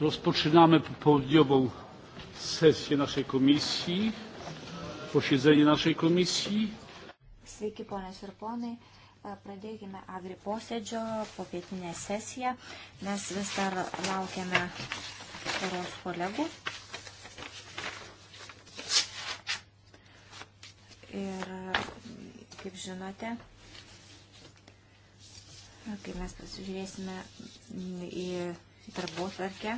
Rozpoczynamy popołudniową sesję naszej komisji, posiedzenie naszej komisji. Sveiki, ponės ir ponai. Pradėkime agri posėdžio popietinę sesiją. Mes vis dar laukiame poros kolegų. Ir, kaip žinote, kai mes pasižiūrėsime į darbo tvarkę,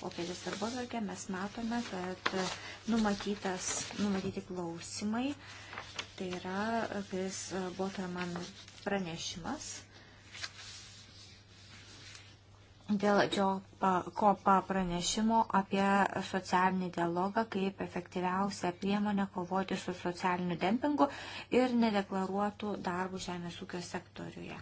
popiežiaus darbo tvarkę, mes matome, kad numatytas, numatyti klausimai, tai yra Kris Botarman pranešimas dėl kopa pranešimo apie socialinį dialogą kaip efektyviausią priemonę kovoti su socialiniu dempingu ir nedeklaruotų darbų žemės ūkio sektoriuje.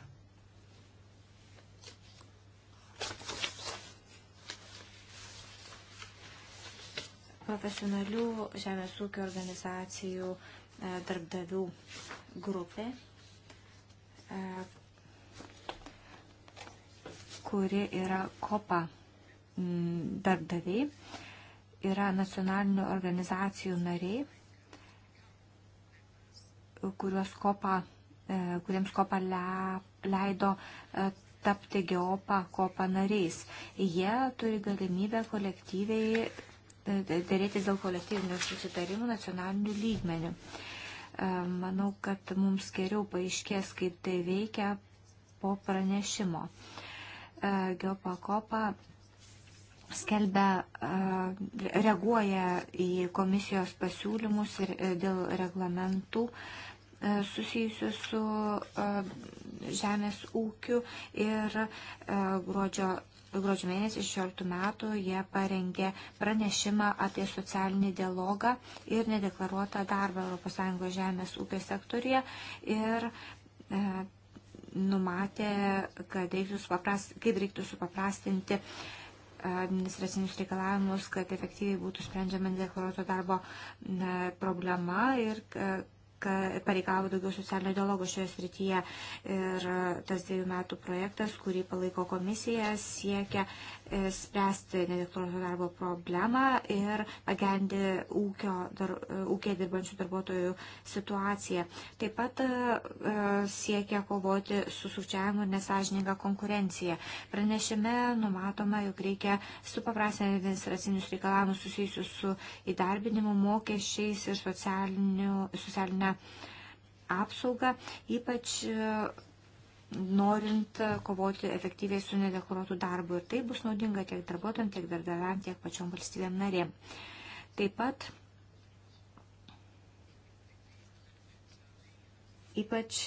profesionalių žemės ūkio organizacijų e, darbdavių grupė, e, kuri yra kopa darbdaviai, yra nacionalinių organizacijų nariai, kuriuos kopa, e, kuriems kopa leido tapti geopa kopa nariais. Jie turi galimybę kolektyviai Tai dėrėtis dėl kolektyvinių susitarimų nacionalinių lygmenių. E, manau, kad mums geriau paaiškės, kaip tai veikia po pranešimo. E, Geopakopa skelbia, e, reaguoja į komisijos pasiūlymus ir dėl reglamentų susijusių su žemės ūkiu ir gruodžio gruodžio mėnesį 16 metų jie parengė pranešimą apie socialinį dialogą ir nedeklaruotą darbą ES žemės ūkio sektorija ir e, numatė, kad reiktų kaip reiktų supaprastinti e, administracinius reikalavimus, kad efektyviai būtų sprendžiama nedeklaruoto darbo e, problema ir e, pareikavo daugiau socialinio dialogo šioje srityje ir tas dviejų metų projektas, kurį palaiko komisija, siekia E, spręsti nedeklaruoto darbo problemą ir pagerinti ūkio, dar, e, ūkio dirbančių darbuotojų situaciją. Taip pat e, siekia kovoti su sukčiavimu ir nesažininga konkurencija. Pranešime numatoma, jog reikia supaprastinti administracinius reikalavimus susijusius su įdarbinimu, mokesčiais ir socialinę apsaugą, ypač norint kovoti efektyviai su nedeklaruotu darbu. Ir tai bus naudinga tiek darbuotojams, tiek darbdaviam, tiek pačiom valstybėm narėm. Taip pat ypač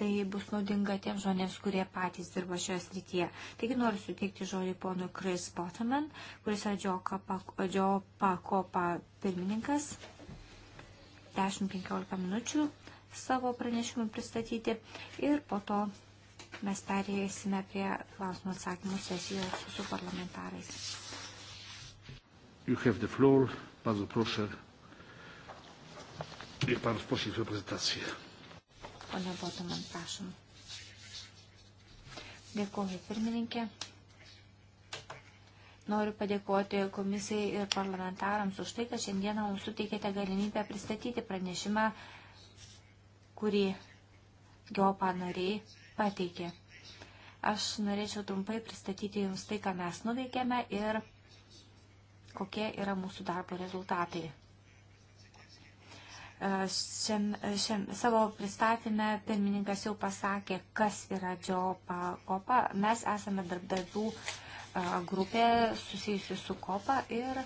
tai bus naudinga tiems žmonėms, kurie patys dirba šioje srityje. Taigi noriu suteikti žodį ponui Chris Bottoman, kuris yra Džio Pakopa pirmininkas. 10-15 minučių savo pranešimų pristatyti ir po to mes perėsime prie klausimų atsakymų sesijos su parlamentarais. You have the floor. Bardzo proszę. Niech pan rozpocznie swoją prezentację. Pone Botuman, prašom. Dėkuoju, pirmininkė. Noriu padėkoti komisijai ir parlamentarams už tai, kad šiandieną mums suteikėte galimybę pristatyti pranešimą uh, kurį GEOPA nariai pateikė. Aš norėčiau trumpai pristatyti Jums tai, ką mes nuveikėme ir kokie yra mūsų darbo rezultatai. E, šiam, šiam, savo pristatymę pirmininkas jau pasakė, kas yra GEOPA. Mes esame darbdavių uh, grupė susijusi su kopa ir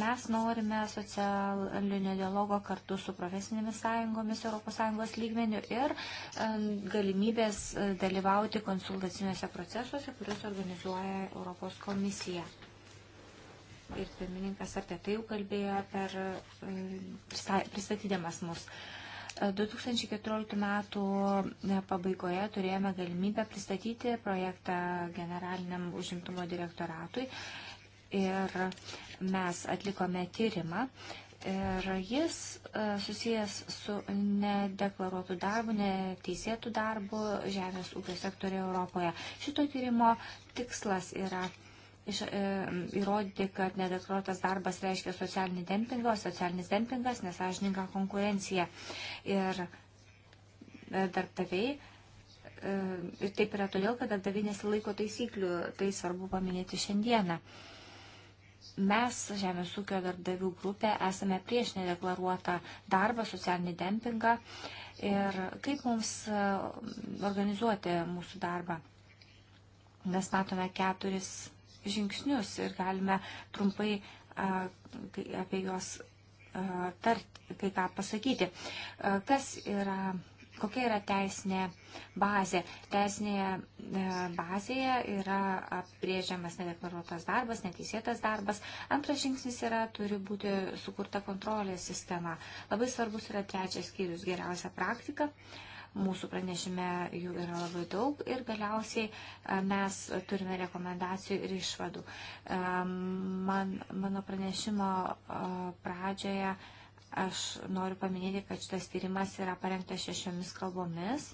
mes norime socialinio dialogo kartu su profesinėmis sąjungomis ES lygmenių ir galimybės dalyvauti konsultaciniuose procesuose, kuriuos organizuoja Europos komisija. Ir pirmininkas apie tai jau kalbėjo per pristatydamas mus. Uh, 2014 metų e, pabaigoje turėjome galimybę pristatyti projektą generaliniam užimtumo direktoratui ir mes atlikome tyrimą. Ir jis e, susijęs su nedeklaruotų darbų, neteisėtų darbų žemės ūkio sektoriuje Europoje. Šito tyrimo tikslas yra E, įrodyti, kad nedeklaruotas darbas reiškia socialinį dempingą, o socialinis dempingas nesažininką konkurenciją. Ir e, darbdaviai, e, ir taip yra todėl, kad darbdaviai nesilaiko taisyklių, tai svarbu paminėti šiandieną. Mes, Žemės ūkio darbdavių grupė, esame prieš nedeklaruotą darbą, socialinį dempingą ir kaip mums organizuoti mūsų darbą. Mes matome keturis žingsnius ir galime trumpai apie juos tart, kai ką pasakyti. Kas yra, kokia yra teisinė bazė? Teisinėje bazėje yra apriežiamas nedeklaruotas darbas, neteisėtas darbas. Antras žingsnis yra, turi būti sukurta kontrolės sistema. Labai svarbus yra trečias skyrius - geriausia praktika. Uh, Mūsų pranešime jų yra labai daug ir galiausiai e, mes turime rekomendacijų ir išvadų. E, man, mano pranešimo e, pradžioje aš noriu paminėti, kad šitas tyrimas yra parengtas šešiomis kalbomis.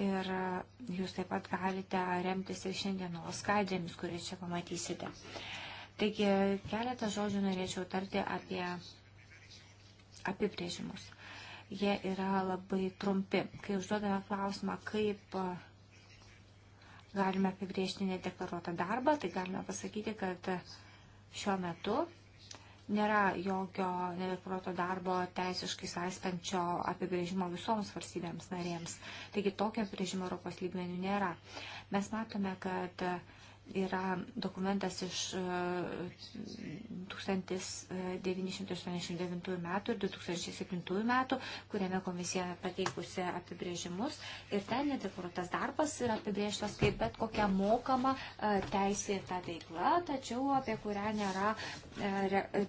Ir jūs taip pat galite remtis ir šiandienos skaidrėmis, kurie čia pamatysite. Taigi keletą žodžių norėčiau tarti apie apibrėžimus jie yra labai trumpi. Kai užduodame klausimą, kaip galime apibriežti nedeklaruotą darbą, tai galime pasakyti, kad šiuo metu nėra jokio nedeklaruoto darbo teisiškai saistančio apibrėžimo visoms valstybėms narėms. Taigi tokio apibrėžimo Europos lygmenių nėra. Mes matome, kad yra dokumentas iš 1989 e, e, metų ir 2007 metų, kuriame komisija pateikusi apibrėžimus. Ir ten nedeklaruotas darbas yra apibrėžtas kaip bet kokia mokama e, teisėta veikla, tačiau apie kurią nėra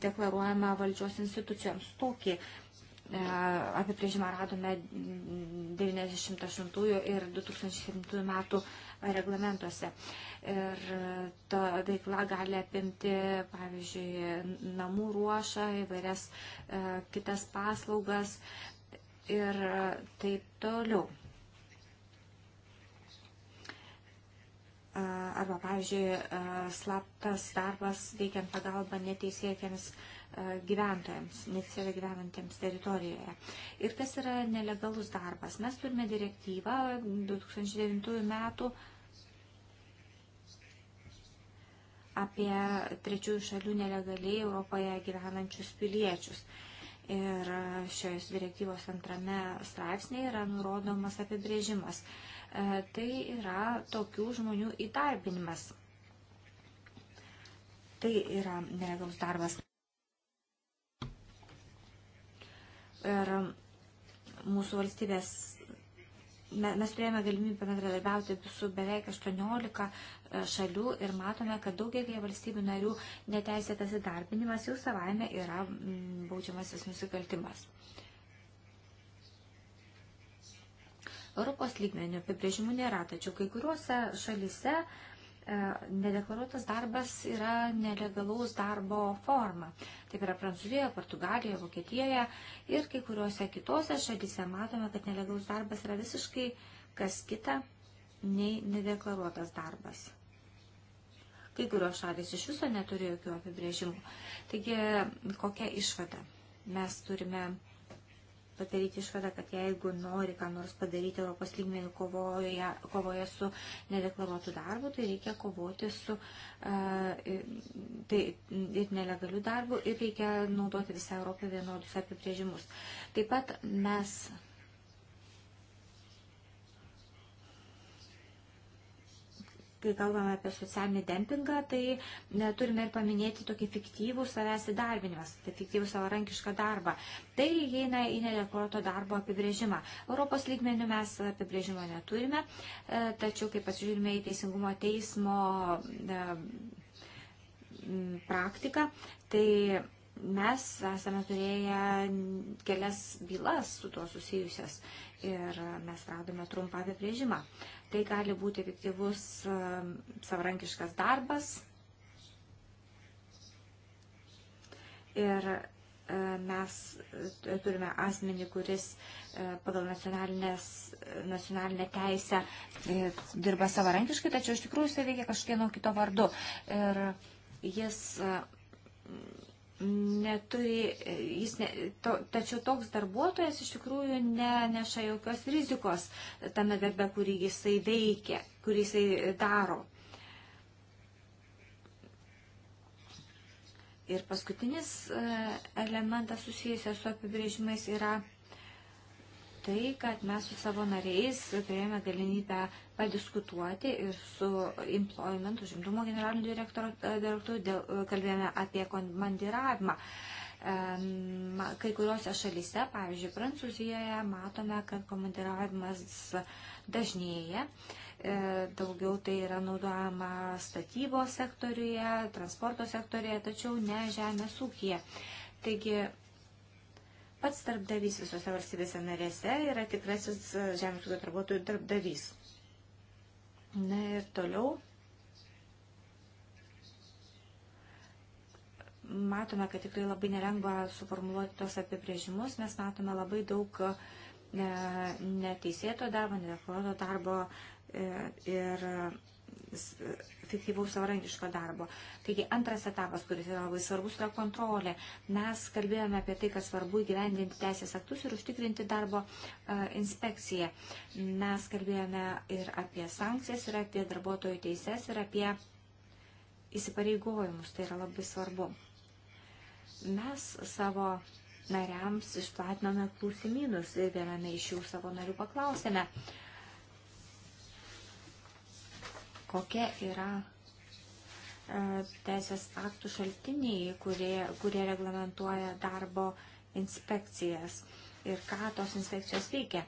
deklaruojama valdžios institucijoms. Tokį apibrėžimą radome 1998 ir 2007 metų reglamentuose. Ir ta veikla gali apimti, pavyzdžiui, namų ruošą, įvairias e, kitas paslaugas ir taip toliau. E, arba, pavyzdžiui, e, slaptas darbas veikiant pagalbą neteisėkiams E, gyventojams, neoficialiai gyvenantiems teritorijoje. Ir kas yra nelegalus darbas? Mes turime direktyvą 2009 metų apie trečiųjų šalių nelegaliai Europoje gyvenančius piliečius. Ir šios direktyvos antrame straipsnėje yra nurodomas apibrėžimas. E, tai yra tokių žmonių įdarbinimas. Tai yra nelegalus darbas. Ir mūsų valstybės, mes turėjome galimybę bendradarbiauti su beveik 18 e, šalių ir matome, kad daugelį valstybių narių neteisėtas įdarbinimas jau savaime yra baudžiamasis nusikaltimas. Europos lygmenio apibrėžimų nėra, tačiau kai kuriuose šalise uh, E, nedeklaruotas darbas yra nelegalaus darbo forma. Taip yra Prancūzijoje, Portugalijoje, Vokietijoje ir kai kuriuose kitose šalyse matome, kad nelegalus darbas yra visiškai kas kita nei nedeklaruotas darbas. Kai kurios šalis iš viso neturi jokių apibrėžimų. Taigi, kokia išvada? Mes turime padaryti išvadą, kad jeigu nori ką nors padaryti Europos lygmenį kovoje, kovoje su nedeklaruotu darbu, tai reikia kovoti su uh, tai, ir nelegaliu darbu ir reikia naudoti visą Europą vienodus apibrėžimus. Taip pat mes kai kalbame apie socialinį dempingą, tai ne, turime ir paminėti tokį fiktyvų savęs įdarbinimas, tai fiktyvų savarankišką darbą. Tai įeina į nedeklaruoto darbo apibrėžimą. Europos lygmenių mes apibrėžimo neturime, e, tačiau kai pasižiūrime į Teisingumo teismo e, praktiką, tai mes esame turėję kelias bylas su tuo susijusias ir mes radome trumpą apibrėžimą. Tai gali būti efektyvus e, savarankiškas darbas. Ir e, mes turime asmenį, kuris e, pagal nacionalinę teisę dirba savarankiškai, tačiau iš tikrųjų jis veikia kažkieno kito vardu. Ir jis neturi, e, jis ne, to, tačiau toks darbuotojas iš tikrųjų neneša jokios rizikos tame darbe, kurį jisai veikia, kurį jisai e, daro. Ir paskutinis e, elementas susijęs su apibrėžimais yra tai, kad mes su savo nariais turėjome galimybę padiskutuoti ir su employment užimtumo generaliniu e, direktoriu dėl, e, kalbėjome apie komandiravimą. Kai kuriuose šalyse, pavyzdžiui, Prancūzijoje, matome, kad komandiravimas dažnėja e, daugiau tai yra naudojama statybos sektoriuje, transporto sektoriuje, tačiau ne žemės ūkija. Taigi Pats darbdavys visose valstybėse narėse yra tikrasis e, žemės ūkio darbuotojų darbdavys. Na ir toliau. Matome, kad tikrai labai nelengva suformuoluoti tos apibrėžimus, mes matome labai daug e, neteisėto darbo, nedeklaruoto darbo e, ir efektyvaus savarankiško darbo. Taigi antras etapas, kuris yra labai svarbus, yra kontrolė. Mes kalbėjome apie tai, kad svarbu įgyvendinti teisės aktus ir užtikrinti darbo uh, inspekciją. Mes kalbėjome ir apie sankcijas, ir apie darbuotojų teises, ir apie įsipareigojimus. Tai yra labai svarbu. Mes savo nariams išplatinome klausimynus ir viename iš jų savo narių paklausėme. Uh, kokia yra e, teisės aktų šaltiniai, kurie, kurie reglamentuoja darbo inspekcijas ir ką tos inspekcijos veikia.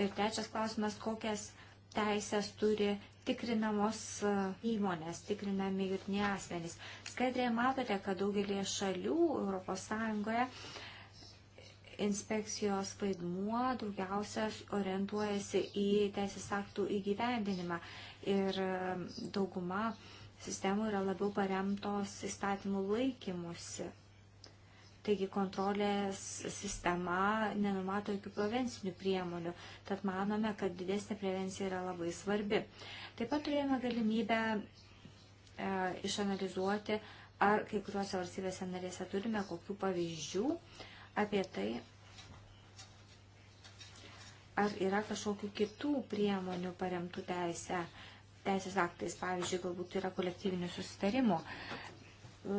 Ir trečias klausimas, kokias teisės turi tikrinamos e, įmonės, tikrinami juridiniai asmenys. Skaidrėje matote, kad daugelie šalių ES inspekcijos vaidmuo daugiausia orientuojasi į teisės aktų įgyvendinimą ir dauguma sistemų yra labiau paremtos įstatymų laikymusi. Taigi kontrolės sistema nenumato jokių prevencinių priemonių, tad manome, kad didesnė prevencija yra labai svarbi. Taip pat turėjome galimybę e, išanalizuoti, ar kai kuriuose valstybėse narėse turime kokių pavyzdžių apie tai, ar yra kažkokių kitų priemonių paremtų teisę teisės aktais, pavyzdžiui, galbūt yra kolektyvinių susitarimų.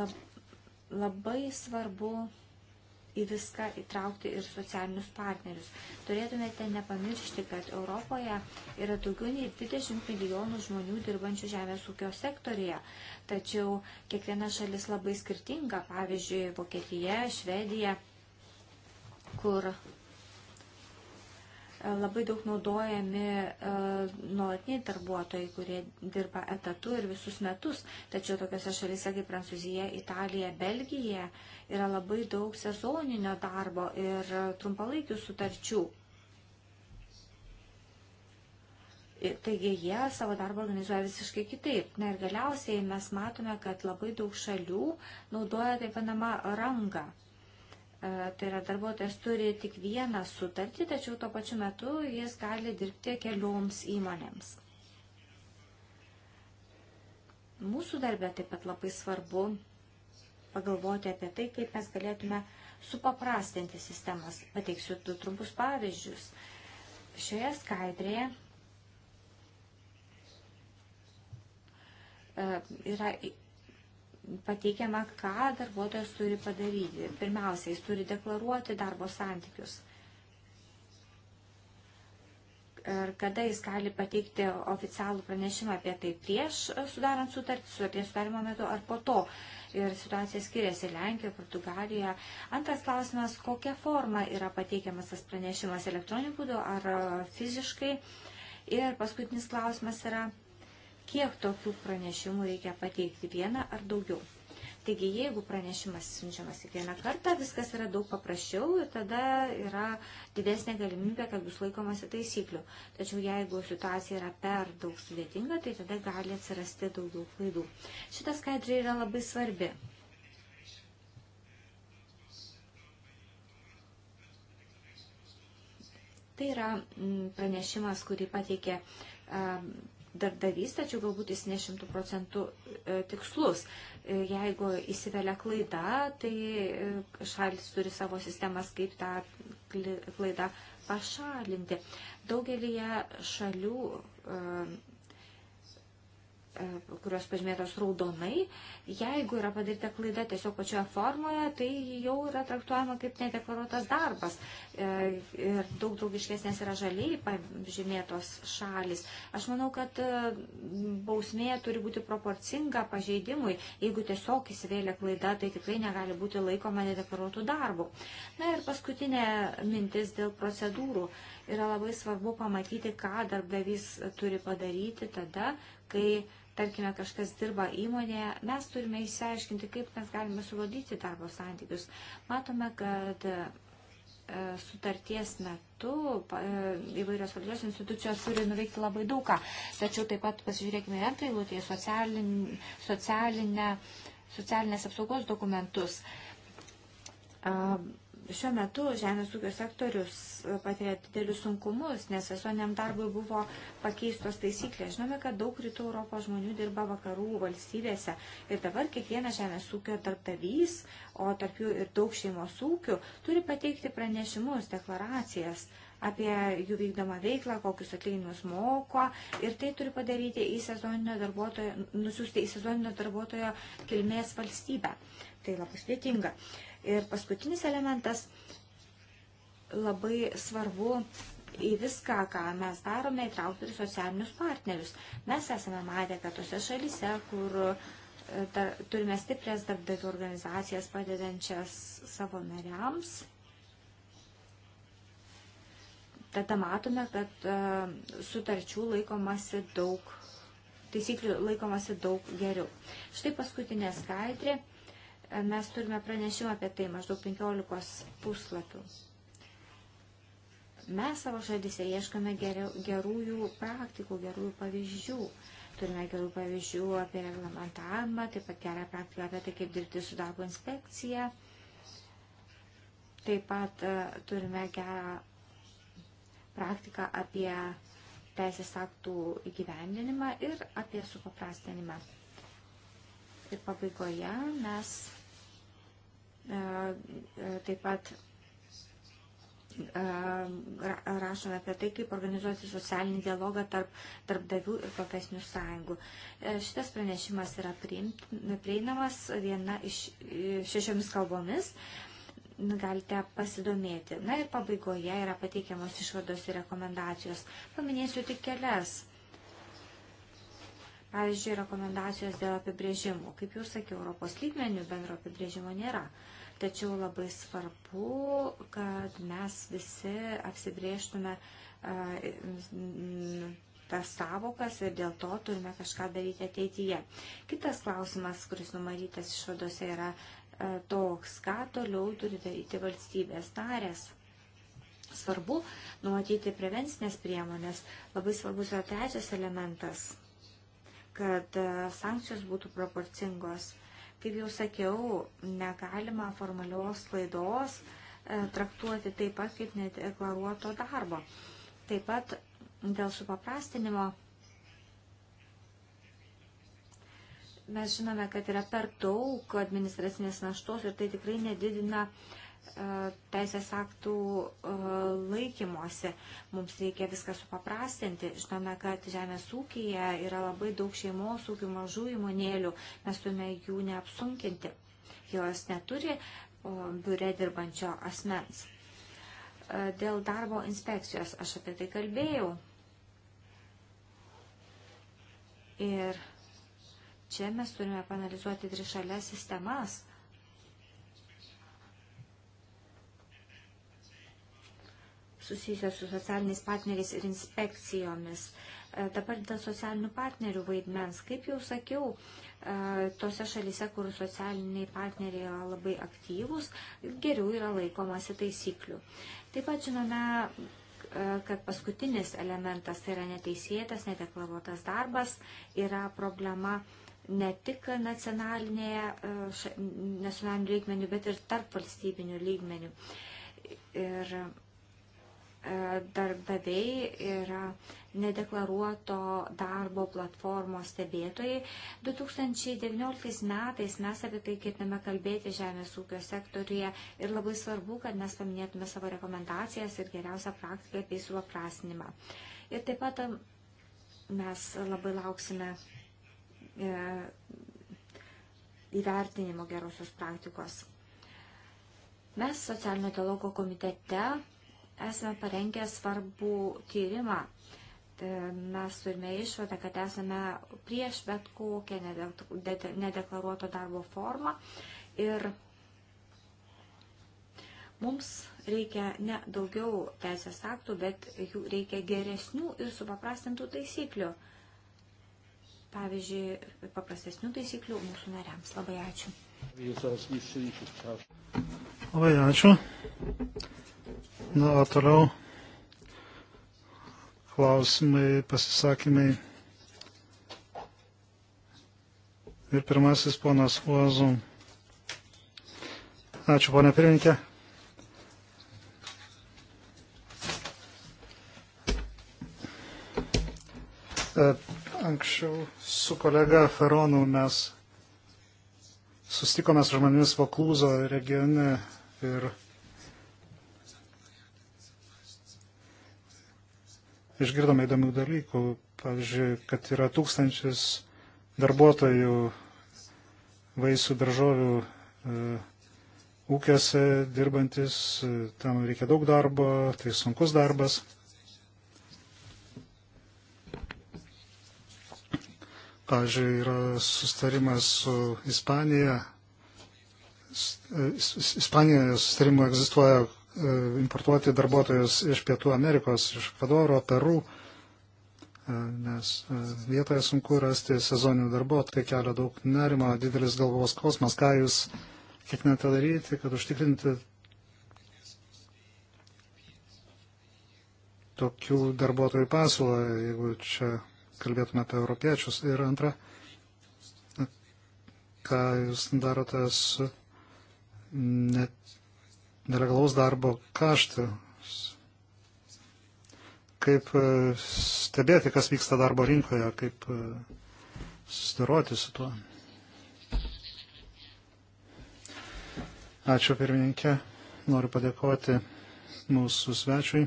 Lab, labai svarbu į viską įtraukti ir socialinius partnerius. Turėtumėte nepamiršti, kad Europoje yra daugiau nei 20 milijonų žmonių dirbančių žemės ūkio sektorija. Tačiau kiekviena šalis labai skirtinga, pavyzdžiui, Vokietija, Švedija, kur labai daug naudojami e, nuolatiniai darbuotojai, kurie dirba etatu ir visus metus. Tačiau tokiuose šalyse kaip Prancūzija, Italija, Belgija yra labai daug sezoninio darbo ir trumpalaikių sutarčių. Taigi jie savo darbą organizuoja visiškai kitaip. Na ir galiausiai mes matome, kad labai daug šalių naudoja taip vadinamą rangą E, tai yra darbuotojas turi tik vieną sutartį, tačiau tuo pačiu metu jis gali dirbti kelioms įmonėms. Mūsų darbė taip pat labai svarbu pagalvoti apie tai, kaip mes galėtume supaprastinti sistemas. Pateiksiu du trumpus pavyzdžius. Šioje skaidrėje e, yra pateikiama, ką darbuotojas turi padaryti. Pirmiausia, jis turi deklaruoti darbo santykius. Ir kada jis gali pateikti oficialų pranešimą apie tai prieš sudarant sutartį, sutarties sudarimo metu ar po to. Ir situacija skiriasi Lenkijoje, Portugalijoje. Antras klausimas, kokia forma yra pateikiamas tas pranešimas elektroniniu būdu ar fiziškai. Ir paskutinis klausimas yra, kiek tokių pranešimų reikia pateikti, vieną ar daugiau. Taigi, jeigu pranešimas siunčiamas tik vieną kartą, viskas yra daug paprasčiau ir tada yra didesnė galimybė, kad bus laikomasi taisyklių. Tačiau jeigu situacija yra per daug sudėtinga, tai tada gali atsirasti daugiau klaidų. Šita skaidrė yra labai svarbi. Tai yra mm, pranešimas, kurį pateikė darbdavys, tačiau galbūt jis ne šimtų procentų e, tikslus. E, jeigu įsivelia klaida, tai e, šalis turi savo sistemas, kaip tą klaidą pašalinti. Daugelį šalių E, kurios pažymėtos raudonai, jeigu yra padaryta klaida tiesiog pačioje formoje, tai jau yra traktuojama kaip nedeklaruotas darbas. E, ir daug draugiškesnės yra žaliai pažymėtos šalis. Aš manau, kad e, bausmė turi būti proporcinga pažeidimui. Jeigu tiesiog įsivėlė klaida, tai tikrai negali būti laikoma nedeklaruotų darbų. Na ir paskutinė mintis dėl procedūrų yra labai svarbu pamatyti, ką darbdavys turi padaryti tada, kai, tarkime, kažkas dirba įmonėje. Mes turime išsiaiškinti, kaip mes galime suvaldyti darbo santykius. Matome, kad e, sutarties metu e, įvairios valdžios institucijos turi nuveikti labai daug ką. Tačiau taip pat pasižiūrėkime ir antrą eilutę į socialin, socialinę, socialinės apsaugos dokumentus. Šiuo metu žemės ūkio sektorius patiria didelius sunkumus, nes visuomeniam darbui buvo pakeistos taisyklės. Žinome, kad daug rytų Europos žmonių dirba vakarų valstybėse ir dabar kiekvienas žemės ūkio darbdavys, o tarp jų ir daug šeimos ūkių, turi pateikti pranešimus, deklaracijas apie jų vykdomą veiklą, kokius atlyginimus moko ir tai turi padaryti į sezoninio darbuotojo, nusiųsti į sezoninio darbuotojo kilmės valstybę. Tai labai sudėtinga. Uh, Ir paskutinis elementas labai svarbu į viską, ką mes darome, įtraukti ir socialinius partnerius. Mes esame matę, kad tose šalyse, kur dar, e, turime stiprias darbdavių organizacijas padedančias savo nariams, tada matome, kad uh, sutarčių laikomasi daug, taisyklių laikomasi daug geriau. Štai paskutinė skaidrė. Mes turime pranešimą apie tai maždaug 15 puslapių. Mes savo šalyse ieškome gerųjų praktikų, gerųjų pavyzdžių. Turime gerų pavyzdžių apie reglamentavimą, taip pat gerą praktiką apie tai, kaip dirbti su darbo inspekcija. Taip pat e, turime gerą praktiką apie teisės aktų įgyvendinimą ir apie supaprastinimą. Ir pabaigoje mes E, e, taip pat e, rašome apie tai, kaip organizuoti socialinį dialogą tarp darbdavių ir profesinių sąjungų. Šitas pranešimas yra prieinamas viena iš šešiomis kalbomis. Nu, galite pasidomėti. Na ir pabaigoje yra pateikiamos išvados ir rekomendacijos. Paminėsiu tik kelias. Pavyzdžiui, rekomendacijos dėl apibrėžimų. Kaip jau sakiau, Europos lygmenių bendro apibrėžimo nėra. Tačiau labai svarbu, kad mes visi apsibrieštume tas savokas ir dėl to turime kažką daryti ateityje. Kitas klausimas, kuris numatytas išvadose, yra toks, ką toliau turi daryti valstybės narės. Svarbu numatyti prevencinės priemonės. Labai svarbus yra trečias elementas, kad sankcijos būtų proporcingos Kaip jau sakiau, negalima formalios klaidos e, traktuoti taip pat kaip nedeklaruoto darbo. Taip pat dėl supaprastinimo mes žinome, kad yra per daug administracinės naštos ir tai tikrai nedidina uh, E, teisės aktų e, laikymosi. Mums reikia viską supaprastinti. Žinome, kad žemės ūkija yra labai daug šeimos ūkių mažų įmonėlių. Mes turime jų neapsunkinti. Jos neturi biure dirbančio asmens. E, dėl darbo inspekcijos aš apie tai kalbėjau. Ir čia mes turime panalizuoti trišalės sistemas susijusios su socialiniais partneriais ir inspekcijomis. E, dabar dėl socialinių partnerių vaidmens, kaip jau sakiau, e, tose šalise, kur socialiniai partneriai yra labai aktyvūs, geriau yra laikomasi taisyklių. Taip pat žinome, e, kad paskutinis elementas, tai yra neteisėtas, nedeklaruotas darbas, yra problema ne tik nacionalinėje, nacionalinių lygmenių, bet ir tarp valstybinių lygmenių. Ir E, darbdaviai yra nedeklaruoto darbo platformos stebėtojai. 2019 metais mes apie tai ketiname kalbėti žemės ūkio sektoriuje ir labai svarbu, kad mes paminėtume savo rekomendacijas ir geriausią praktiką bei supaprastinimą. Ir taip pat um, mes labai lauksime e, įvertinimo gerosios praktikos. Mes socialinio dialogo komitete esame parengę svarbų tyrimą. Tai mes turime išvadą, kad esame prieš bet kokią nedeklaruoto darbo formą ir mums reikia ne daugiau teisės aktų, bet jų reikia geresnių ir supaprastintų taisyklių. Pavyzdžiui, paprastesnių taisyklių mūsų nariams. Labai ačiū. Labai ačiū. Na, o toliau klausimai, pasisakymai. Ir pirmasis ponas Uozum. Ačiū, ponė pirmininkė. E, anksčiau su kolega Feronu mes sustikome su žmonėmis Vaklūzo regione ir išgirdome įdomių dalykų. Pavyzdžiui, kad yra tūkstančius darbuotojų vaisių daržovių e, ūkiuose dirbantis, e, tam reikia daug darbo, tai sunkus darbas. Pavyzdžiui, yra sustarimas su Ispanija. E, Ispanijoje sustarimo egzistuoja E, importuoti darbuotojus iš Pietų Amerikos, iš Ekvadoro, Peru, e, nes e, vietoje sunku rasti sezoninių darbuotojų, tai kelia daug nerimo, didelis galvos kosmas, ką jūs ketinate daryti, kad užtikrinti tokių darbuotojų pasiūlą, jeigu čia kalbėtume apie europiečius. Ir antra, ką jūs darote su net nelegalaus darbo kaštų. Kaip e, stebėti, kas vyksta darbo rinkoje, kaip e, susidoroti su tuo. Ačiū pirmininkė, noriu padėkoti mūsų svečiui.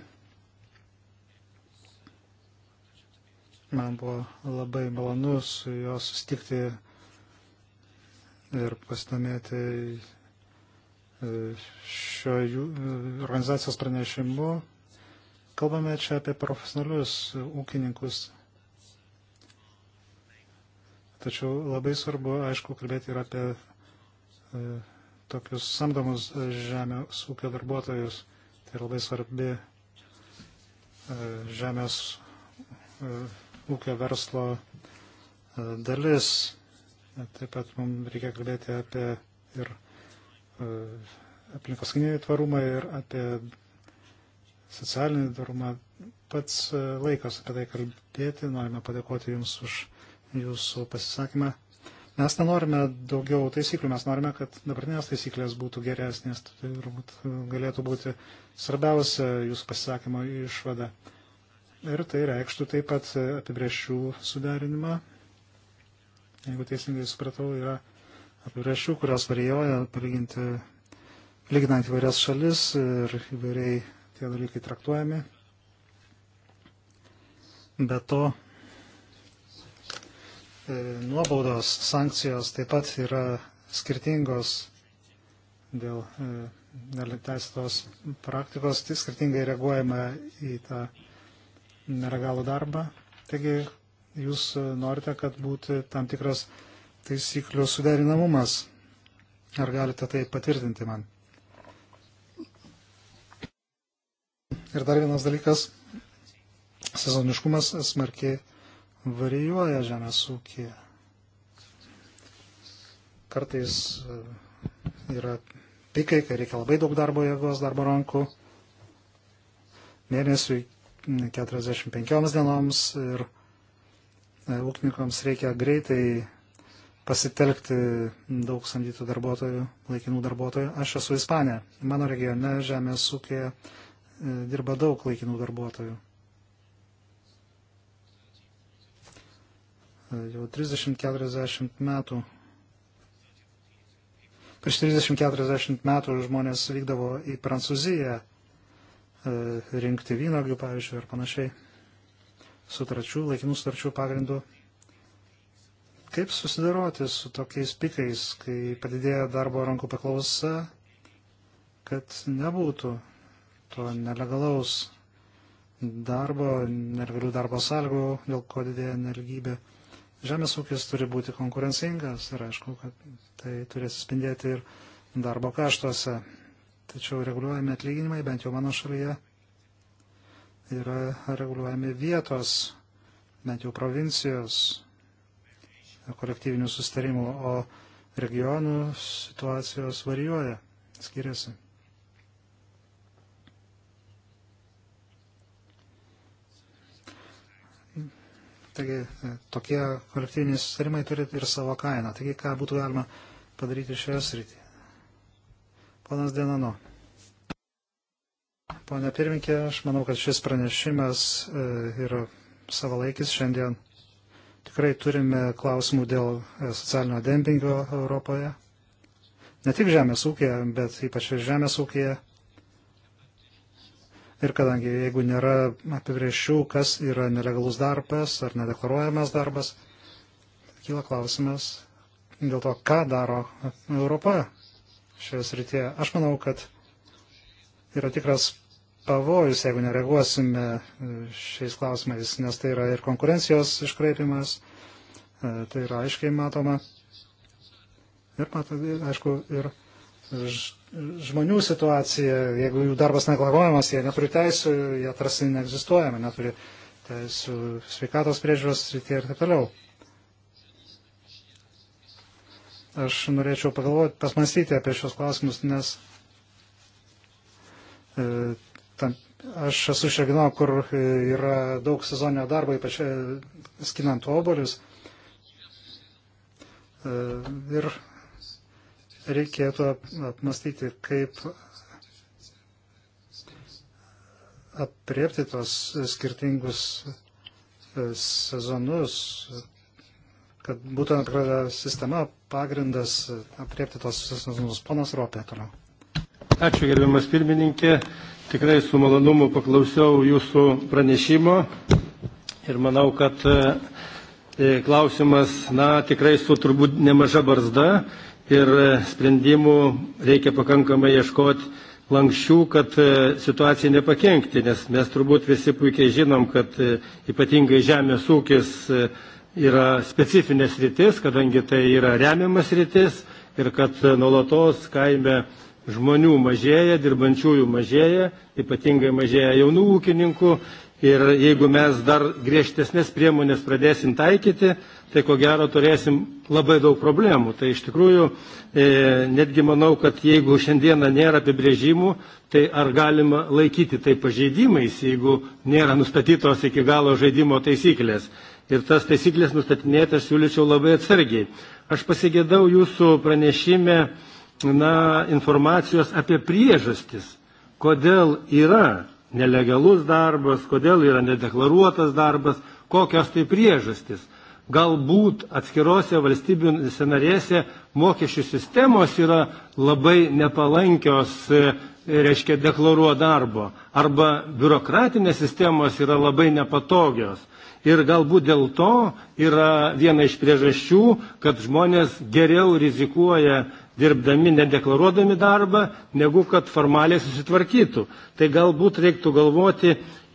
Man buvo labai malonu su juo sustikti ir pasidomėti šio e, organizacijos pranešimu. Kalbame čia apie profesionalius ūkininkus. Tačiau labai svarbu, aišku, kalbėti ir apie e, tokius samdomus žemės ūkio darbuotojus. Tai labai svarbi e, žemės ūkio verslo dalis. Taip pat mums reikia kalbėti apie ir E, aplinkoskinį tvarumą ir apie socialinį tvarumą. Pats e, laikas apie tai kalbėti. Norime padėkoti Jums už Jūsų pasisakymą. Mes nenorime daugiau taisyklių, mes norime, kad dabartinės taisyklės būtų geresnės, tai turbūt galėtų būti svarbiausia jūsų pasisakymo išvada. Ir tai reikštų taip pat apibrėžčių suderinimą. Jeigu teisingai supratau, yra apibrėžčių, kurios varijuoja, palyginti, lyginant įvairias šalis ir įvairiai tie dalykai traktuojami. Be to, e, nuobaudos, sankcijos taip pat yra skirtingos e, dėl teisėtos praktikos, tai skirtingai reaguojama į tą nelegalų darbą. Taigi jūs norite, kad būtų tam tikras taisyklių suderinamumas. Ar galite tai patvirtinti man? Ir dar vienas dalykas. Sezoniškumas smarkiai varijuoja žemės ūkija. Kartais e, yra pikai, kai reikia labai daug darbo jėgos, darbo rankų, mėnesiui 45 dienoms ir e, ūkininkams reikia greitai pasitelkti daug samdytų darbuotojų, laikinų darbuotojų. Aš esu Ispanė. Mano regione žemės ūkėje e, dirba daug laikinų darbuotojų. E, jau 30-40 metų. Prieš 30-40 metų žmonės vykdavo į Prancūziją e, rinkti vynogių, pavyzdžiui, ir panašiai. Sutarčių, laikinų sutarčių pagrindų Kaip susidaroti su tokiais pikais, kai padidėja darbo rankų paklausa, kad nebūtų to nelegalaus darbo, nelegalių darbo sąlygų, dėl ko didėja nelygybė. Žemės ūkis turi būti konkurencingas ir aišku, kad tai turės spindėti ir darbo kaštuose. Tačiau reguliuojami atlyginimai, bent jau mano šalyje, yra reguliuojami vietos, bent jau provincijos kolektyvinių sustarimų, o regionų situacijos varijuoja, skiriasi. Taigi e, tokie kolektyviniai sustarimai turi ir savo kainą. Taigi ką būtų galima padaryti šioje srityje? Ponas Denano. Pone pirminkė, aš manau, kad šis pranešimas e, yra savalaikis šiandien Tikrai turime klausimų dėl e, socialinio dempingo Europoje. Ne tik žemės ūkėje, bet ypač ir žemės ūkėje. Ir kadangi jeigu nėra apibrėžčių, kas yra nelegalus darbas ar nedeklaruojamas darbas, kyla klausimas dėl to, ką daro Europa šioje srityje. Aš manau, kad yra tikras pavojus, jeigu nereaguosime e, šiais klausimais, nes tai yra ir konkurencijos iškreipimas, e, tai yra aiškiai matoma. Ir, mat, e, aišku, ir žmonių situacija, jeigu jų darbas neklagojamas, jie neturi teisų, jie tarsi neegzistuojame, neturi teisų sveikatos priežiūros srityje ir taip toliau. Aš norėčiau pagalvoti, pasmastyti apie šios klausimus, nes tam, aš esu iš regiono, kur e, yra daug sezoninio darbo, ypač e, skinant obolius. E, ir reikėtų apmastyti, kaip apriepti tos skirtingus sezonus, kad būtų antra sistema pagrindas apriepti tos sezonus. Ponas Ropė toliau. Ačiū gerbiamas pirmininkė. Tikrai su malonumu paklausiau jūsų pranešimo ir manau, kad e, e, klausimas, na, tikrai su turbūt nemaža barzda ir e, sprendimų reikia pakankamai ieškoti lankščių, kad situacijai nepakenkti, nes mes turbūt visi puikiai žinom, kad ypatingai žemės ūkis yra specifinės rytis, kadangi tai yra remiamas rytis ir kad nuolatos kaime žmonių mažėja, dirbančiųjų mažėja, ypatingai mažėja jaunų ūkininkų ir jeigu mes dar griežtesnės priemonės pradėsim taikyti, tai ko gero turėsim labai daug problemų. Tai iš tikrųjų e, netgi manau, kad jeigu šiandieną nėra apibrėžimų, tai ar galima laikyti tai pažeidimais, jeigu nėra nustatytos iki galo žaidimo taisyklės. Ir tas taisyklės nustatinėti aš siūlyčiau labai atsargiai. Aš pasigėdau jūsų pranešime na, informacijos apie priežastis, kodėl yra nelegalus darbas, kodėl yra nedeklaruotas darbas, kokios tai priežastis. Galbūt atskirose valstybių senarėse mokesčių sistemos yra labai nepalankios, e, reiškia, deklaruo darbo, arba biurokratinės sistemos yra labai nepatogios. Ir galbūt dėl to yra viena iš priežasčių, kad žmonės geriau rizikuoja dirbdami nedeklaruodami darbą, negu kad formaliai susitvarkytų. Tai galbūt reiktų galvoti,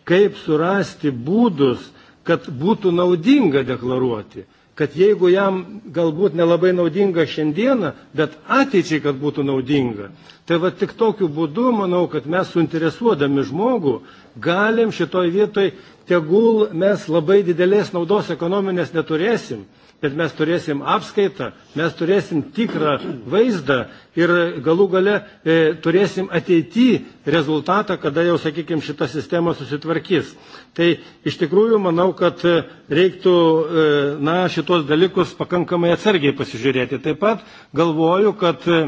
kaip surasti būdus, kad būtų naudinga deklaruoti. Kad jeigu jam galbūt nelabai naudinga šiandieną, bet ateičiai, kad būtų naudinga. Tai va tik tokiu būdu, manau, kad mes suinteresuodami žmogų galim šitoj vietoj, tegul mes labai didelės naudos ekonominės neturėsim, bet mes turėsim apskaitą, mes turėsim tikrą vaizdą ir galų gale e, turėsim ateityje rezultatą, kada jau, sakykime, šita sistema susitvarkys. Tai iš tikrųjų manau, kad e, reiktų e, na, šitos dalykus pakankamai atsargiai pasižiūrėti. Taip pat galvoju, kad e,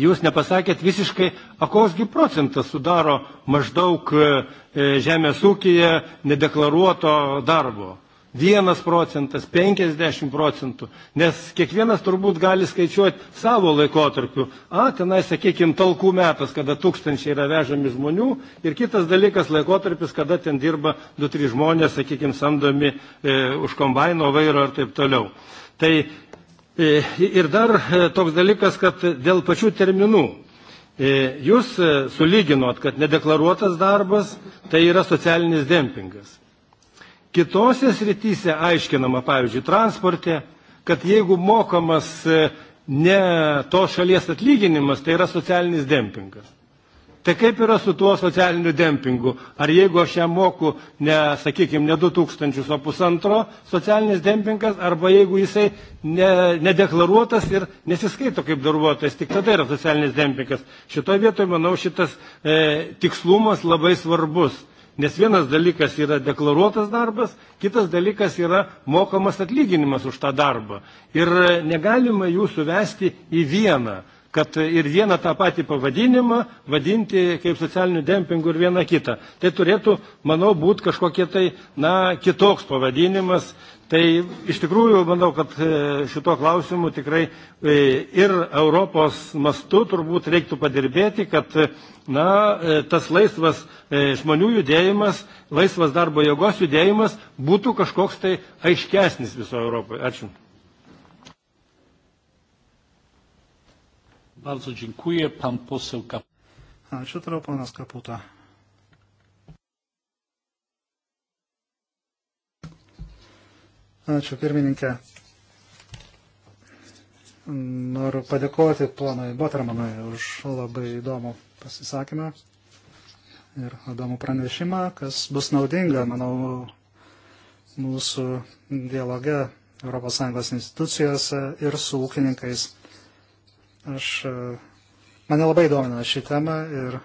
Jūs nepasakėt visiškai, akosgi procentas sudaro maždaug e, e, žemės ūkija nedeklaruoto darbo. 1 procentas, 50 procentų, nes kiekvienas turbūt gali skaičiuoti savo laikotarpiu. A, tenai, sakykime, talkų metas, kada tūkstančiai yra vežami žmonių ir kitas dalykas laikotarpis, kada ten dirba 2-3 žmonės, sakykime, samdomi e, už kombaino vairo ir taip toliau. Tai e, ir dar e, toks dalykas, kad dėl pačių terminų. E, jūs e, sulyginot, kad nedeklaruotas darbas tai yra socialinis dempingas. Kitose srityse aiškinama, pavyzdžiui, transporte, kad jeigu mokamas e, ne to šalies atlyginimas, tai yra socialinis dempingas. Tai kaip yra su tuo socialiniu dempingu? Ar jeigu aš jam moku, ne, sakykime, ne 2000, o pusantro socialinis dempingas, arba jeigu jisai ne, nedeklaruotas ir nesiskaito kaip darbuotojas, tik tada yra socialinis dempingas. Šitoje vietoje, manau, šitas e, tikslumas labai svarbus. Nes vienas dalykas yra deklaruotas darbas, kitas dalykas yra mokamas atlyginimas už tą darbą. Ir negalima jų suvesti į vieną, kad ir vieną tą patį pavadinimą vadinti kaip socialiniu dempingu ir vieną kitą. Tai turėtų, manau, būti kažkokie tai, na, kitoks pavadinimas Tai iš tikrųjų manau, kad e, šituo klausimu tikrai e, ir Europos mastu turbūt reiktų padirbėti, kad na, e, tas laisvas žmonių judėjimas, laisvas darbo jėgos judėjimas būtų kažkoks tai aiškesnis viso Europoje. Ačiū. Bardzo dziękuję. Pan poseł Kaputa. Ačiū, toliau ponas Kaputa. Ačiū pirmininkė. Noriu padėkoti planui Botermanui už labai įdomų pasisakymą ir įdomų pranešimą, kas bus naudinga, manau, mūsų dialoge ES institucijose ir su ūkininkais. Aš, mane labai domina šį temą ir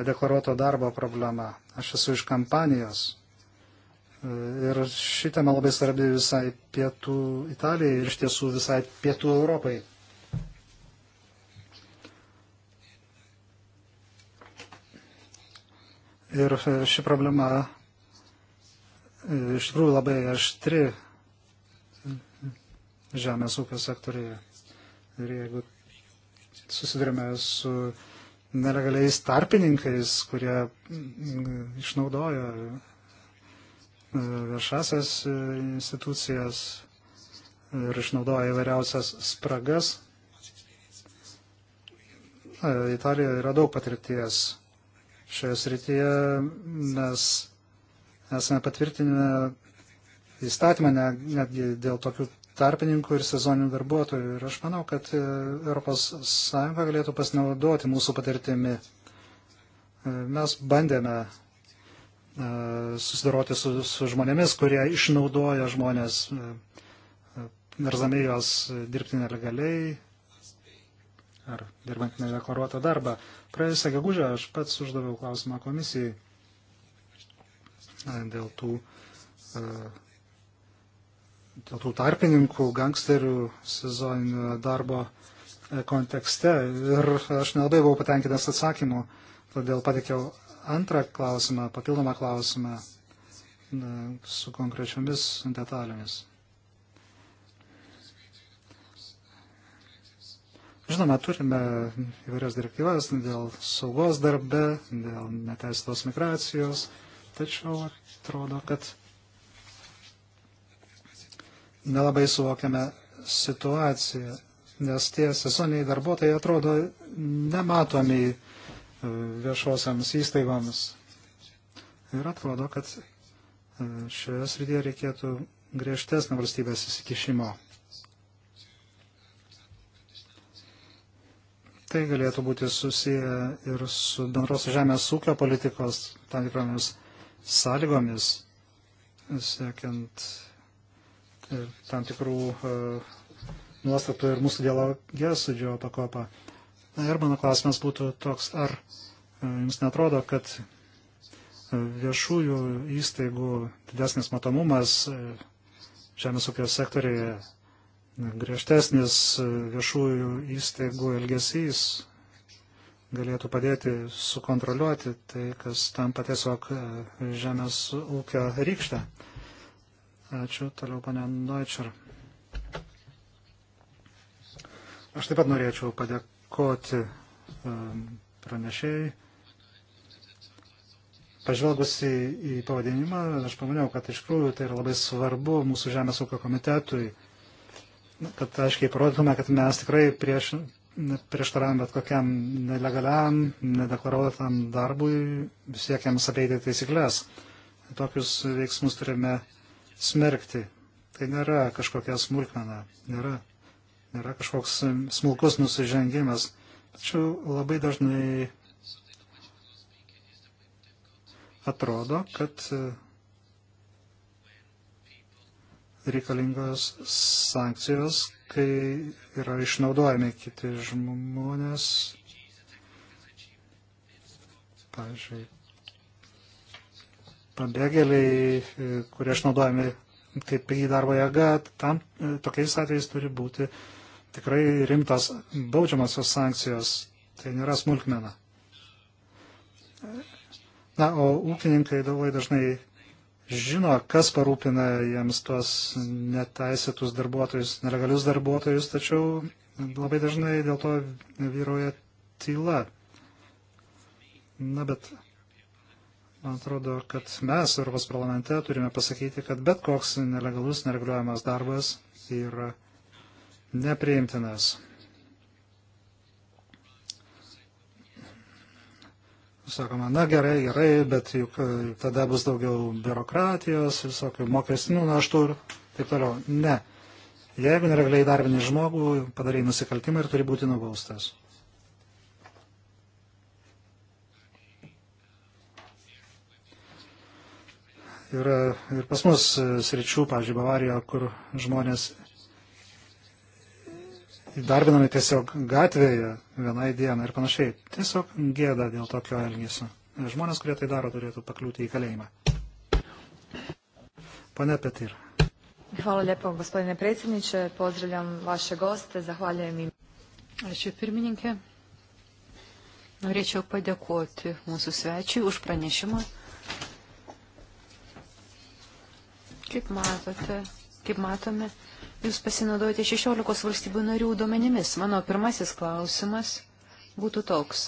nedeklaruoto darbo problema. Aš esu iš kampanijos, Ir ši tema labai svarbi visai pietų Italijai ir iš tiesų visai pietų Europai. Ir ši problema e, iš tikrųjų labai aštri žemės ūkio sektorėje. Ir jeigu susidurime su nelegaliais tarpininkais, kurie mm, išnaudoja viešasias e, institucijas ir išnaudoja įvairiausias spragas. E, Italijoje yra daug patirties šioje srityje. Mes esame patvirtinę įstatymą netgi dėl tokių tarpininkų ir sezoninių darbuotojų. Ir aš manau, kad ES galėtų pasinaudoti mūsų patirtimi. E, mes bandėme E, susidoroti su, su žmonėmis, kurie išnaudoja žmonės, e, e, verzami juos dirbti nelegaliai ar dirbant nedeklaruotą darbą. Praėjusią gegužę aš pats uždaviau klausimą komisijai dėl tų, dėl tų tarpininkų, gangsterių sezoninio darbo kontekste ir aš nelabai buvau patenkinęs atsakymu, todėl patikiau antrą klausimą, papildomą klausimą su konkrečiomis detalėmis. Žinoma, turime įvairias direktyvas dėl saugos darbe, dėl neteisėtos migracijos, tačiau atrodo, kad nelabai suvokiame situaciją, nes tie sezoniniai darbuotojai atrodo nematomi viešosiams įstaigoms. Ir atrodo, kad e, šioje srityje reikėtų griežtesnio valstybės įsikišimo. Tai galėtų būti susiję ir su bendros žemės ūkio politikos tam tikromis sąlygomis, siekiant e, tam tikrų e, nuostatų ir mūsų dialogė su Džioto kopa. Na ir mano klausimas būtų toks, ar e, jums netrodo, kad viešųjų įstaigų didesnis matomumas e, žemės ūkio sektorėje, e, griežtesnis viešųjų įstaigų elgesys galėtų padėti sukontroliuoti tai, kas tampa tiesiog žemės ūkio rykštę. Ačiū, toliau pane Neutscher. Aš taip pat norėčiau padėk padėkoti um, pranešėjai. Pažvelgus į, į pavadinimą, aš pamaniau, kad iš tikrųjų tai yra labai svarbu mūsų Žemės ūkio komitetui, kad aiškiai parodytume, kad mes tikrai prieš, prieštaravim bet kokiam nelegaliam, nedeklaruotam darbui, siekiam apeiti taisyklės. Tokius veiksmus turime smerkti. Tai nėra kažkokia smulkmena, nėra nėra kažkoks smulkus nusižengimas. Tačiau labai dažnai atrodo, kad e, reikalingos sankcijos, kai yra išnaudojami kiti žmonės. Pavyzdžiui, pabėgėliai, e, kurie išnaudojami kaip į darbo jėgą, tam e, tokiais atvejais turi būti uh, tikrai rimtas baudžiamasios sankcijos, tai nėra smulkmena. Na, o ūkininkai labai dažnai žino, kas parūpina jiems tuos neteisėtus darbuotojus, nelegalius darbuotojus, tačiau labai dažnai dėl to vyroja tyla. Na, bet man atrodo, kad mes Europos parlamente turime pasakyti, kad bet koks nelegalus, nereguliuojamas darbas yra nepriimtinas. Sakoma, na gerai, gerai, bet juk e, tada bus daugiau biurokratijos, visokių mokestinių naštų ir taip toliau. Ne. Jeigu nereguliai darbinį žmogų, padarai nusikaltimą ir turi būti nubaustas. Yra ir pas mus e, sričių, pavyzdžiui, Bavarijoje, kur žmonės įdarbinami tiesiog gatvėje vienai dienai ir panašiai. Tiesiog gėda dėl tokio elgesio. Žmonės, kurie tai daro, turėtų pakliūti į kalėjimą. Pane Petir. Hvala lijepo, gospodine predsjedniče. Pozdravljam vaše goste. Zahvaljujem im. Ačiū pirmininkė. Norėčiau padėkoti mūsų svečiui už pranešimą. Kaip matote, kaip matome, Jūs pasinaudojate 16 valstybių narių duomenimis. Mano pirmasis klausimas būtų toks.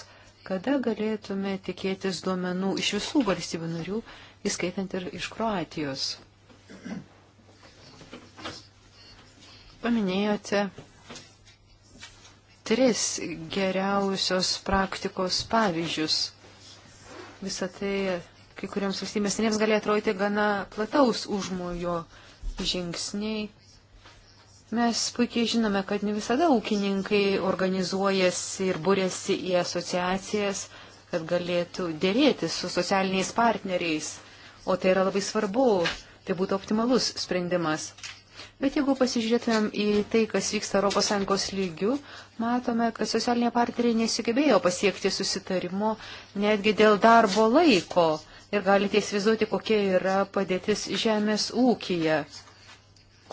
Kada galėtume tikėtis duomenų iš visų valstybių narių, įskaitant ir iš Kroatijos? Paminėjote tris geriausios praktikos pavyzdžius. Visą tai kai kuriams valstybės narėms galėjo atrodyti gana plataus užmojo žingsniai, Mes puikiai žinome, kad ne visada ūkininkai organizuojasi ir būrėsi į asociacijas, kad galėtų dėrėti su socialiniais partneriais. O tai yra labai svarbu, tai būtų optimalus sprendimas. Bet jeigu pasižiūrėtumėm į tai, kas vyksta ES lygių, matome, kad socialiniai partneriai nesugebėjo pasiekti susitarimo netgi dėl darbo laiko. Ir galite įsivaizduoti, kokia yra padėtis žemės ūkija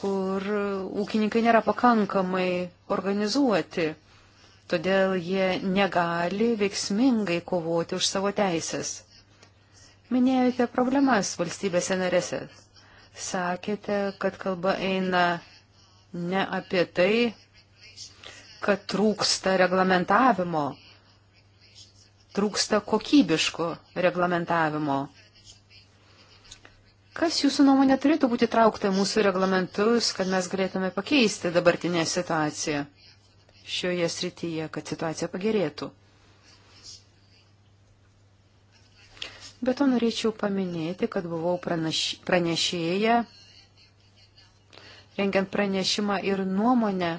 kur ūkininkai nėra pakankamai organizuoti, todėl jie negali veiksmingai kovoti už savo teisės. Minėjote problemas valstybėse narėse. Sakėte, kad kalba eina ne apie tai, kad trūksta reglamentavimo, trūksta kokybiško reglamentavimo. Kas jūsų nuomonė turėtų būti traukta mūsų reglamentus, kad mes galėtume pakeisti dabartinę situaciją šioje srityje, kad situacija pagerėtų? Be to norėčiau paminėti, kad buvau pranaš... pranešėję, rengiant pranešimą ir nuomonę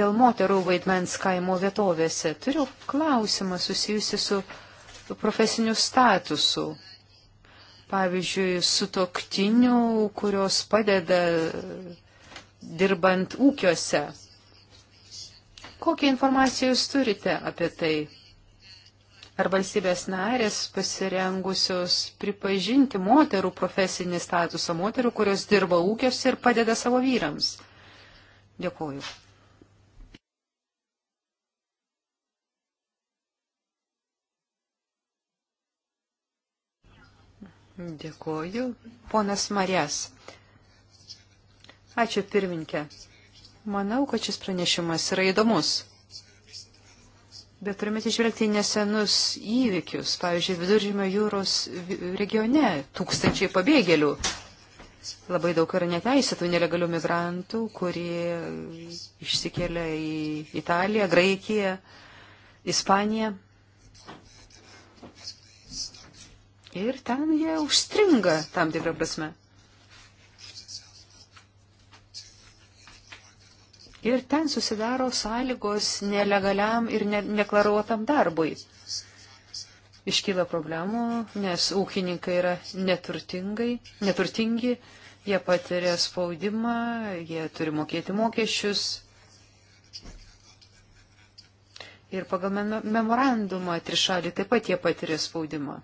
dėl moterų vaidmens kaimo vietovėse. Turiu klausimą susijusi su profesiniu statusu pavyzdžiui, sutoktinių, kurios padeda e, dirbant ūkiuose. Kokią informaciją jūs turite apie tai? Ar valstybės narės pasirengusios pripažinti moterų profesinį statusą, moterų, kurios dirba ūkiuose ir padeda savo vyrams? Dėkuoju. Dėkuoju. Ponas Marės. Ačiū pirminkė. Manau, kad šis pranešimas yra įdomus. Bet turime atsižvelgti į nesenus įvykius. Pavyzdžiui, viduržymio jūros regione tūkstančiai pabėgėlių. Labai daug yra neteisėtų nelegalių migrantų, kurie išsikelia į Italiją, Graikiją, Ispaniją. ir ten jie užstringa tam tikrą prasme. Ir ten susidaro sąlygos nelegaliam ir ne, neklaruotam darbui. Iškyla problemų, nes ūkininkai yra neturtingi, jie patiria spaudimą, jie turi mokėti mokesčius, Ir pagal memorandumą trišalį taip pat jie patiria spaudimą.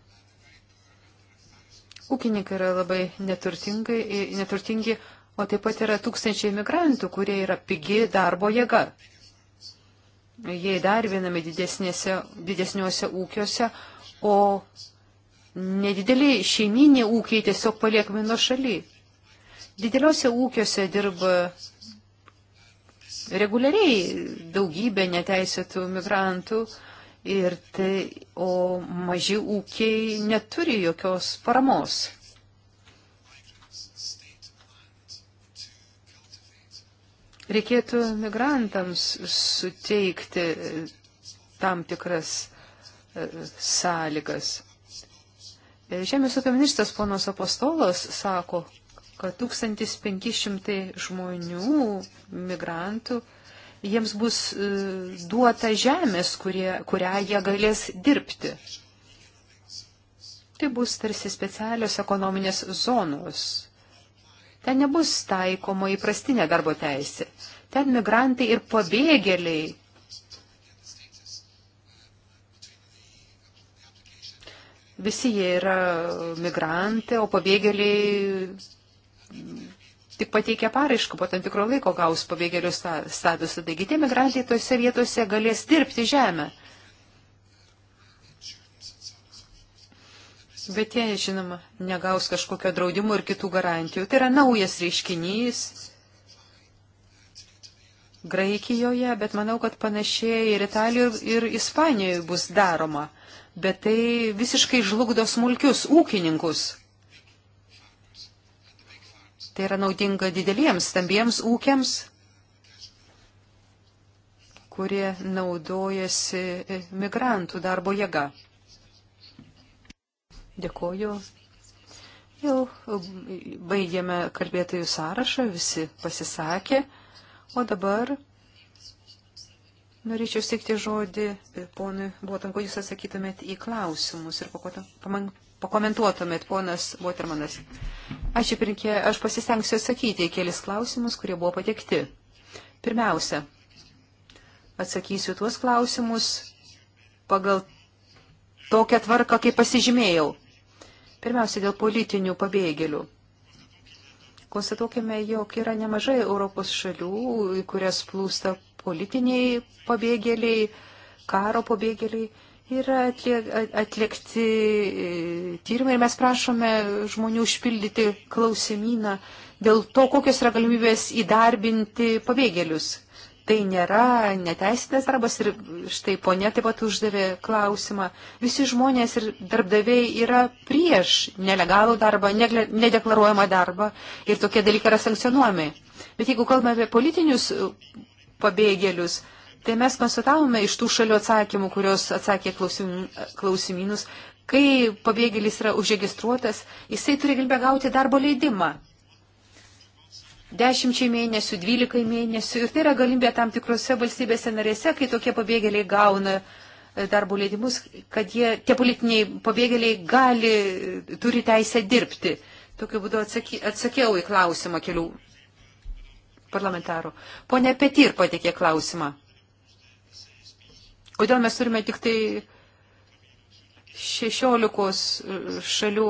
Ūkininkai yra labai neturtingi, o taip pat yra tūkstančiai migrantų, kurie yra pigi darbo jėga. Jie įdarbinami didesniuose ūkiuose, o nedideliai šeiminiai ūkiai tiesiog paliekami nuo šaly. Dideliuose ūkiuose dirba reguliariai daugybė neteisėtų migrantų, uh, Ir tai, o maži ūkiai neturi jokios paramos. Reikėtų migrantams suteikti e, tam tikras e, sąlygas. E, Žemės ūkio ministras ponas Apostolas sako, kad 1500 žmonių, migrantų, jiems bus e, duota žemės, kurie, kurią jie galės dirbti. Tai bus tarsi specialios ekonominės zonos. Ten nebus taikoma įprastinė darbo teisė. Ten migrantai ir pabėgėliai. Visi jie yra migrantai, o pabėgėliai tik pateikia paraišką, po tam tikro laiko gaus pabėgėlių statusą. Taigi tie migrantai tose vietose galės dirbti žemę. Bet jie, žinoma, negaus kažkokio draudimo ir kitų garantijų. Tai yra naujas reiškinys Graikijoje, bet manau, kad panašiai ir Italijoje, ir Ispanijoje bus daroma. Bet tai visiškai žlugdo smulkius ūkininkus. Tai yra naudinga dideliems, stambiems ūkiams, kurie naudojasi e, migrantų darbo jėga. Dėkoju. Jau e, baigėme kalbėtojų sąrašą, visi pasisakė. O dabar norėčiau stikti žodį e, ponui Botanko, jūs atsakytumėt į klausimus ir pakotum, paman, pakomentuotumėt, ponas Watermanas. Ačiū, pirinkė, aš pasistengsiu atsakyti į kelis klausimus, kurie buvo patekti. Pirmiausia, atsakysiu tuos klausimus pagal tokią tvarką, kaip pasižymėjau. Pirmiausia, dėl politinių pabėgėlių. Konstatuokime, jog yra nemažai Europos šalių, į kurias plūsta politiniai pabėgėliai, karo pabėgėliai yra atliek, atlikti e, tyrimai ir mes prašome žmonių užpildyti klausimyną dėl to, kokios yra galimybės įdarbinti pabėgėlius. Tai nėra neteisėtas darbas ir štai ponė taip pat uždavė klausimą. Visi žmonės ir darbdaviai yra prieš nelegalų darbą, nedeklaruojamą darbą ir tokie dalykai yra sankcionuojami. Bet jeigu kalbame apie politinius pabėgėlius, Tai mes konstatavome iš tų šalių atsakymų, kurios atsakė klausimynus, kai pabėgėlis yra užregistruotas, jisai turi galimybę gauti darbo leidimą. Dešimčiai mėnesių, dvylikai mėnesių. Ir tai yra galimybė tam tikrose valstybėse narėse, kai tokie pabėgėliai gauna e, darbo leidimus, kad jie, tie politiniai pabėgėliai gali, e, turi teisę dirbti. Tokiu būdu atsaky, atsakiau į klausimą kelių parlamentarų. Pone Petir patikė klausimą. Kodėl mes turime tik tai 16 e, šalių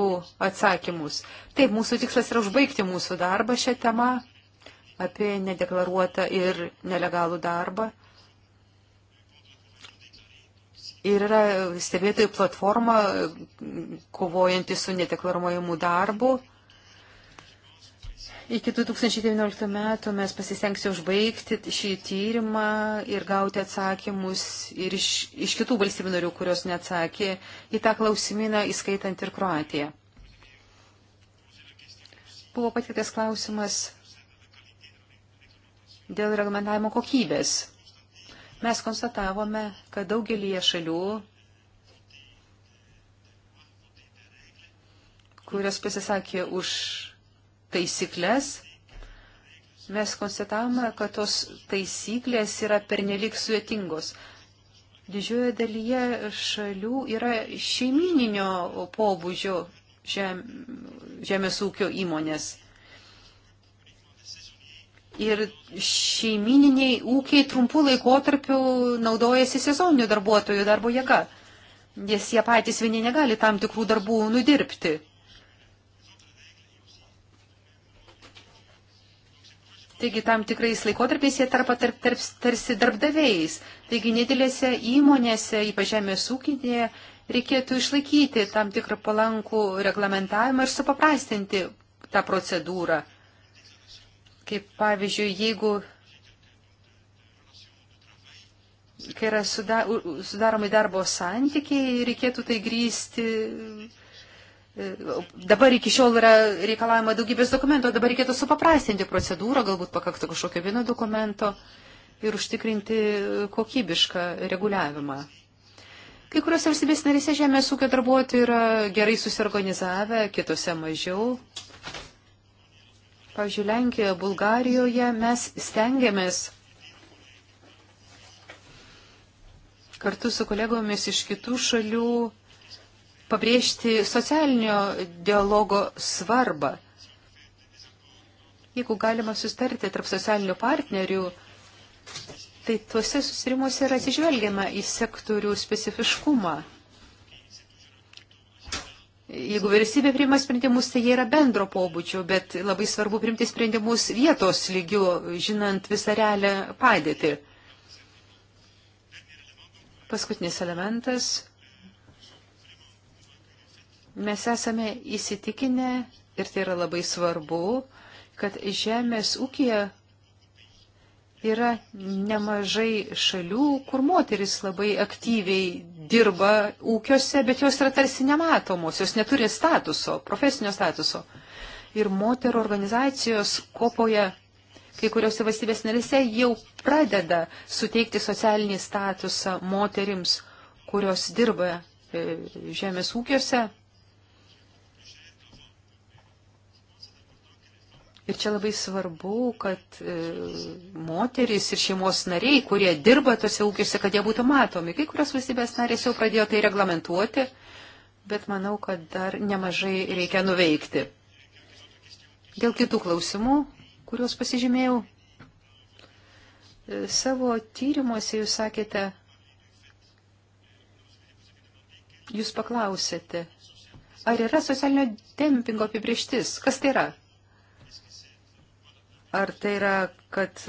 atsakymus? Taip, mūsų tikslas yra užbaigti mūsų darbą šią temą apie nedeklaruotą ir nelegalų darbą. Ir yra stebėtojų platforma, kovojanti su nedeklaruojamu darbu. Iki 2019 metų mes pasistengsiu užbaigti šį tyrimą ir gauti atsakymus ir iš, iš kitų valstybių narių, kurios neatsakė į tą klausimyną, įskaitant ir Kroatiją. Buvo patiktas klausimas dėl reglamentavimo kokybės. Mes konstatavome, kad daugelį šalių, kurios pasisakė už taisyklės, mes konstatavome, kad tos taisyklės yra pernelik sudėtingos. Didžiojo dalyje šalių yra šeimininio pobūdžio žem, žemės ūkio įmonės. Ir šeimininiai ūkiai trumpų laikotarpių naudojasi sezoninių darbuotojų darbo jėga, nes jie patys vieni negali tam tikrų darbų nudirbti. Taigi tam tikrais laikotarpiais jie tarpa tarp, tarp, tarsi darbdaviais. Taigi nedėlėse įmonėse, ypač žemės ūkinėje, reikėtų išlaikyti tam tikrą palankų reglamentavimą ir supaprastinti tą procedūrą. Kaip pavyzdžiui, jeigu kai yra sudaromi darbo santykiai, reikėtų tai grįsti Dabar iki šiol yra reikalavimo daugybės dokumento, dabar reikėtų supaprastinti procedūrą, galbūt pakaktų kažkokio vieno dokumento ir užtikrinti kokybišką reguliavimą. Kai kurios valstybės narėse žemės ūkio darbuotojai yra gerai susiorganizavę, kitose mažiau. Pavyzdžiui, Lenkijoje, Bulgarijoje mes stengiamės kartu su kolegomis iš kitų šalių pabrėžti socialinio dialogo svarbą. Jeigu galima sustarti tarp socialinių partnerių, tai tuose susirimuose yra atsižvelgiama į sektorių specifiškumą. Jeigu vyriausybė priima sprendimus, tai jie yra bendro pobūdžio, bet labai svarbu priimti sprendimus vietos lygių, žinant visą realią padėtį. Paskutinis elementas Mes esame įsitikinę, ir tai yra labai svarbu, kad žemės ūkija yra nemažai šalių, kur moteris labai aktyviai dirba ūkiuose, bet jos yra tarsi nematomos, jos neturi statuso, profesinio statuso. Ir moterų organizacijos kopoje, kai kuriuose valstybės narėse jau pradeda suteikti socialinį statusą moterims, kurios dirba e, žemės ūkiuose Ir čia labai svarbu, kad e, moteris ir šeimos nariai, kurie dirba tose ūkiuose, kad jie būtų matomi. Kai kurios valstybės narės jau pradėjo tai reglamentuoti, bet manau, kad dar nemažai reikia nuveikti. Dėl kitų klausimų, kuriuos pasižymėjau, e, savo tyrimuose jūs sakėte, jūs paklausėte, ar yra socialinio dempingo apibrieštis? Kas tai yra? Ar tai yra, kad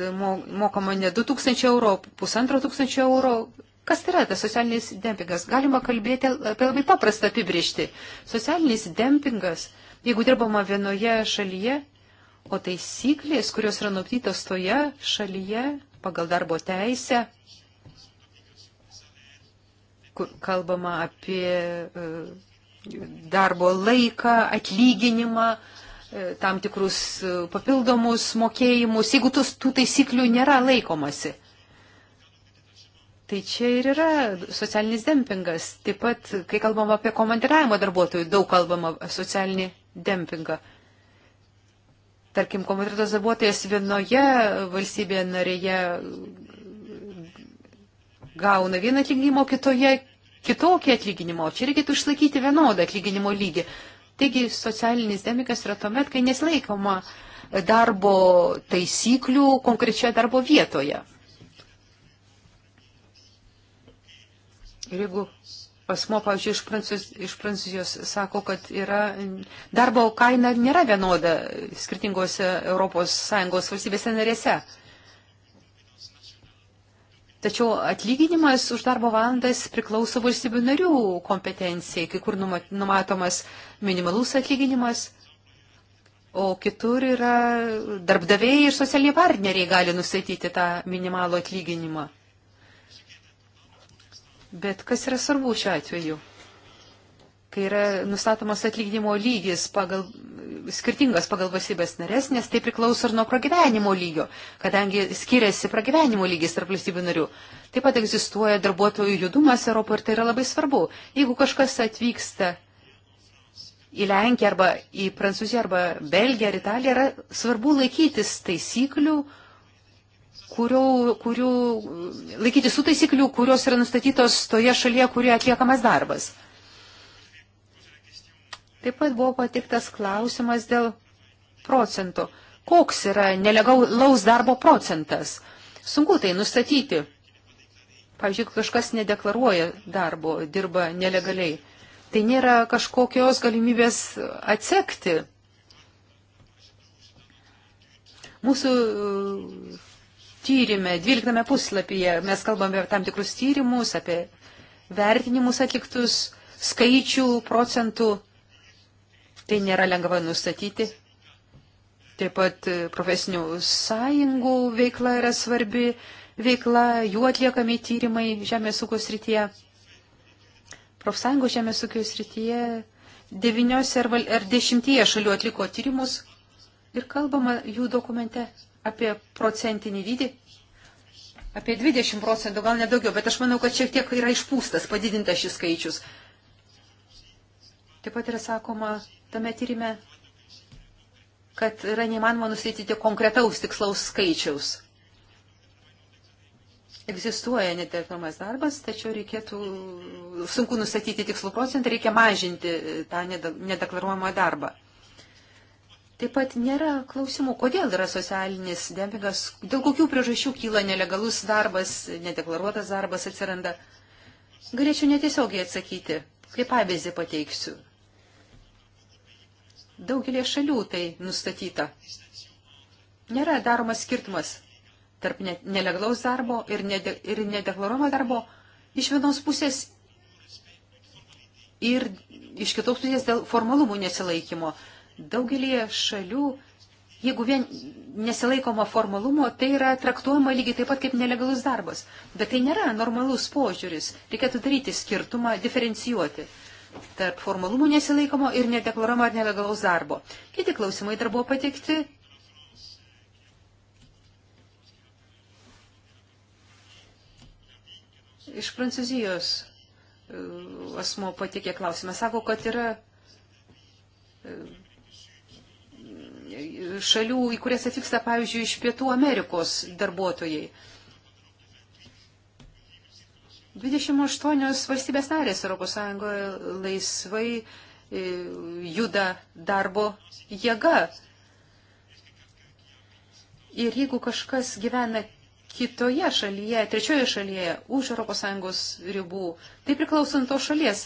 mokama ne 2000 eurų, pusantro tūkstančio eurų? Kas tai yra tas socialinis dempingas? Galima kalbėti apie labai paprastą apibriežtį. Socialinis dempingas, jeigu dirbama vienoje šalyje, o taisyklės, kurios yra numatytos toje šalyje pagal darbo teisę, kur kalbama apie e, darbo laiką, atlyginimą, E, tam tikrus e, papildomus mokėjimus, jeigu tus, tų taisyklių nėra laikomasi. Tai čia ir yra socialinis dempingas. Taip pat, kai kalbam apie komandiravimo darbuotojų, daug kalbama socialinį dempingą. Tarkim, komandiruotas darbuotojas vienoje valstybėje narėje gauna vieną atlyginimą, kitoje kitokį atlyginimą, o čia reikėtų išlaikyti vienodą atlyginimo lygį. Taigi socialinis demikas yra tuomet, kai nesilaikoma darbo taisyklių konkrečioje darbo vietoje. Ir jeigu asmo, pavyzdžiui, iš Prancūzijos, iš Prancūzijos sako, kad yra, darbo kaina nėra vienoda skirtingose ES valstybėse narėse. Tačiau atlyginimas už darbo valandas priklauso valstybių narių kompetencijai, kai kur numatomas minimalus atlyginimas, o kitur yra darbdaviai ir socialiniai partneriai gali nustatyti tą minimalų atlyginimą. Bet kas yra svarbu šiuo atveju? kai yra nustatomas atlyginimo lygis pagal, skirtingas pagal valstybės narės, nes tai priklauso ir nuo pragyvenimo lygio, kadangi skiriasi pragyvenimo lygis tarp valstybių narių. Taip pat egzistuoja darbuotojų judumas Europoje ir tai yra labai svarbu. Jeigu kažkas atvyksta į Lenkiją arba į Prancūziją arba Belgiją ar Italiją, yra svarbu laikytis taisyklių, kurių, kurių, laikytis tų taisyklių, kurios yra nustatytos toje šalyje, kurioje atliekamas darbas. Taip pat buvo patiktas klausimas dėl procentų. Koks yra nelegalaus darbo procentas? Sunku tai nustatyti. Pavyzdžiui, kažkas nedeklaruoja darbo, dirba nelegaliai. Tai nėra kažkokios galimybės atsekti. Mūsų uh, tyrimė, 12 puslapyje, mes kalbame apie tam tikrus tyrimus, apie vertinimus atliktus, skaičių, procentų Tai nėra lengva nustatyti. Taip pat e, profesinių sąjungų veikla yra svarbi veikla, jų atliekami tyrimai žemės ūkio srityje. Profsąjungų žemės ūkio srityje devyniose ar, val... ar dešimtyje šalių atliko tyrimus ir kalbama jų dokumente apie procentinį dydį. Apie 20 procentų, gal nedaugiau, bet aš manau, kad šiek tiek yra išpūstas, padidintas šis skaičius. Taip pat yra sakoma, tame tyrime, kad yra neįmanoma nustatyti konkretaus tikslaus skaičiaus. Egzistuoja nedirbamas darbas, tačiau reikėtų, sunku nustatyti tikslų procentą, reikia mažinti tą nedeklaruojamą darbą. Taip pat nėra klausimų, kodėl yra socialinis dempingas, dėl kokių priežasčių kyla nelegalus darbas, nedeklaruotas darbas atsiranda. Galėčiau netiesiogiai atsakyti, kaip pavyzdį pateiksiu. Daugelie šalių tai nustatyta. Nėra daromas skirtumas tarp nelegalaus darbo ir, nede, ir nedeklaruojamo darbo iš vienos pusės ir iš kitos pusės dėl formalumų nesilaikymo. Daugelie šalių, jeigu vien nesilaikoma formalumo, tai yra traktuojama lygiai taip pat kaip nelegalus darbas. Bet tai nėra normalus požiūris. Reikėtų daryti skirtumą, diferencijuoti tarp formalumų nesilaikoma ir nedeklaruojama ar nelegalaus darbo. Kiti klausimai dar buvo pateikti. Iš Prancūzijos e, asmo patikė klausimą. Sako, kad yra e, šalių, į kurias atvyksta, pavyzdžiui, iš Pietų Amerikos darbuotojai. 28 valstybės narės ES laisvai e, juda darbo jėga. Ir jeigu kažkas gyvena kitoje šalyje, trečioje šalyje, už ES ribų, tai priklauso nuo to šalies.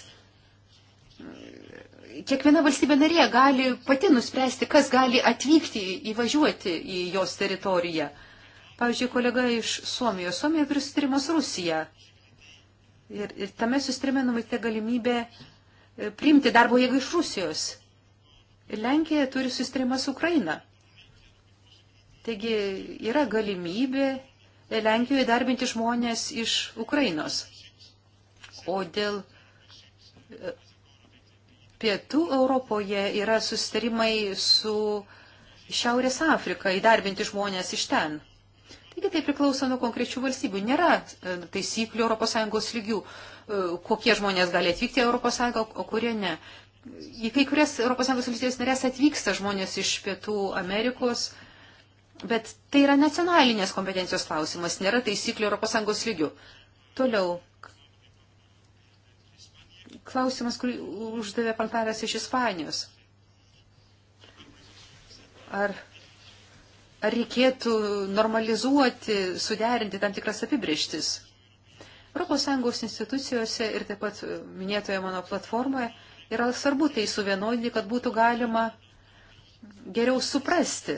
Kiekviena valstybė narė gali pati nuspręsti, kas gali atvykti, įvažiuoti į jos teritoriją. Pavyzdžiui, kolega iš Suomijos. Suomija turi sutarimas Rusija. Ir, ir tame sustrime numatyta galimybė e, priimti darbo jėgą iš Rusijos. Ir Lenkija turi sustrimą su Ukraina. Taigi yra galimybė Lenkijoje darbinti žmonės iš Ukrainos. O dėl e, pietų Europoje yra sustarimai su Šiaurės Afrika įdarbinti žmonės iš ten. Taigi tai priklauso nuo konkrečių valstybių. Nėra e, taisyklių ES lygių, e, kokie žmonės gali atvykti į ES, o kurie ne. Į kai kurias ES valstybės narės atvyksta žmonės iš Pietų Amerikos, bet tai yra nacionalinės kompetencijos klausimas, nėra taisyklių ES lygių. Toliau. Klausimas, kurį uždavė Paltaras iš Ispanijos. Ar ar reikėtų normalizuoti, suderinti tam tikras apibrieštis. ES institucijose ir taip pat minėtoje mano platformoje yra svarbu tai suvienodinti, kad būtų galima geriau suprasti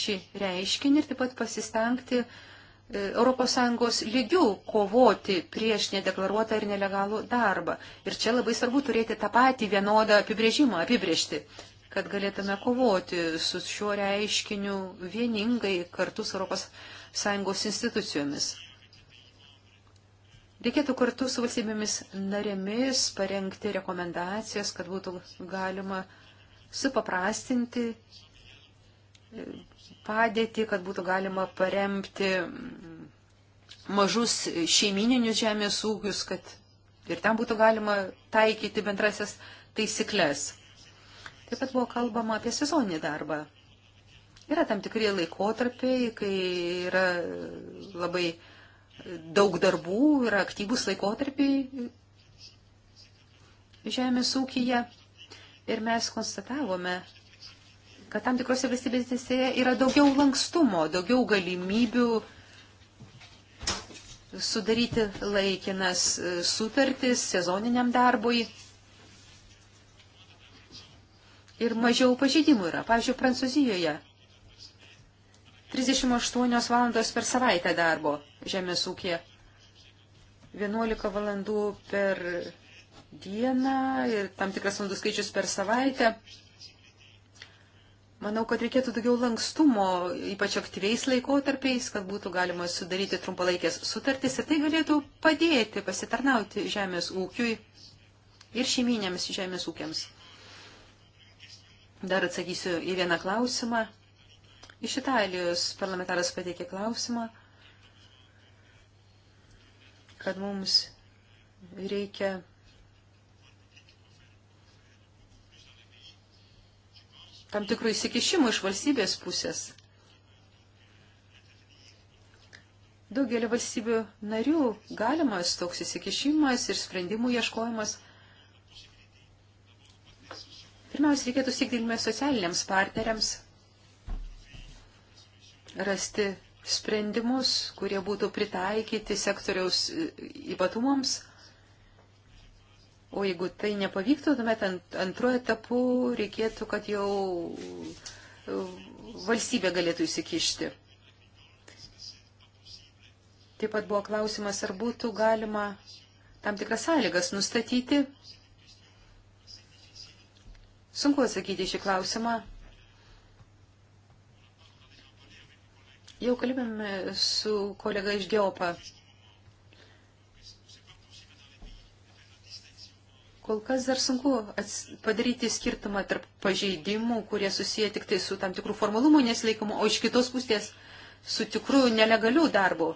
šį reiškinį ir taip pat pasistengti ES lygių kovoti prieš nedeklaruotą ir nelegalų darbą. Ir čia labai svarbu turėti tą patį vienodą apibrėžimą, apibrėžti kad galėtume kovoti su šiuo reiškiniu vieningai kartu su ES institucijomis. Reikėtų kartu su valstybėmis narėmis parengti rekomendacijas, kad būtų galima supaprastinti e, padėtį, kad būtų galima paremti mm, mažus šeimininius žemės ūkius, kad ir ten būtų galima taikyti bendrasias taisyklės. Taip pat buvo kalbama apie sezoninį darbą. Yra tam tikrie laikotarpiai, kai yra labai daug darbų, yra aktyvus laikotarpiai žemės ūkyje. Ir mes konstatavome, kad tam tikrose valstybėse yra daugiau lankstumo, daugiau galimybių sudaryti laikinas sutartis sezoniniam darbui ir mažiau pažeidimų yra. Pavyzdžiui, Prancūzijoje 38 valandos per savaitę darbo žemės ūkė, 11 valandų per dieną ir tam tikras valandų skaičius per savaitę. Manau, kad reikėtų daugiau lankstumo, ypač aktyviais laikotarpiais, kad būtų galima sudaryti trumpalaikės sutartis ir tai galėtų padėti pasitarnauti žemės ūkiui ir šeiminėms žemės ūkiams. Dar atsakysiu į vieną klausimą. Iš Italijos parlamentaras pateikė klausimą, kad mums reikia tam tikrų įsikišimų iš valstybės pusės. Daugelį valstybių narių galimas toks įsikišimas ir sprendimų ieškojimas – Pirmiausia, reikėtų siekdinime socialiniams partneriams rasti sprendimus, kurie būtų pritaikyti sektoriaus e, ypatumams. O jeigu tai nepavyktų, tuomet ant, antruoju etapu reikėtų, kad jau e, valstybė galėtų įsikišti. Taip pat buvo klausimas, ar būtų galima tam tikras sąlygas nustatyti Sunku atsakyti šį klausimą. Jau kalbėjome su kolega iš Geopa. Kol kas dar sunku padaryti skirtumą tarp pažeidimų, kurie susiję tik tai su tam tikrų formalumų nesilaikimu, o iš kitos pusės su tikrų nelegalių darbu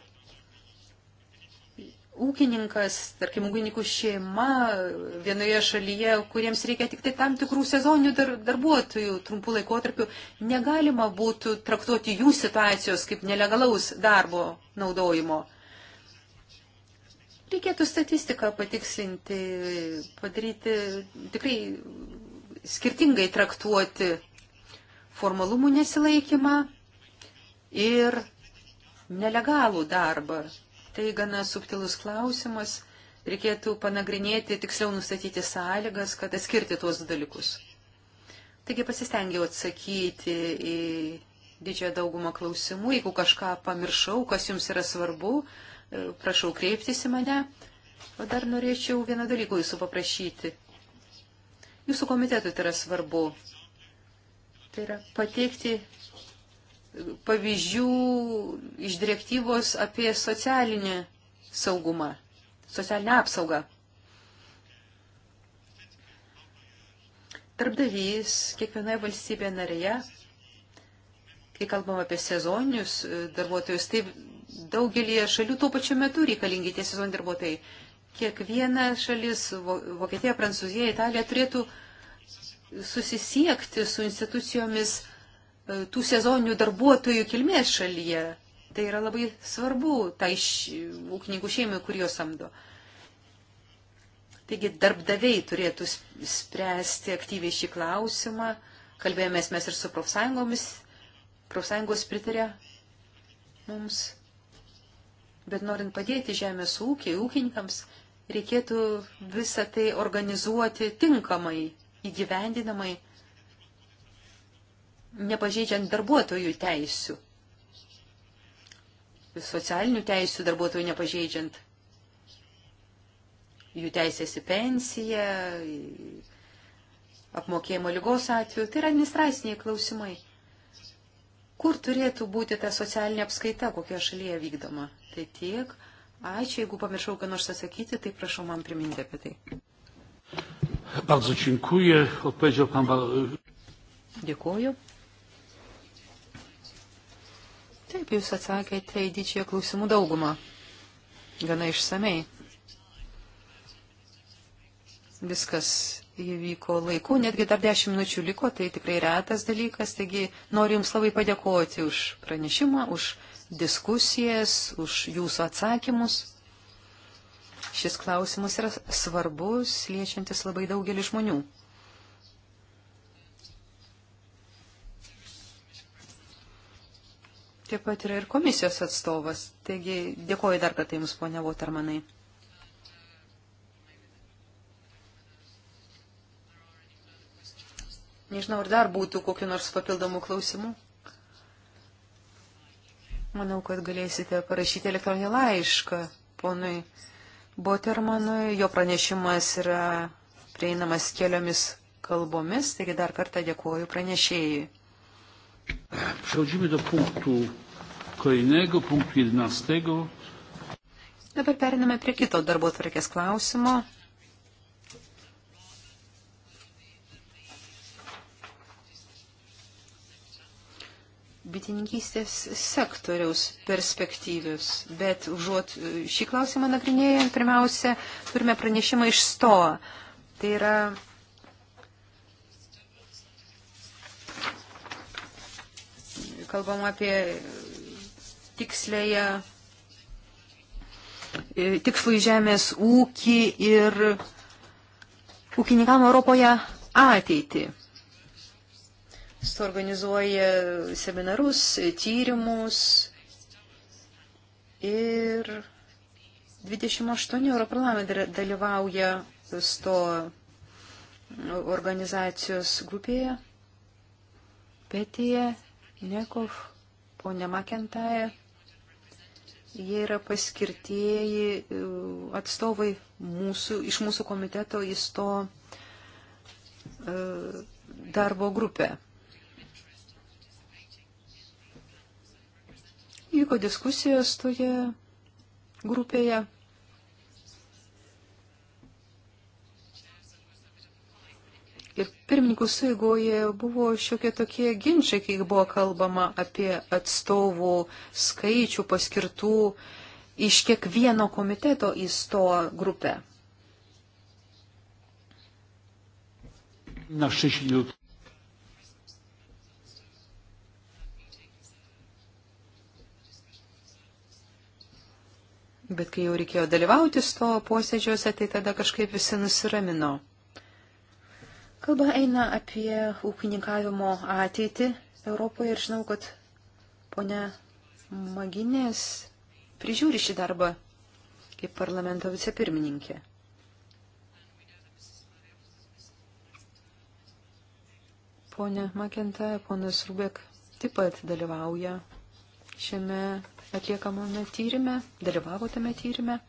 ūkininkas, tarkim, ūkininkų šeima vienoje šalyje, kuriems reikia tik tai tam tikrų sezoninių dar, darbuotojų trumpų laikotarpių, negalima būtų traktuoti jų situacijos kaip nelegalaus darbo naudojimo. Reikėtų statistiką patikslinti, padaryti tikrai skirtingai traktuoti formalumų nesilaikymą ir nelegalų darbą Tai gana subtilus klausimas. Reikėtų panagrinėti, tiksliau nustatyti sąlygas, kad atskirti tuos dalykus. Taigi pasistengiau atsakyti į didžiąją daugumą klausimų. Jeigu kažką pamiršau, kas jums yra svarbu, e, prašau kreiptis į mane. O dar norėčiau vieną dalyką jūsų paprašyti. Jūsų komitetui tai yra svarbu. Tai yra pateikti pavyzdžių iš direktyvos apie socialinį saugumą, socialinę apsaugą. Darbdavys kiekvienoje valstybėje narėje, kai kalbam apie sezoninius e, darbuotojus, tai daugelį šalių tuo pačiu metu reikalingi tie sezoniniai darbuotojai. Kiekviena šalis, Vokietija, Prancūzija, Italija turėtų susisiekti su institucijomis E, tų sezoninių darbuotojų kilmės šalyje. Tai yra labai svarbu tai ūkininkų šeimai, kur jo samdo. Taigi darbdaviai turėtų spręsti aktyviai šį klausimą. Kalbėjomės mes ir su profsąjungomis. Profsąjungos pritarė mums. Bet norint padėti žemės ūkiai, ūkininkams, reikėtų visą tai organizuoti tinkamai, įgyvendinamai nepažeidžiant darbuotojų teisių, socialinių teisių darbuotojų nepažeidžiant, jų teisės į pensiją, apmokėjimo lygos atveju, tai yra administraciniai klausimai. Kur turėtų būti ta socialinė apskaita, kokioje šalyje vykdoma? Tai tiek. Ačiū, jeigu pamiršau, ką nors atsakyti, tai prašau man priminti apie tai. Bardzo dziękuję. Odpowiedział pan. Dziękuję. Taip, jūs atsakėte į didžiąją klausimų daugumą. Gana išsamei. Viskas įvyko laiku, netgi dar dešimt minučių liko, tai tikrai retas dalykas, taigi noriu Jums labai padėkoti už pranešimą, už diskusijas, už Jūsų atsakymus. Šis klausimas yra svarbus, liečiantis labai daugelį žmonių. Taip pat yra ir komisijos atstovas. Taigi dėkoju dar kartą Jums, ponia Votermanai. Nežinau, ar dar būtų kokiu nors papildomų klausimų. Manau, kad galėsite parašyti elektroninį laišką ponui Botermanui. Jo pranešimas yra prieinamas keliomis kalbomis, taigi dar kartą dėkuoju pranešėjai. Przechodzimy do punktų kolejnego, punktų 11. Dabar periname prie kito darbo tvarkės klausimo. bitininkystės sektoriaus perspektyvius, bet užuot e, šį klausimą nagrinėjant, pirmiausia, turime pranešimą iš STOA. Tai yra kalbam apie tikslėje, e, tikslai žemės ūkį ir ūkininkam Europoje ateitį. Suorganizuoja seminarus, tyrimus ir 28 europarlamentai dalyvauja sto organizacijos grupėje, petėje Nekov, ponė Makentaja, jie yra paskirtieji e, atstovai mūsų, iš mūsų komiteto įsto e, darbo grupę. Vyko diskusijos toje grupėje. Ir pirmininkų suigoje buvo šiokie tokie ginčiai, kai buvo kalbama apie atstovų skaičių paskirtų iš kiekvieno komiteto į sto grupę. Na, šeši minutų. Bet kai jau reikėjo dalyvauti sto posėdžiuose, tai tada kažkaip visi nusiramino. Kalba eina apie ūkininkavimo ateitį Europoje ir žinau, kad ponia Maginės prižiūri šį darbą kaip parlamento vicepirmininkė. Pone Makenta, ponas Rubek taip pat dalyvauja šiame atliekamame tyrime, dalyvavo tame tyrime.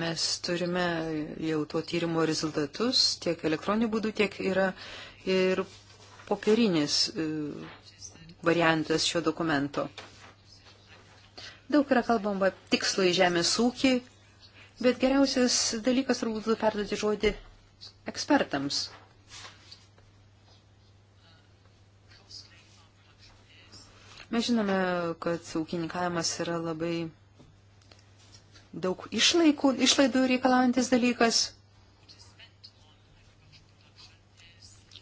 Mes turime jau to tyrimo rezultatus, tiek elektroniniu būdu, tiek yra ir popierinis e, variantas šio dokumento. Daug yra kalbama tikslo į žemės ūkį, bet geriausias dalykas turbūt būtų perduoti žodį ekspertams. Mes žinome, kad ūkininkavimas yra labai daug išlaikų, išlaidų reikalaujantis dalykas.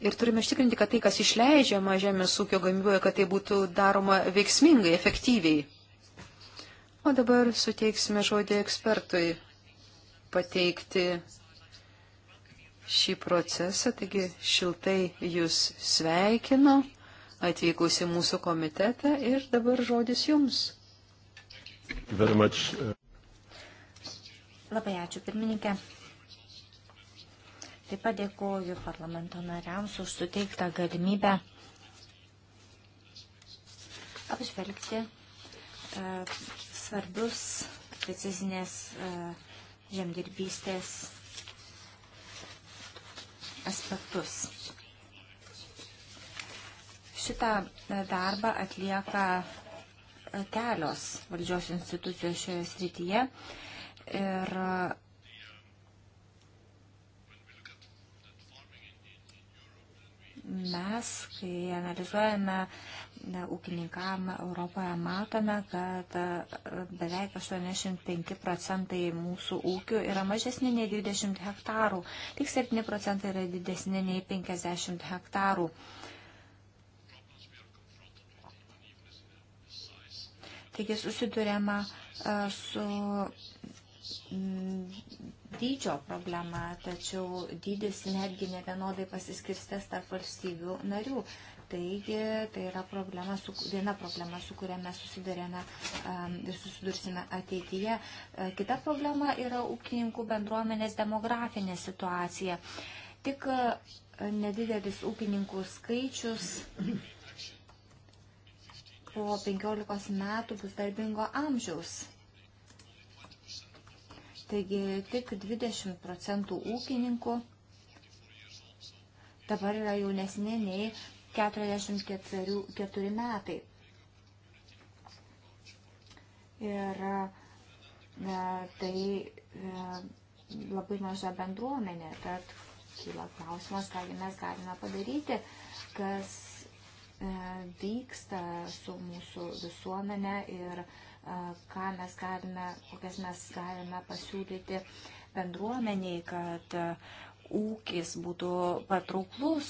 Ir turime ištikrinti, kad tai, kas išleidžiama žemės ūkio gamyboje, kad tai būtų daroma veiksmingai, efektyviai. O dabar suteiksime žodį ekspertui pateikti šį procesą. Taigi šiltai jūs sveikinu atvykusi mūsų komitetą ir dabar žodis jums. Very much. Uh, Labai ačiū, pirmininkė. Taip pat dėkuoju parlamento nariams už suteiktą galimybę apžvelgti e, svarbius precizinės e, žemdirbystės aspektus. Šitą darbą atlieka kelios valdžios institucijos šioje srityje. E, Ir mes, kai analizuojame ūkininkavimą Europoje, matome, kad e, beveik 85 procentai mūsų ūkių yra mažesni nei 20 hektarų, tik 7 procentai yra didesni nei 50 hektarų. Taigi susidurėma e, su Mm, dydžio problema, tačiau dydis netgi ne vienodai pasiskirstęs tarp valstybių narių. Taigi tai yra problema su, viena problema, su kuria mes susidarėme um, ir susidursime ateityje. E, kita problema yra ūkininkų bendruomenės demografinė situacija. Tik e, nedidelis ūkininkų skaičius po 15 metų bus darbingo amžiaus. Taigi tik 20 procentų ūkininkų dabar yra jaunesni nei 44 metai. Ir e, tai e, labai maža bendruomenė, tad kyla klausimas, ką mes galime padaryti, kas e, vyksta su mūsų visuomenė ir visuomenė ką mes galime, kokias mes galime pasiūlyti bendruomeniai, kad ūkis būtų patrauklus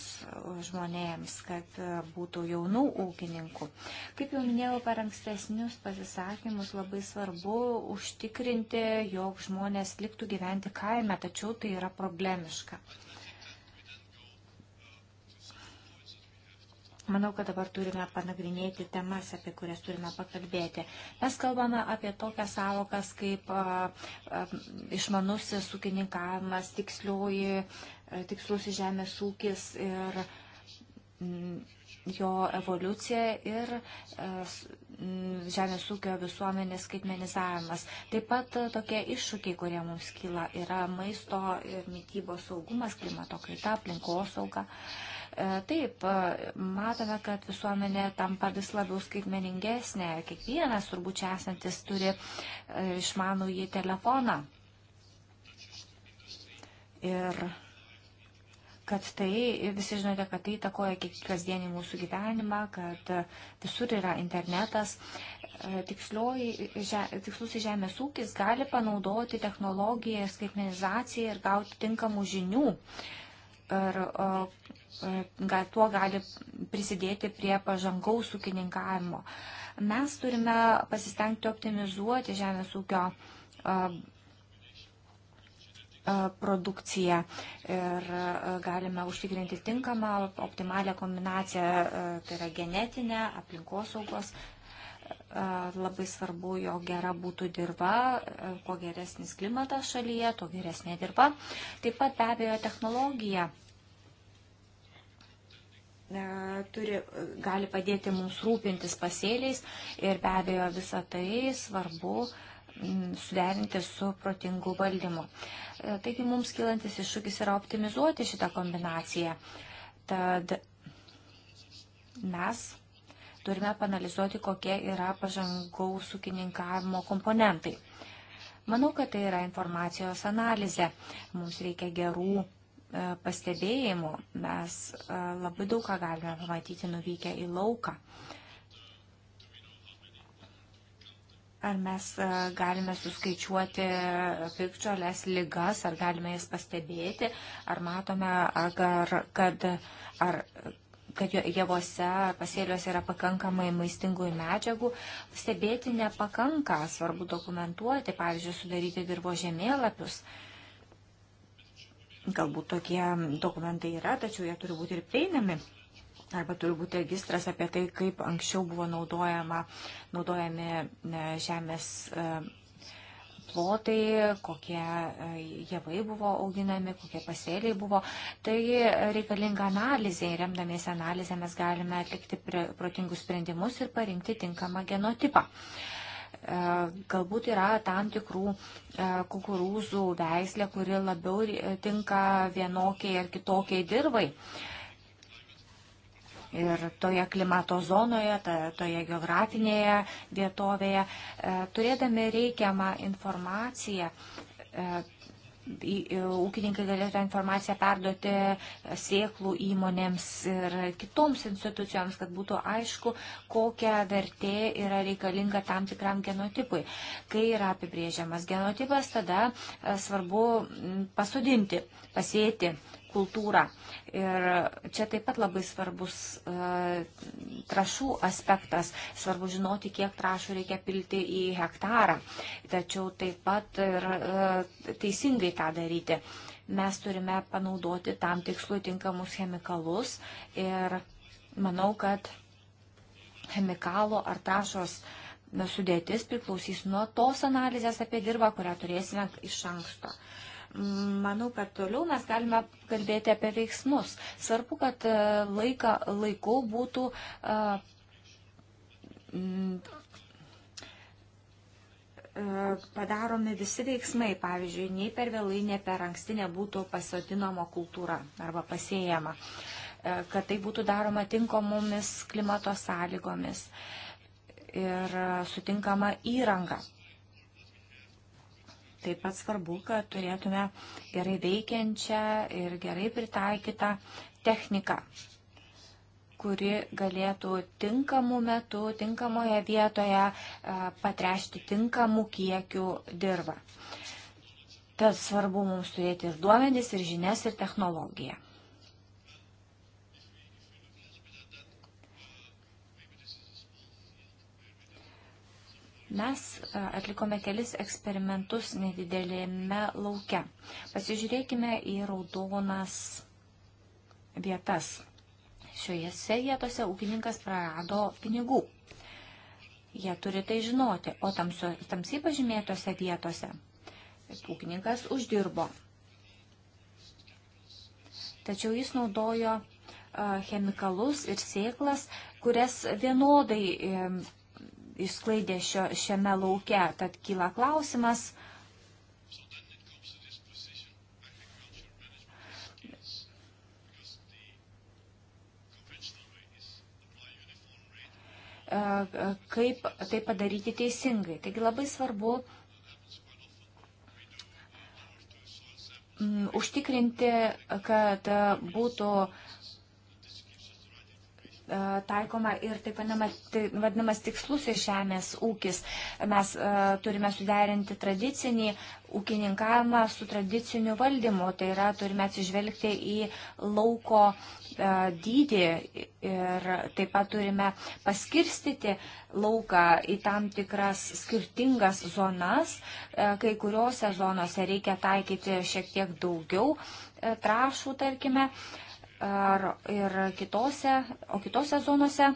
žmonėms, kad būtų jaunų ūkininkų. Kaip jau minėjau per ankstesnius pasisakymus, labai svarbu užtikrinti, jog žmonės liktų gyventi kaime, tačiau tai yra problemiška. Manau, kad dabar turime panagrinėti temas, apie kurias turime pakalbėti. Mes kalbame apie tokias savokas kaip a, a, išmanusis ūkininkavimas, tikslioji, tikslusis žemės ūkis ir m, mm, jo evoliucija ir m, mm, žemės ūkio visuomenės skaitmenizavimas. Taip pat tokie iššūkiai, kurie mums kyla, yra maisto ir mytybos saugumas, klimato kaita, aplinkosauga. sauga E, taip, e, matome, kad visuomenė tampa vis labiau skaitmeningesnė. Kiekvienas turbūt čia esantis turi e, išmanų į telefoną. Ir kad tai, visi žinote, kad tai takoja kasdienį mūsų gyvenimą, kad visur yra internetas. Tikslioji, že, tikslus žemės ūkis gali panaudoti technologiją ir skaitmenizaciją ir gauti tinkamų žinių. Uh, ir e, gal tuo gali prisidėti prie pažangaus ūkininkavimo. Mes turime pasistengti optimizuoti žemės ūkio e, e, produkciją ir galime užtikrinti tinkamą, optimalią kombinaciją, tai yra genetinė, aplinkosaugos. Labai svarbu, jo gera būtų dirba, kuo geresnis klimatas šalyje, tuo geresnė dirba. Taip pat be abejo technologija E, turi, gali padėti mums rūpintis pasėliais ir be abejo visą tai svarbu suderinti su protingu valdymu. E, taigi mums kilantis iššūkis yra optimizuoti šitą kombinaciją. Tad mes turime panalizuoti, kokie yra pažangaus ūkininkavimo komponentai. Manau, kad tai yra informacijos analizė. Mums reikia gerų E, pastebėjimų. Mes e, labai daug ką galime pamatyti nuvykę į lauką. Ar mes e, galime suskaičiuoti pikčiolės lygas, ar galime jas pastebėti, ar matome, agar, kad, ar, kad javose ar pasėliuose yra pakankamai maistingųjų medžiagų. Stebėti nepakanka, svarbu dokumentuoti, pavyzdžiui, sudaryti dirbo žemėlapius. Uh, Galbūt tokie dokumentai yra, tačiau jie turi būti ir prieinami. Arba turi būti registras apie tai, kaip anksčiau buvo naudojama, naudojami e, žemės e, plotai, kokie e, javai buvo auginami, kokie pasėliai buvo. Tai reikalinga analizė ir remdamiesi analizę mes galime atlikti protingus sprendimus ir parinkti tinkamą genotipą. Uh, E, galbūt yra tam tikrų e, kukurūzų veislė, kuri labiau tinka vienokiai ar kitokiai dirbai. Ir toje klimato zonoje, ta, toje geografinėje vietovėje, e, turėdami reikiamą informaciją, ūkininkai galėtų tą informaciją perduoti sėklų įmonėms ir kitoms institucijoms, kad būtų aišku, kokia vertė yra reikalinga tam tikram genotipui. Kai yra apibrėžiamas genotipas, tada e, svarbu pasodinti, pasėti kultūrą. Ir čia taip pat labai svarbus e, trašų aspektas. Svarbu žinoti, kiek trašų reikia pilti į hektarą. Tačiau taip pat ir e, teisingai tą daryti. Mes turime panaudoti tam tikslui tinkamus chemikalus ir manau, kad chemikalo ar trašos sudėtis priklausys nuo tos analizės apie dirbą, kurią turėsime iš anksto. E, Manau, kad toliau mes galime kalbėti apie veiksmus. Svarbu, kad e, laika laiku būtų e, e, padaromi visi veiksmai, pavyzdžiui, nei per vėlai, nei per anksti nebūtų pasodinama kultūra arba pasėjama, kad tai būtų daroma tinkamomis klimato sąlygomis ir sutinkama įranga. Taip pat svarbu, kad turėtume gerai veikiančią ir gerai pritaikytą techniką, kuri galėtų tinkamų metų, tinkamoje vietoje e, patrešti tinkamų kiekių dirbą. Tad svarbu mums turėti ir duomenis, ir žinias, ir technologiją. Mes e, atlikome kelis eksperimentus nedidelėme lauke. Pasižiūrėkime į raudonas vietas. Šioje vietose ūkininkas prarado pinigų. Jie turi tai žinoti, o tamsio, tamsiai pažymėtose vietose ūkininkas uždirbo. Tačiau jis naudojo e, chemikalus ir sėklas, kurias vienodai e, išsklaidė šio, šiame lauke. Tad kyla klausimas, e, kaip tai padaryti teisingai. Taigi labai svarbu mm, užtikrinti, kad būtų uh, E, taikoma ir taip vadinamas tikslus žemės ūkis. Mes e, turime suderinti tradicinį ūkininkavimą su tradiciniu valdymu. Tai yra, turime atsižvelgti į lauko e, dydį ir taip pat turime paskirstyti lauką į tam tikras skirtingas zonas. Kai kuriuose zonose reikia taikyti šiek tiek daugiau trašų, tarkime ar, ir kitose, o kitose zonose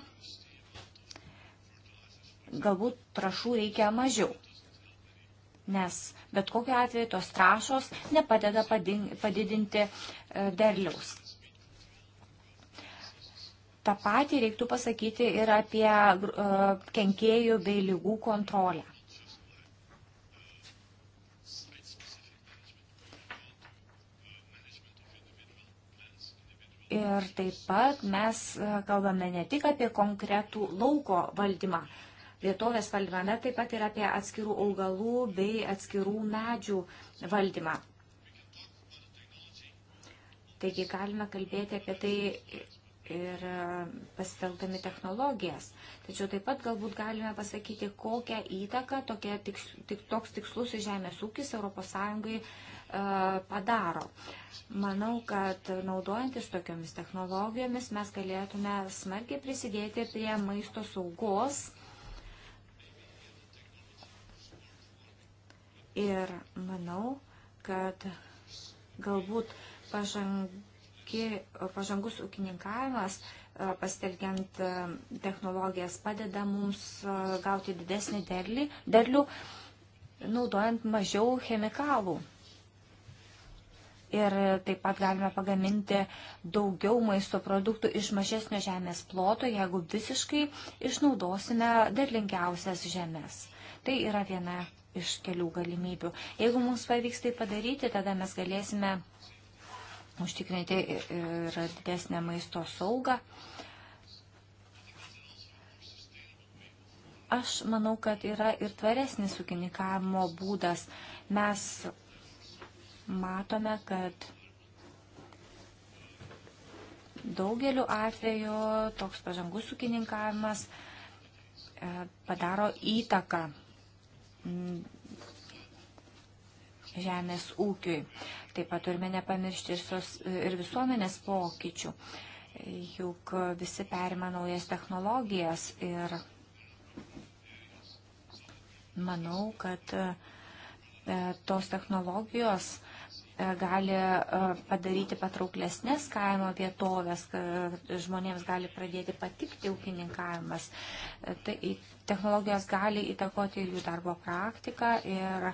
galbūt trašų reikia mažiau. Nes bet kokiu atveju tos trašos nepadeda padidinti e, derliaus. Ta patį reiktų pasakyti ir apie e, kenkėjų bei lygų kontrolę. Ir taip pat mes e, kalbame ne tik apie konkretų lauko valdymą, vietovės valdymą, bet taip pat ir apie atskirų augalų bei atskirų medžių valdymą. Taigi galime kalbėti apie tai ir e, pasitelkdami technologijas. Tačiau taip pat galbūt galime pasakyti, kokią įtaką tokie, tik, tik, toks tikslus žemės ūkis ES E, padaro. Manau, kad naudojantis tokiomis technologijomis mes galėtume smarkiai prisidėti prie maisto saugos ir manau, kad galbūt pažangi, pažangus ūkininkavimas e, pasitelkiant e, technologijas padeda mums gauti didesnį derlį, derlių, naudojant mažiau chemikalų ir taip pat galime pagaminti daugiau maisto produktų iš mažesnio žemės ploto, jeigu visiškai išnaudosime derlingiausias žemės. Tai yra viena iš kelių galimybių. Jeigu mums pavyks tai padaryti, tada mes galėsime užtikrinti ir didesnę maisto saugą. Aš manau, kad yra ir tvaresnis ūkininkavimo būdas. Mes matome, kad daugeliu atveju toks pažangus ūkininkavimas e, padaro įtaką žemės ūkiui. Taip pat turime nepamiršti ir, sos, ir visuomenės pokyčių, juk visi perima naujas technologijas ir manau, kad e, tos technologijos E, gali e, padaryti patrauklesnės kaimo vietovės, žmonėms gali pradėti patikti ūkininkavimas. E, tai technologijos gali įtakoti ir jų darbo praktiką ir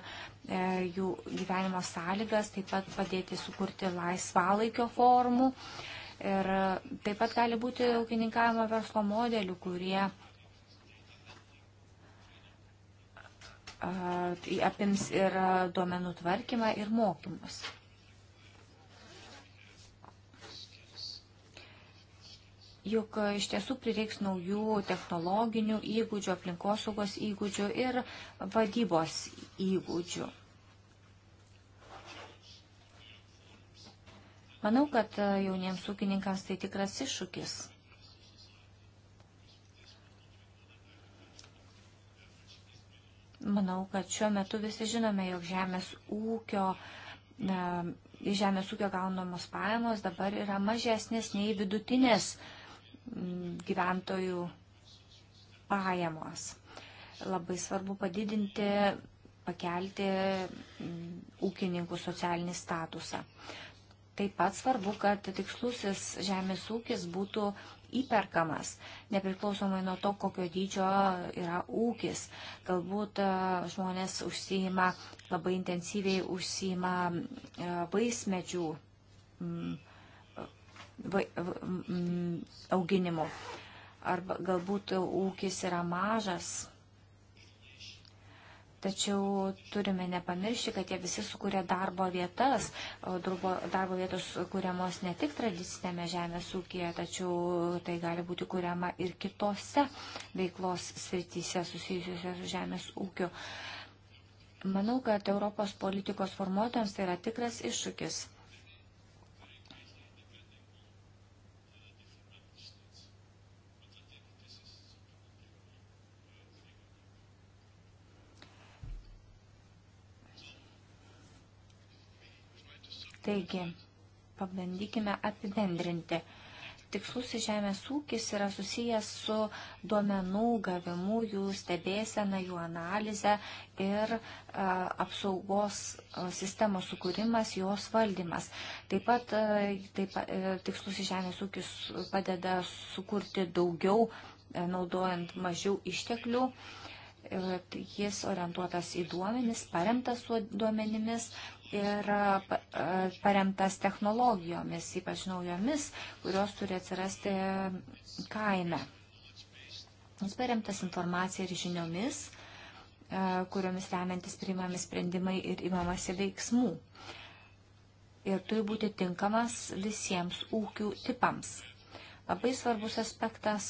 jų gyvenimo sąlygas, taip pat padėti sukurti laisvalaikio formų. Ir taip pat gali būti ūkininkavimo verslo modelių, kurie Tai apims ir duomenų tvarkymą ir mokymus. Juk iš tiesų prireiks naujų technologinių įgūdžių, aplinkosaugos įgūdžių ir vadybos įgūdžių. Manau, kad jauniems ūkininkams tai tikras iššūkis. Manau, kad šiuo metu visi žinome, jog žemės ūkio, iš žemės ūkio gaunamos pajamos dabar yra mažesnės nei vidutinės mm, gyventojų pajamos. Labai svarbu padidinti, pakelti mm, ūkininkų socialinį statusą. Taip pat svarbu, kad tikslusis žemės ūkis būtų įperkamas, nepriklausomai nuo to, kokio dydžio yra ūkis. Galbūt e, žmonės užsijima, labai intensyviai užsijima e, vaismedžių mm, va, mm, auginimu. Arba galbūt ūkis yra mažas Tačiau turime nepamiršti, kad jie visi sukūrė darbo vietas, darbo, darbo vietos kūriamos ne tik tradicinėme žemės ūkėje, tačiau tai gali būti kūriama ir kitose veiklos srityse susijusiuose su žemės ūkiu. Manau, kad Europos politikos formuotojams tai yra tikras iššūkis. Taigi, pabandykime apibendrinti. Tikslus žemės ūkis yra susijęs su duomenų gavimu, jų stebėsena, jų analize ir a, apsaugos a, sistemos sukūrimas, jos valdymas. Taip pat, a, taip, a, tikslus žemės ūkis padeda sukurti daugiau, a, naudojant mažiau išteklių. A, jis orientuotas į duomenis, paremtas duomenimis, ir e, paremtas technologijomis, ypač naujomis, kurios turi atsirasti kaime. Jis paremtas informacija ir žiniomis, e, kuriomis remiantis priimami sprendimai ir imamasi veiksmų. Ir turi būti tinkamas visiems ūkių tipams. Labai svarbus aspektas,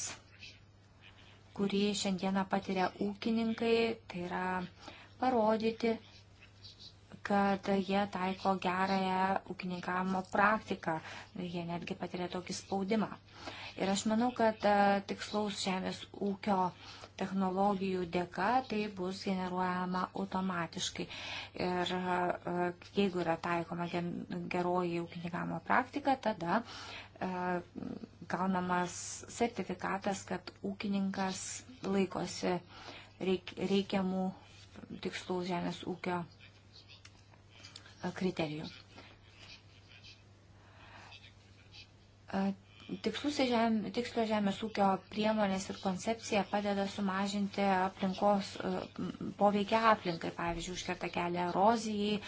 kurį šiandieną patiria ūkininkai, tai yra parodyti, kad jie taiko gerąją ūkininkavimo praktiką, jie netgi patiria tokį spaudimą. Ir aš manau, kad e, tikslaus žemės ūkio technologijų dėka tai bus generuojama automatiškai. Ir e, jeigu yra taikoma geroji ūkininkavimo praktika, tada e, gaunamas sertifikatas, kad ūkininkas laikosi reikiamų tikslų žemės ūkio kriterijų. Žem, tikslio žemės ūkio priemonės ir koncepcija padeda sumažinti aplinkos poveikia aplinkai, pavyzdžiui, užkerta kelią erozijai,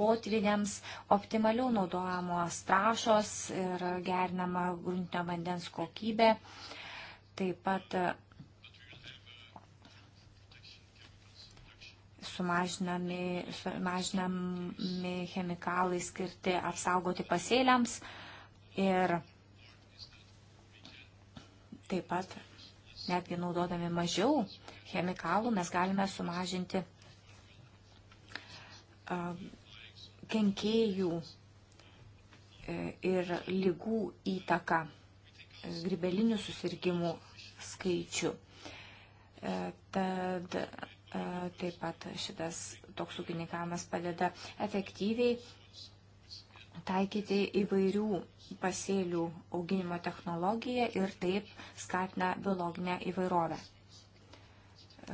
potviniams, optimaliau naudojamos trašos ir gerinama gruntinio vandens kokybė. Taip pat sumažinami, sumažinami chemikalai skirti apsaugoti pasėliams ir taip pat netgi naudodami mažiau chemikalų mes galime sumažinti kenkėjų e, ir lygų įtaką e, gribelinių susirgymų skaičių. E, tad Taip pat šitas toks ūkininkavimas padeda efektyviai taikyti įvairių pasėlių auginimo technologiją ir taip skatina biologinę įvairovę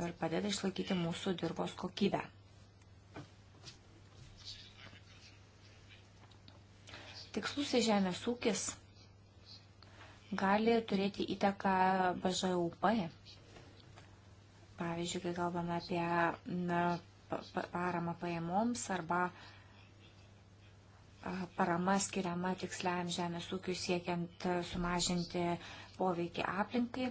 ir padeda išlaikyti mūsų dirbos kokybę. Tikslus į žemės ūkis gali turėti įtaką BŽUP Pavyzdžiui, kai kalbame apie na, paramą pajamoms arba parama skiriama tiksliam žemės ūkiu siekiant sumažinti poveikį aplinkai.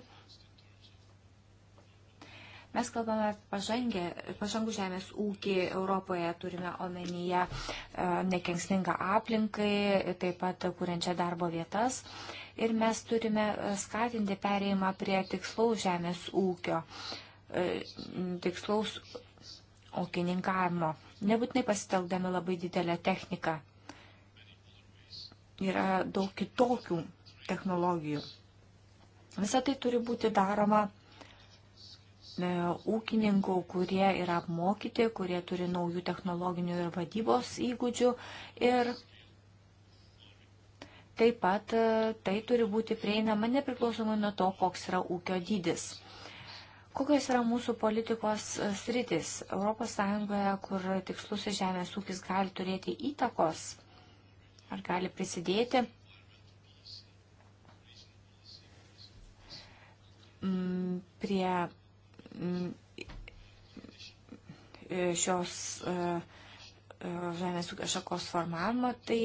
Mes kalbame pažangę, pažangų žemės ūkį Europoje, turime omenyje nekenksmingą aplinkai, taip pat kuriančią darbo vietas. Ir mes turime skatinti pereimą prie tikslaus žemės ūkio. Uh, E, tikslaus okininkavimo, nebūtinai pasitelkdami labai didelę techniką. Yra daug kitokių technologijų. Visą tai turi būti daroma e, ūkininkų, kurie yra apmokyti, kurie turi naujų technologinių ir vadybos įgūdžių. Ir taip pat e, tai turi būti prieinama nepriklausomai nuo to, koks yra ūkio dydis. Kokios yra mūsų politikos e, sritis ES, kur tikslus žemės ūkis gali turėti įtakos ar gali prisidėti? Mm, prie mm, e, šios e, žemės ūkio šakos formavimo, tai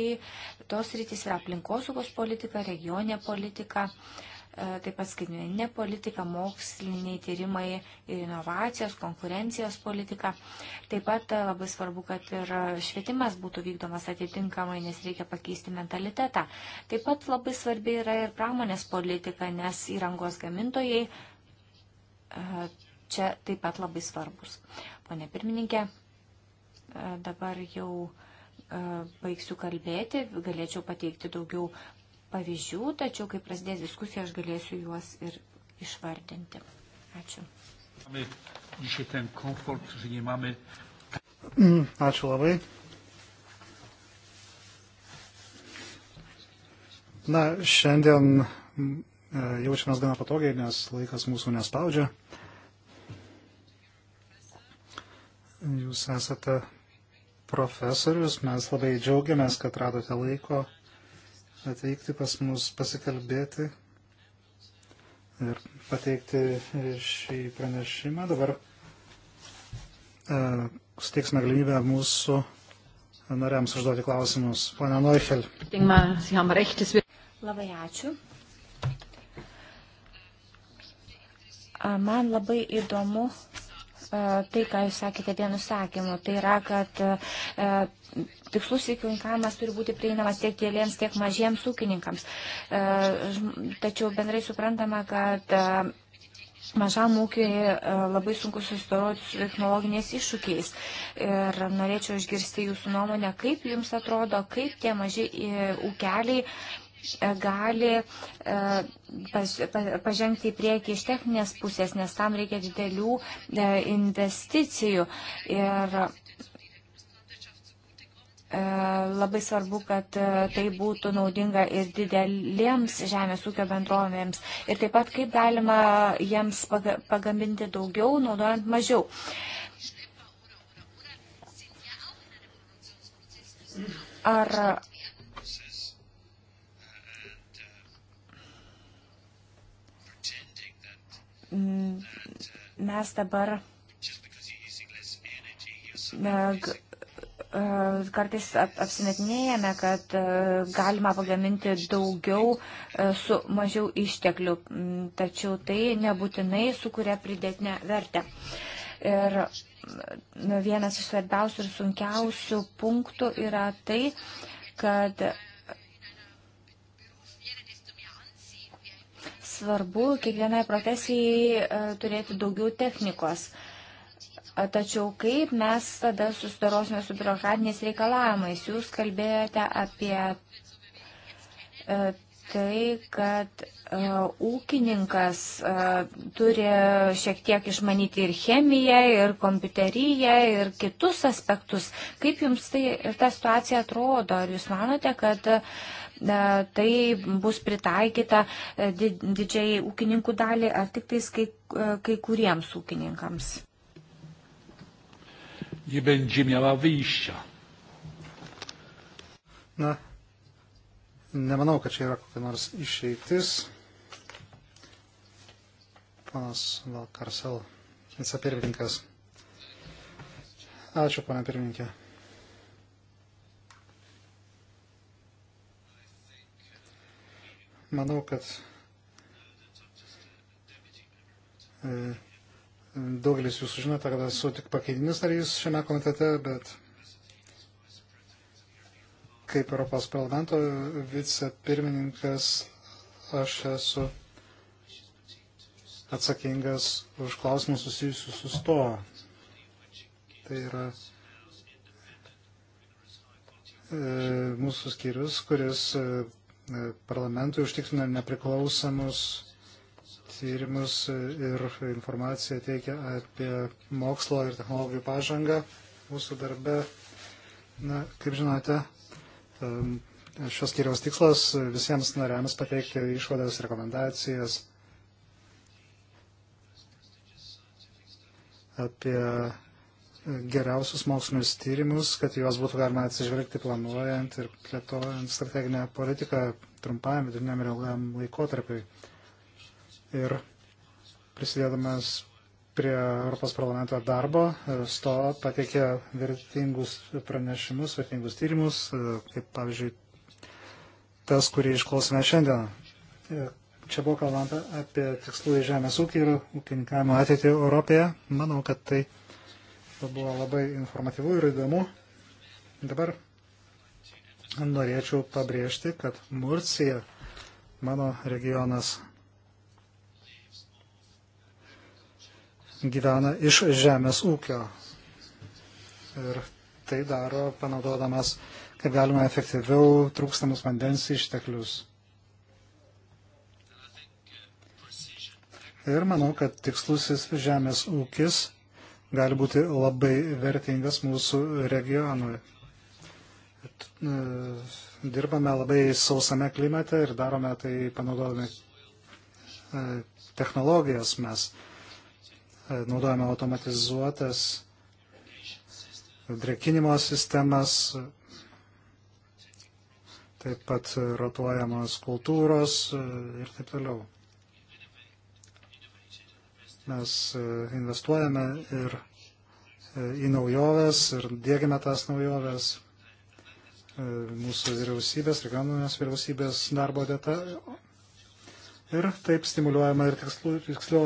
tos rytis yra aplinkosaugos politika, regionė politika. Uh, E, taip pat skaitmeninė politika, moksliniai tyrimai ir inovacijos, konkurencijos politika. Taip pat e, labai svarbu, kad ir švietimas būtų vykdomas atitinkamai, nes reikia pakeisti mentalitetą. Taip pat labai svarbi yra ir pramonės politika, nes įrangos gamintojai e, čia taip pat labai svarbus. Pone pirmininkė, dabar jau baigsiu kalbėti, galėčiau pateikti daugiau pavyzdžių, tačiau kai prasidės diskusija, aš galėsiu juos ir išvardinti. Ačiū. Mm, ačiū labai. Na, šiandien e, jaučiamės gana patogiai, nes laikas mūsų nespaudžia. Jūs esate profesorius, mes labai džiaugiamės, kad radote laiko atvykti pas mus pasikalbėti ir pateikti šį pranešimą. Dabar e, suteiksime galimybę mūsų nariams užduoti klausimus. Pane Neuchel. Labai ačiū. Man labai įdomu e, tai, ką jūs sakėte vienu sakymu. Tai yra, kad e, tikslus įkininkavimas turi būti prieinamas tiek dėlėms, tiek mažiems ūkininkams. E, tačiau bendrai suprantama, kad e, mažam ūkiui e, labai sunku susidoroti su technologiniais iššūkiais. Ir norėčiau išgirsti jūsų nuomonę, kaip jums atrodo, kaip tie maži ūkeliai gali paž pažengti į priekį iš techninės pusės, nes tam reikia didelių investicijų. Ir E, labai svarbu, kad e, tai būtų naudinga ir didelėms žemės ūkio bendrovėms. Ir taip pat, kaip galima jiems pagaminti daugiau, naudojant mažiau. Ar mes dabar e, E, kartais apsimetinėjame, kad e, galima pagaminti daugiau e, su mažiau išteklių, mm, tačiau tai nebūtinai sukuria pridėtinę vertę. Ir mm, vienas iš svarbiausių ir sunkiausių punktų yra tai, kad svarbu kiekvienai profesijai turėti daugiau technikos. Uh, Tačiau kaip mes tada susidarosime su biurokratiniais reikalavimais? Jūs kalbėjote apie e, tai, kad e, ūkininkas e, turi šiek tiek išmanyti ir chemiją, ir kompiuteriją, ir kitus aspektus. Kaip jums tai ir ta situacija atrodo? Ar jūs manote, kad tai bus pritaikyta didžiai ūkininkų dalį, ar tik tais kai, kai kuriems ūkininkams? nie będzie miała wyjścia. Na, nemanau, kad čia yra kokia nors išeitis. Panas Valkarsel, vicepirmininkas. Ačiū, pana pirmininkė. Manau, kad e, Daugelis jūsų žinote, kad esu tik pakeitinis narys šiame komitete, bet kaip Europos parlamento vicepirmininkas aš esu atsakingas už klausimus susijusius su to. Tai yra e, mūsų skyrius, kuris e, e parlamentui užtikrina nepriklausomus tyrimus ir informaciją teikia apie mokslo ir technologijų pažangą mūsų darbe. Na, kaip žinote, šios skyriaus tikslas visiems nariams pateikti išvadas, rekomendacijas apie geriausius mokslinius tyrimus, kad juos būtų galima atsižvelgti planuojant ir plėtojant strateginę politiką trumpam viduriniam ir ilgam laikotarpiui ir prisidėdamas prie Europos parlamento darbo, sto pateikė vertingus pranešimus, vertingus tyrimus, kaip pavyzdžiui tas, kurį išklausome šiandien. Čia buvo kalbama apie tikslų į žemės ūkį ir ūkininkavimo ateitį Europoje. Manau, kad tai buvo labai informatyvu ir įdomu. Dabar norėčiau pabrėžti, kad Murcija, mano regionas, gyvena iš žemės ūkio. Ir tai daro panaudodamas, kaip galima efektyviau, trūkstamus vandens išteklius. Ir manau, kad tikslusis žemės ūkis gali būti labai vertingas mūsų regionui. Dirbame labai sausame klimate ir darome tai panaudodami e, technologijas mes E, naudojame automatizuotas drekinimo sistemas, taip pat rotuojamos kultūros e, ir taip toliau. Mes e, investuojame ir į naujoves ir dėgiame tas naujoves. Mūsų vyriausybės, regioninės vyriausybės darbo deta ir taip stimuliuojama ir tikslu, tikslu,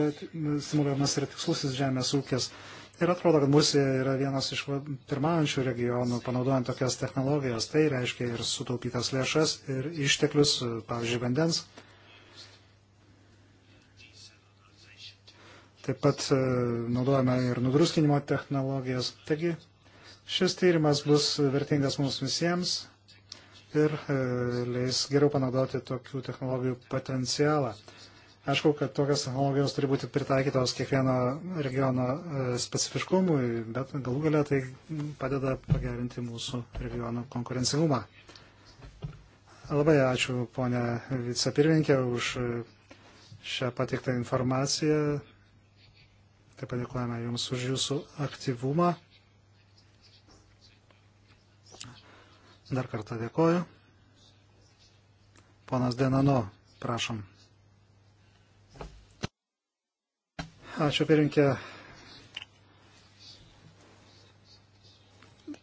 stimuliuojamas ir tikslusis žemės ūkis. Ir atrodo, kad mūsų yra vienas iš pirmaujančių regionų panaudojant tokias technologijas. Tai reiškia ir sutaupytas lėšas, ir išteklius, pavyzdžiui, vandens. Taip pat e, naudojame ir nudruskinimo technologijas. Taigi, šis tyrimas bus vertingas mums visiems ir e, leis geriau panaudoti tokių technologijų potencialą. Aišku, kad tokios technologijos turi būti pritaikytos kiekvieno regiono e, specifiškumui, bet galų galia tai padeda pagerinti mūsų regiono konkurencingumą. Labai ačiū, ponė vicepirmininkė, už e, šią pateiktą informaciją. Taip pat dėkojame Jums už Jūsų aktyvumą. Dar kartą dėkoju. Ponas Denano, prašom. Ačiū pirinkė.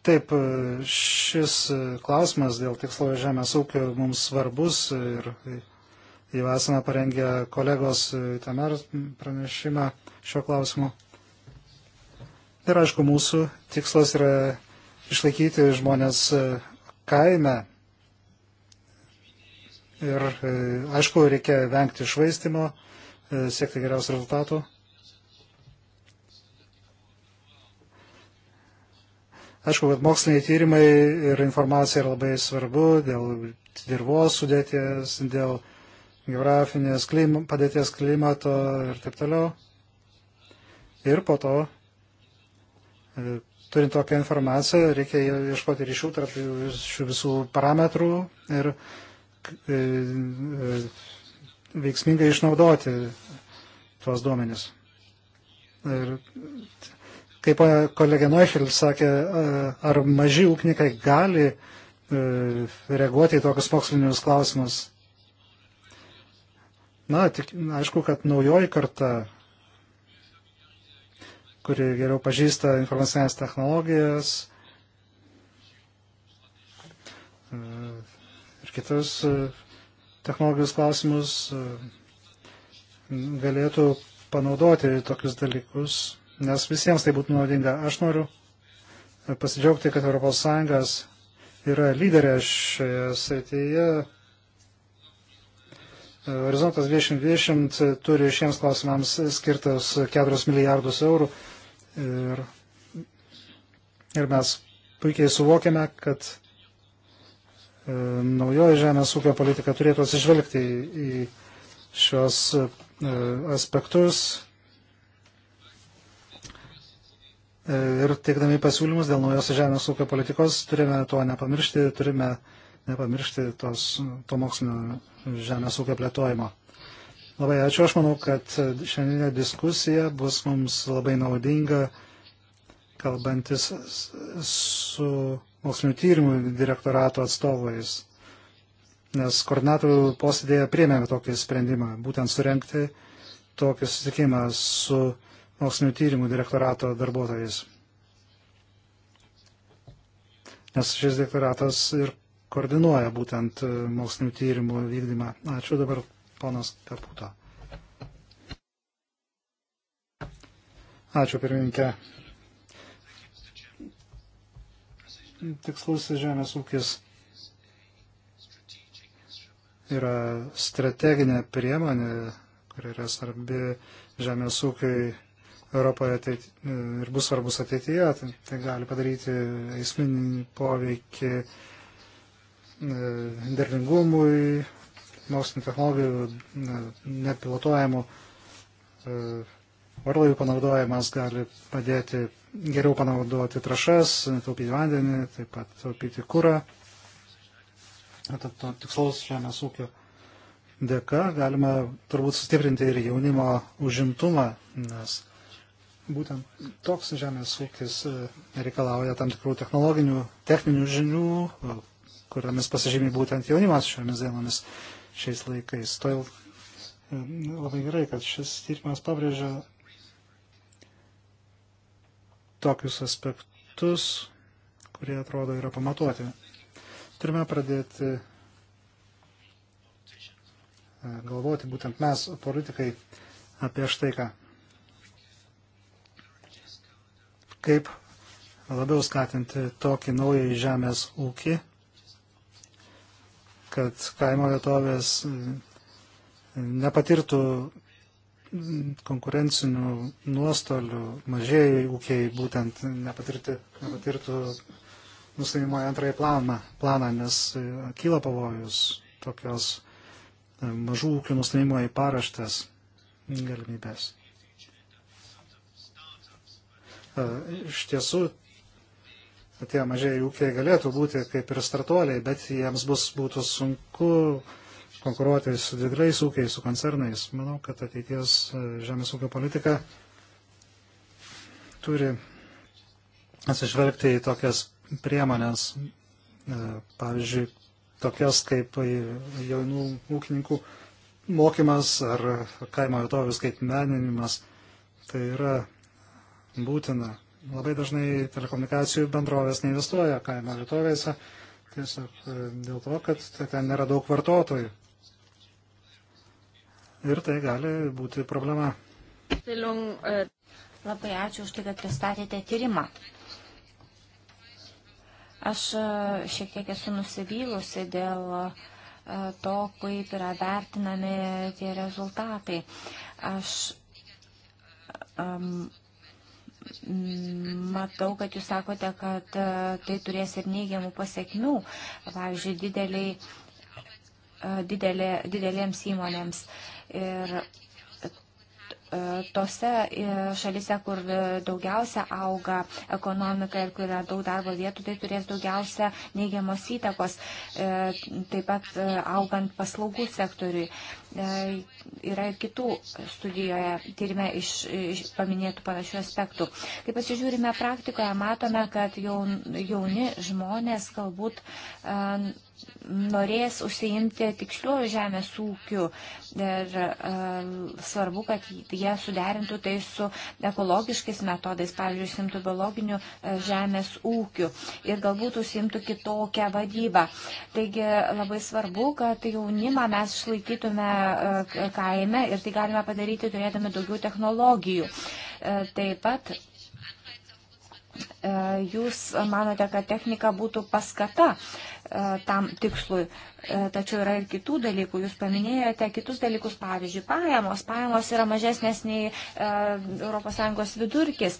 Taip, šis klausimas dėl tikslo žemės ūkio mums svarbus ir jau esame parengę kolegos Tamer pranešimą šio klausimu. Ir aišku, mūsų tikslas yra išlaikyti žmonės kaime. Ir e, aišku, reikia vengti išvaistimo, e, siekti geriausių rezultatų. Aišku, kad moksliniai tyrimai ir informacija yra labai svarbu dėl dirvos sudėties, dėl geografinės klim, padėties klimato ir taip toliau. Ir po to e, turint tokią informaciją, reikia ieškoti ryšių tarp šių visų parametrų ir e, e, veiksmingai išnaudoti tuos duomenis. Ir kaip kolegė Neuchel sakė, e, ar maži ūkininkai gali reaguoti į tokius mokslinius klausimus? Na, tik, aišku, kad naujoji karta kuri geriau pažįsta informacinės technologijas e, ir kitus e, technologijos klausimus, e, galėtų panaudoti tokius dalykus, nes visiems tai būtų naudinga. Aš noriu pasidžiaugti, kad ES yra lyderė šioje srityje. Horizontas 2020 turi šiems klausimams skirtas 4 milijardus eurų. Ir, ir mes puikiai suvokiame, kad e, naujoji žemės ūkio politika turėtų atsižvelgti į, į šios e, aspektus e, ir teikdami pasiūlymus dėl naujos žemės ūkio politikos turime to nepamiršti, turime nepamiršti tos, to mokslinio žemės ūkio plėtojimo. Labai ačiū, aš manau, kad šiandieninė diskusija bus mums labai naudinga, kalbantis su mokslinio tyrimų direktorato atstovais, nes koordinatorių posėdėje priemėme tokį sprendimą, būtent surenkti tokį susitikimą su mokslinio tyrimų direktorato darbuotojais. Nes šis direktoratas ir koordinuoja būtent mokslinio tyrimų vykdymą. Ačiū dabar ponas Kaputo. Ačiū pirmininkė. Tikslus žemės ūkis yra strateginė priemonė, kuri yra svarbi žemės ūkiai Europoje ateit, ir bus svarbus ateityje. Tai, tai gali padaryti esminį poveikį e, derlingumui, mokslinio technologijų nepilotuojamų e, orlaivių panaudojimas gali padėti geriau panaudoti trašas, taupyti vandenį, taip pat taupyti kūrą. Tikslaus žemės ūkio dėka galima turbūt sustiprinti ir jaunimo užimtumą, nes būtent toks žemės ūkis e, reikalauja tam tikrų technologinių, techninių žinių, kuriamis pasižymė būtent jaunimas šiomis dienomis šiais laikais. To jau labai gerai, kad šis tyrimas pabrėžia tokius aspektus, kurie atrodo yra pamatuoti. Turime pradėti e, galvoti būtent mes, politikai, apie štai ką. Kaip labiau skatinti tokį naują žemės ūkį kad kaimo vietovės nepatirtų konkurencinių nuostolių, mažėjai ūkiai būtent nepatirti, nepatirtų nustatymo į antrąjį planą, planą, nes kyla pavojus tokios mažų ūkių nustatymo į paraštės galimybės. Iš tiesų, tie mažieji ūkiai galėtų būti kaip ir startuoliai, bet jiems bus būtų sunku konkuruoti su didrais ūkiais, su koncernais. Manau, kad ateities e, žemės ūkio politika turi atsižvelgti į tokias priemonės, e, pavyzdžiui, tokias kaip jaunų ūkininkų mokymas ar kaimo vietovių skaitmeninimas. Tai yra būtina Labai dažnai telekomunikacijų bendrovės neinvestuoja kaimo vietovėse, tiesiog e, dėl to, kad ten nėra daug vartotojų. Ir tai gali būti problema. E, Labai ačiū už tai, kad pristatėte tyrimą. Aš e, šiek tiek esu nusivylusi dėl to, kaip yra vertinami tie rezultatai. Aš um, Matau, kad jūs sakote, kad e, tai turės ir neigiamų pasiekmių, pavyzdžiui, dideliai, e, didelė, didelėms įmonėms. Ir tose e, šalise, kur e, daugiausia auga ekonomika ir kur yra daug darbo vietų, tai turės daugiausia neigiamos įtakos, e, taip pat augant paslaugų sektoriui. Yra ir kitų studijoje tyrimė iš, iš paminėtų panašių aspektų. Kai pasižiūrime praktikoje, matome, kad jauni žmonės galbūt norės užsiimti tiksliuoju žemės ūkiu ir e, svarbu, kad jie suderintų tai su ekologiškais metodais, pavyzdžiui, simtų biologiniu e, žemės ūkiu ir galbūt užsimtų kitokią vadybą. Taigi labai svarbu, kad jaunimą mes išlaikytume e, kaime ir tai galime padaryti turėdami daugiau technologijų. Taip pat E, jūs manote, kad technika būtų paskata e, tam tikslui, e, tačiau yra ir kitų dalykų. Jūs paminėjote kitus dalykus, pavyzdžiui, pajamos. Pajamos yra mažesnės nei ES vidurkis,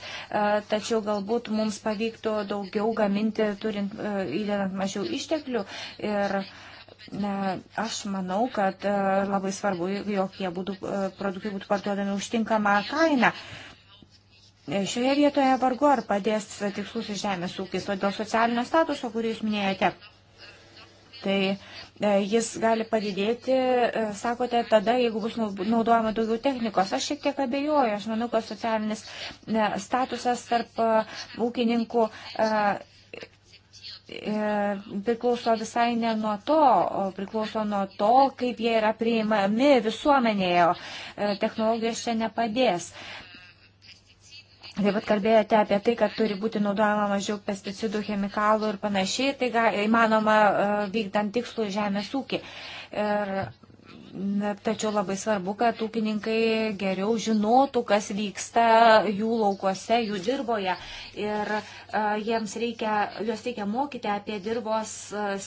tačiau galbūt mums pavyktų daugiau gaminti, turint įdedant mažiau išteklių. Ir Ne, aš manau, kad labai svarbu, jog jie būtų, produktai būtų parduodami už tinkamą kainą. Šioje vietoje vargu ar padės tikslus iš žemės ūkis, o dėl socialinio statuso, kurį jūs minėjote, tai e, jis gali padidėti, e, sakote, tada, jeigu bus naudojama daugiau technikos. Aš šiek tiek abejoju, aš manau, kad socialinis e, statusas tarp ūkininkų priklauso visai ne nuo to, priklauso nuo to, kaip jie yra priimami visuomenėje, technologijos čia nepadės. Taip pat kalbėjote apie tai, kad turi būti naudojama mažiau pesticidų, chemikalų ir panašiai, tai ga, įmanoma e, vykdant tikslų žemės ūkį. Ir, tačiau labai svarbu, kad ūkininkai geriau žinotų, kas vyksta jų laukuose, jų dirboje. Ir e, jiems reikia, juos reikia mokyti apie dirbos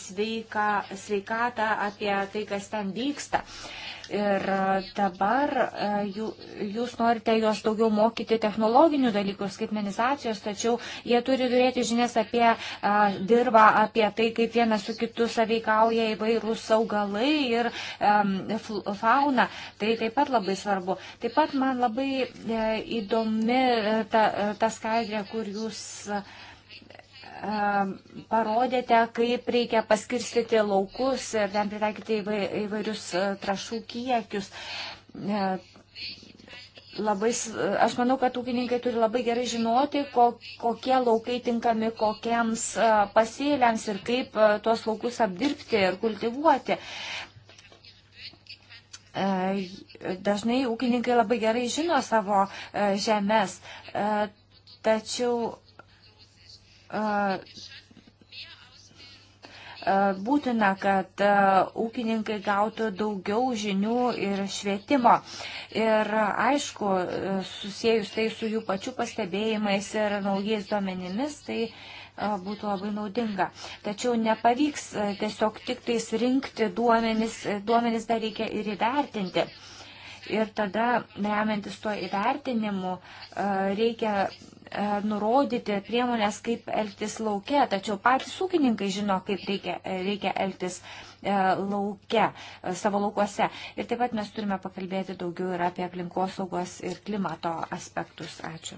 sveiką, sveikatą, apie tai, kas ten vyksta. Uh, Ir e, dabar e, jūs norite juos daugiau mokyti technologinių dalykų, skaitmenizacijos, tačiau jie turi turėti žinias apie e, dirbą, apie tai, kaip vienas su kitu saveikauja įvairūs augalai ir fauna. Tai taip pat labai svarbu. Taip pat man labai įdomi ta, ta skaidrė, kur jūs. Uh, parodėte, kaip reikia paskirstyti laukus ir ten pritaikyti įvairius e, trašų kiekius. E, labai, aš manau, kad ūkininkai turi labai gerai žinoti, kokie laukai tinkami kokiems e, pasėliams ir kaip tuos laukus apdirbti ir kultivuoti. Dažnai ūkininkai labai gerai žino savo žemės, tačiau būtina, kad ūkininkai gautų daugiau žinių ir švietimo. Ir aišku, susijęs tai su jų pačių pastebėjimais ir naujais duomenimis, tai būtų labai naudinga. Tačiau nepavyks tiesiog tik tais rinkti duomenis, duomenis dar reikia ir įvertinti. Ir tada, remiantis tuo įvertinimu, reikia E, nurodyti priemonės, kaip elgtis laukia, tačiau patys ūkininkai žino, kaip reikia, e, reikia elgtis e, laukia, savo laukuose. Ir taip pat mes turime pakalbėti daugiau ir apie aplinkosaugos ir klimato aspektus. Ačiū.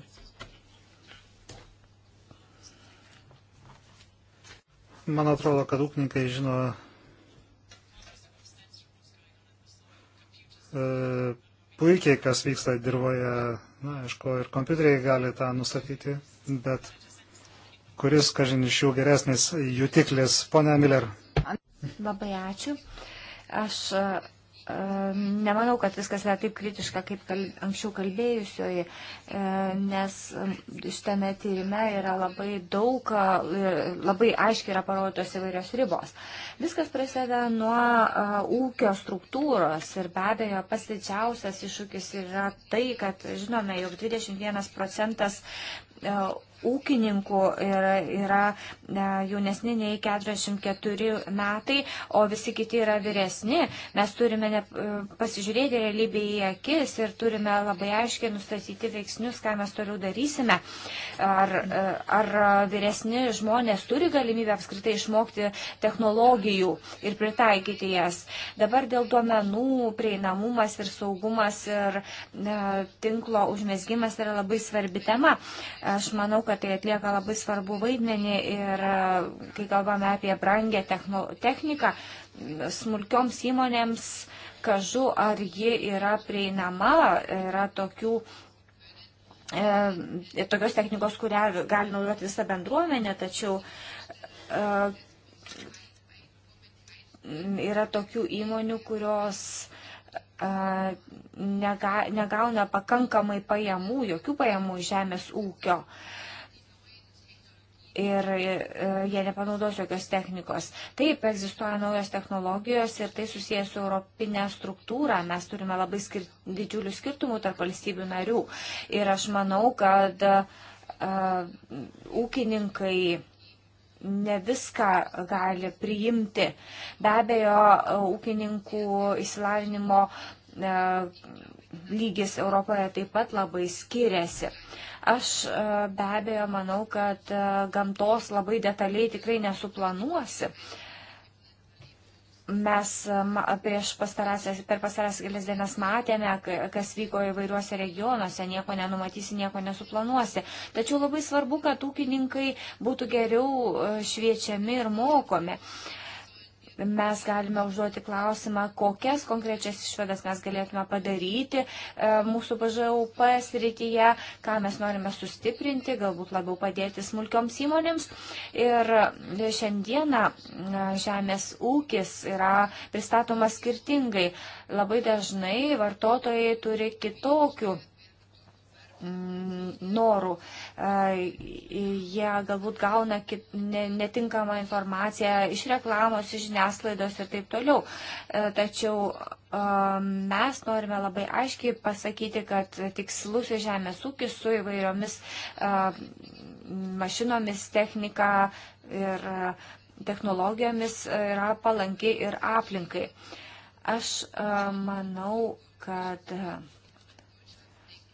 Man atrodo, kad ūkininkai žino puikiai, kas vyksta dirboje Na, aišku, ir kompiuteriai gali tą nustatyti, bet kuris, kažin, iš jų geresnis jutiklis. Pone Miller. Labai ačiū. Aš Nemanau, kad viskas yra taip kritiška, kaip kal, anksčiau kalbėjusioji, e, nes šitame tyrime yra labai daug, e, labai aiškiai yra parodytos įvairios ribos. Viskas prasideda nuo ūkio struktūros ir be abejo pats didžiausias iššūkis yra tai, kad žinome, jog 21 procentas e, ūkininkų yra, yra e, jaunesni nei 44 metai, o visi kiti yra vyresni. Mes turime ne, e, pasižiūrėti realybę į akis ir turime labai aiškiai nustatyti veiksnius, ką mes toliau darysime. Ar, e, ar vyresni žmonės turi galimybę apskritai išmokti technologijų ir pritaikyti jas. Dabar dėl duomenų prieinamumas ir saugumas ir e, tinklo užmėsgymas yra labai svarbi tema. Aš manau, kad tai atlieka labai svarbu vaidmenį ir e, kai kalbame apie brangę techniką, smulkioms įmonėms, kažu ar ji yra prieinama, yra tokių. E, tokios technikos, kurią gali naudoti visa bendruomenė, tačiau e, yra tokių įmonių, kurios e, nega, negauna pakankamai pajamų, jokių pajamų iš žemės ūkio. Uh, ir e, jie nepanaudos jokios technikos. Taip, egzistuoja naujos technologijos ir tai susijęs su europinė struktūra. Mes turime labai skir didžiulių skirtumų tarp valstybių narių. Ir aš manau, kad uh, ūkininkai ne viską gali priimti. Be abejo, ūkininkų įsilavinimo uh, e, lygis Europoje taip pat labai skiriasi. Uh, Aš e, be abejo manau, kad e, gamtos labai detaliai tikrai nesuplanuosi mes e, prieš pastarąsias, per pastarąsias kelias dienas matėme, kas vyko įvairiuose regionuose, nieko nenumatysi, nieko nesuplanuosi. Tačiau labai svarbu, kad ūkininkai būtų geriau šviečiami ir mokomi. Uh, mes galime užduoti klausimą, kokias konkrečias išvadas mes galėtume padaryti e, mūsų BŽUP srityje, ką mes norime sustiprinti, galbūt labiau padėti smulkioms įmonėms. Ir šiandieną e, žemės ūkis yra pristatomas skirtingai. Labai dažnai vartotojai turi kitokių Mm, norų. E, jie galbūt gauna netinkamą informaciją iš reklamos, iš žiniasklaidos ir taip toliau. E, tačiau e, mes norime labai aiškiai pasakyti, kad tikslus į žemės ūkį su įvairiomis mašinomis, technika ir technologijomis yra palanki ir aplinkai. Aš manau, kad uh,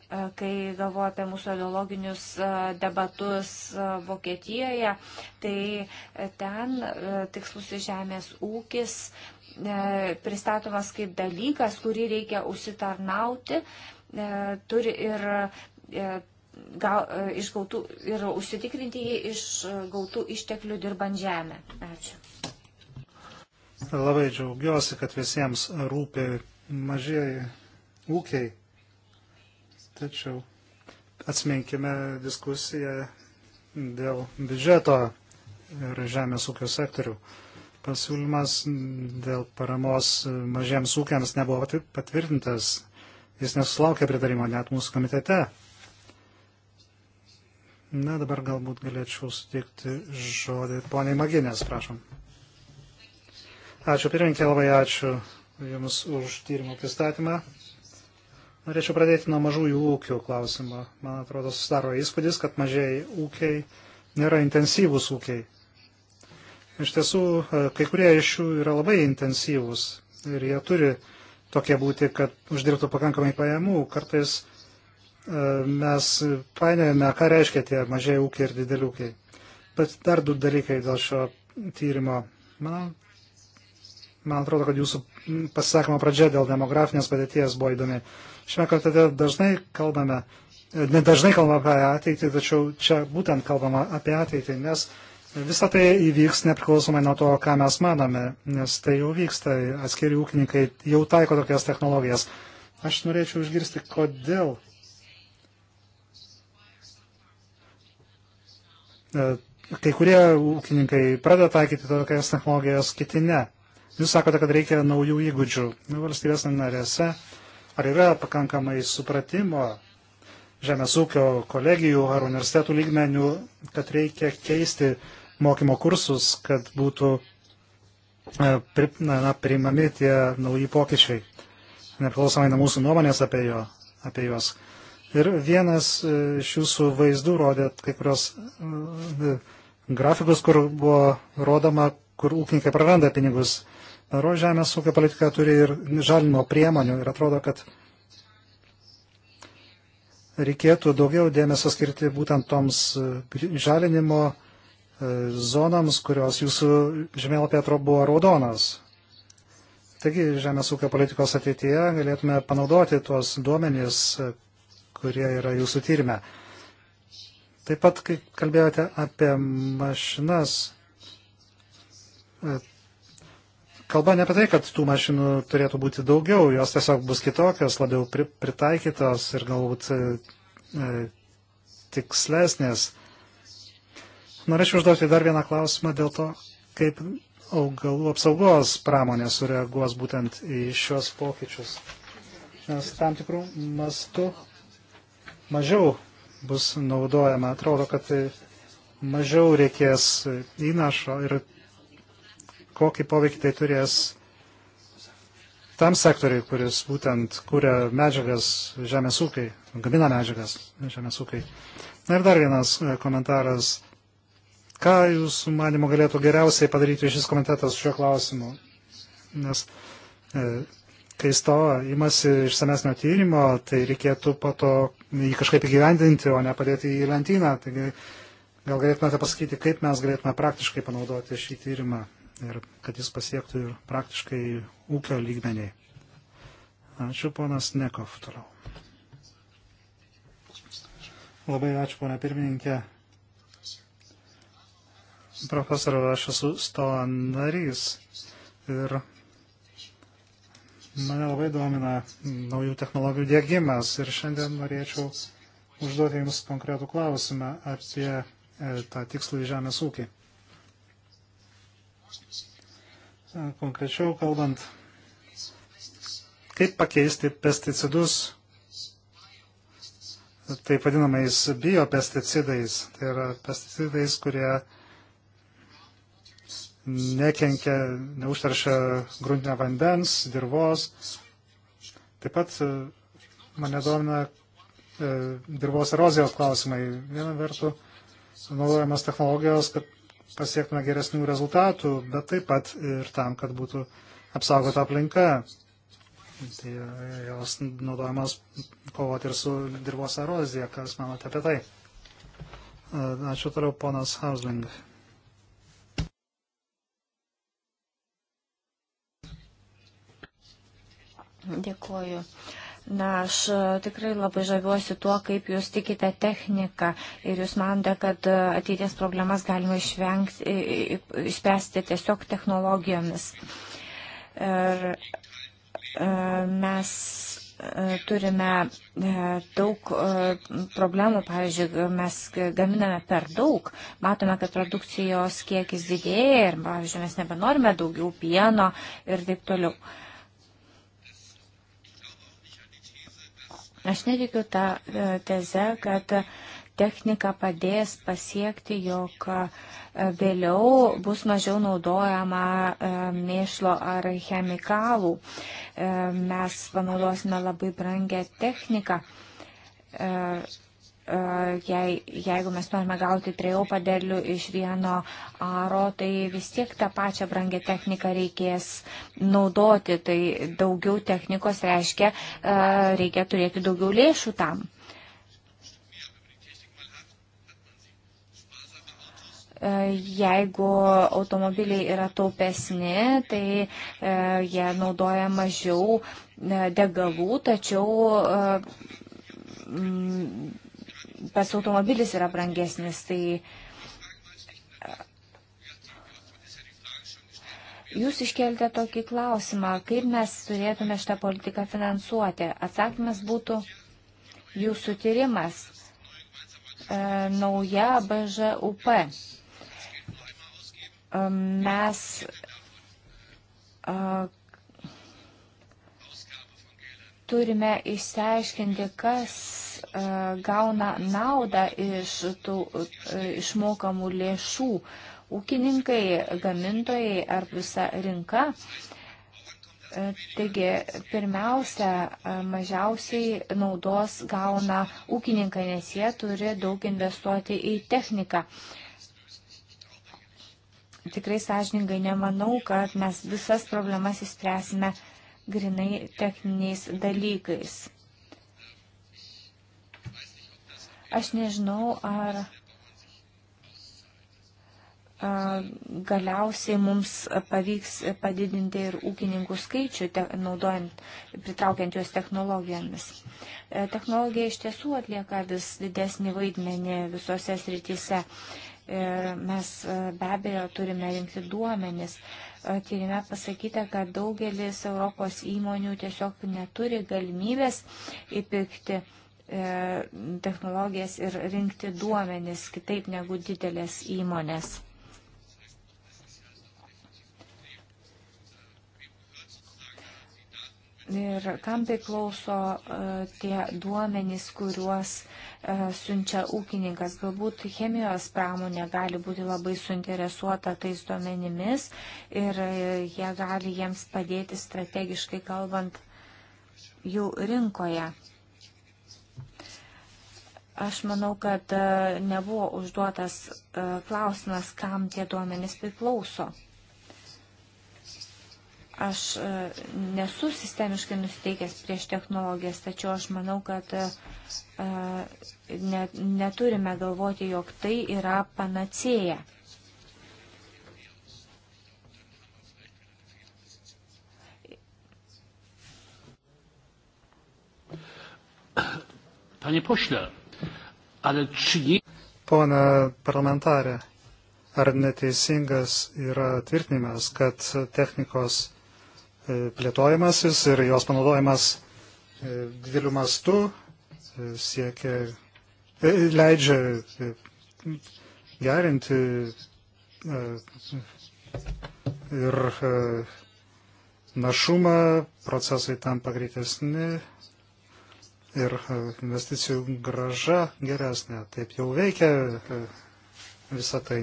E, kai galvoju apie mūsų ideologinius e, debatus e, Vokietijoje, tai ten tikslus žemės ūkis pristatomas kaip dalykas, kurį reikia užsitarnauti, turi ir gal, išgautų, ir užsitikrinti jį iš gautų išteklių dirbant žemę. Ačiū. Labai džiaugiuosi, kad visiems rūpi mažieji ūkiai. Tačiau atsiminkime diskusiją dėl biudžeto ir žemės ūkio sektorių. Pasiūlymas dėl paramos mažiems ūkiams nebuvo patvirtintas. Jis nesulaukė pritarimo net mūsų komitete. Na, dabar galbūt galėčiau sutikti žodį poniai Maginės, prašom. Ačiū pirmininkė, labai ačiū Jums už tyrimo pristatymą. Norėčiau pradėti nuo mažųjų ūkių klausimo. Man atrodo, susidaro įspūdis, kad mažiai ūkiai nėra intensyvūs ūkiai. Iš tiesų, e, kai kurie iš jų yra labai intensyvūs ir jie turi tokie būti, kad uždirbtų pakankamai pajamų. Kartais e, mes painėjame, ką reiškia tie mažiai ūkiai ir dideli ūkiai. Bet dar du dalykai dėl šio tyrimo. Man, man atrodo, kad jūsų pasisakymo pradžia dėl demografinės padėties buvo įdomi. Šiame komitete dažnai kalbame, e, nedažnai kalbame apie ateitį, tačiau čia būtent kalbama apie ateitį, nes visą tai įvyks nepriklausomai nuo to, ką mes manome, nes tai jau vyksta, atskiri ūkininkai jau taiko tokias technologijas. Aš norėčiau išgirsti, kodėl e, kai kurie ūkininkai pradeda taikyti tokias technologijas, kiti ne. Jūs sakote, kad reikia naujų įgūdžių. Valstybės narėse Ar yra pakankamai supratimo žemės ūkio kolegijų ar universitetų lygmenių, kad reikia keisti mokymo kursus, kad būtų e, pri, na, na, priimami tie nauji pokyčiai, nepriklausomai nuo mūsų nuomonės apie, jo, apie juos. Ir vienas e, iš jūsų vaizdų rodė kai kurios e, grafikus, kur buvo rodoma, kur ūkininkai praranda pinigus. Bendroji žemės ūkio politika turi ir žalinimo priemonių ir atrodo, kad reikėtų daugiau dėmesio skirti būtent toms e, žalinimo e, zonoms, kurios jūsų žemėlapė atrodo buvo raudonas. Taigi žemės ūkio politikos ateityje galėtume panaudoti tuos duomenys, e, kurie yra jūsų tyrime. Taip pat, kai kalbėjote apie mašinas, Kalba ne apie tai, kad tų mašinų turėtų būti daugiau, jos tiesiog bus kitokios, labiau pritaikytos ir galbūt e, e, tikslesnės. Norėčiau užduoti dar vieną klausimą dėl to, kaip augalų apsaugos pramonė sureaguos būtent į šios pokyčius. Nes tam tikrų mastų mažiau bus naudojama. Atrodo, kad mažiau reikės įnašo ir kokį poveikį tai turės tam sektoriui, kuris būtent kūrė medžiagas žemės ūkiai, gamina medžiagas žemės ūkiai. Na ir dar vienas e, komentaras. Ką jūsų manimo galėtų geriausiai padaryti šis komitetas šiuo klausimu? Nes e, kai to imasi išsamesnio tyrimo, tai reikėtų po to jį kažkaip įgyvendinti, o ne padėti į lentyną. Taigi gal galėtumėte pasakyti, kaip mes galėtume praktiškai panaudoti šį tyrimą? ir kad jis pasiektų ir praktiškai ūkio lygmeniai. Ačiū ponas Nekov toliau. Labai ačiū ponia pirmininkė. Profesoriau, aš esu stoa narys ir mane labai domina naujų technologijų dėgymas ir šiandien norėčiau užduoti Jums konkretų klausimą apie e, tą tikslų į žemės ūkį. Konkrečiau kalbant, kaip pakeisti pesticidus taip vadinamais biopesticidais, tai yra pesticidais, kurie nekenkia, neužtaršia gruntinę vandens, dirvos. Taip pat e, mane domina e, dirvos erozijos klausimai. Viena vertų naudojamas technologijos, kad pasiektume geresnių rezultatų, bet taip pat ir tam, kad būtų apsaugota aplinka. Tai jos naudojamas kovoti ir su dirbos erozija. Kas manote apie tai? Ačiū toliau, ponas Hausling. Dėkuoju. Uh, Na, aš e, tikrai labai žaviuosi tuo, kaip jūs tikite techniką ir jūs manote, kad e, ateities problemas galima išvengti, išspręsti tiesiog technologijomis. Ir e, mes turime daug problemų, pavyzdžiui, mes gaminame per daug, matome, kad produkcijos kiekis didėja ir, pavyzdžiui, mes nebenorime daugiau pieno ir taip toliau. Aš netikiu tą e, tezę, kad technika padės pasiekti, jog e, vėliau bus mažiau naudojama e, mėšlo ar chemikalų. Mes panaudosime labai brangę techniką jei, jeigu mes norime gauti trejų padėlių iš vieno aro, tai vis tiek tą pačią brangę techniką reikės naudoti. Tai daugiau technikos reiškia, e, reikia turėti daugiau lėšų tam. E, jeigu automobiliai yra taupesni, tai e, jie naudoja mažiau degalų, tačiau pats automobilis yra brangesnis. Tai e, Jūs iškeltė tokį klausimą, kaip mes turėtume šitą politiką finansuoti. Atsakymas būtų jūsų tyrimas e, nauja BŽUP. E, mes e, turime išsiaiškinti, kas E, gauna naudą iš tų e, išmokamų lėšų. Ūkininkai, gamintojai ar visa rinka. E, taigi, pirmiausia, mažiausiai naudos gauna ūkininkai, nes jie turi daug investuoti į techniką. Tikrai sąžiningai nemanau, kad mes visas problemas įspręsime grinai techniniais dalykais. Aš nežinau, ar galiausiai mums pavyks padidinti ir ūkininkų skaičių, te, naudojant, pritraukiant juos technologijomis. E, technologija iš tiesų atlieka vis didesnį vaidmenį visose srityse. Ir mes e, be abejo turime rinkti duomenis. E, tyrime pasakyta, kad daugelis Europos įmonių tiesiog neturi galimybės įpirkti E, technologijas ir rinkti duomenis kitaip negu didelės įmonės. Ir kam priklauso e, tie duomenys, kuriuos e, siunčia ūkininkas. Galbūt chemijos pramonė gali būti labai suinteresuota tais duomenimis ir jie gali jiems padėti strategiškai kalbant jų rinkoje. Aš manau, kad e, nebuvo užduotas e, klausimas, kam tie duomenys priklauso. Aš e, nesu sistemiškai nusteikęs prieš technologijas, tačiau aš manau, kad neturime galvoti, jog tai yra panacėja. Panie pośle, ale czy nie... Pone parlamentarė, ar neteisingas yra tvirtinimas, kad technikos e, plėtojimasis ir jos panaudojimas e, dideliu mastu e, siekia, leidžia gerinti ir našumą, procesai tam pagreitesni ir e, investicijų graža geresnė. Taip jau veikia e, visą tai.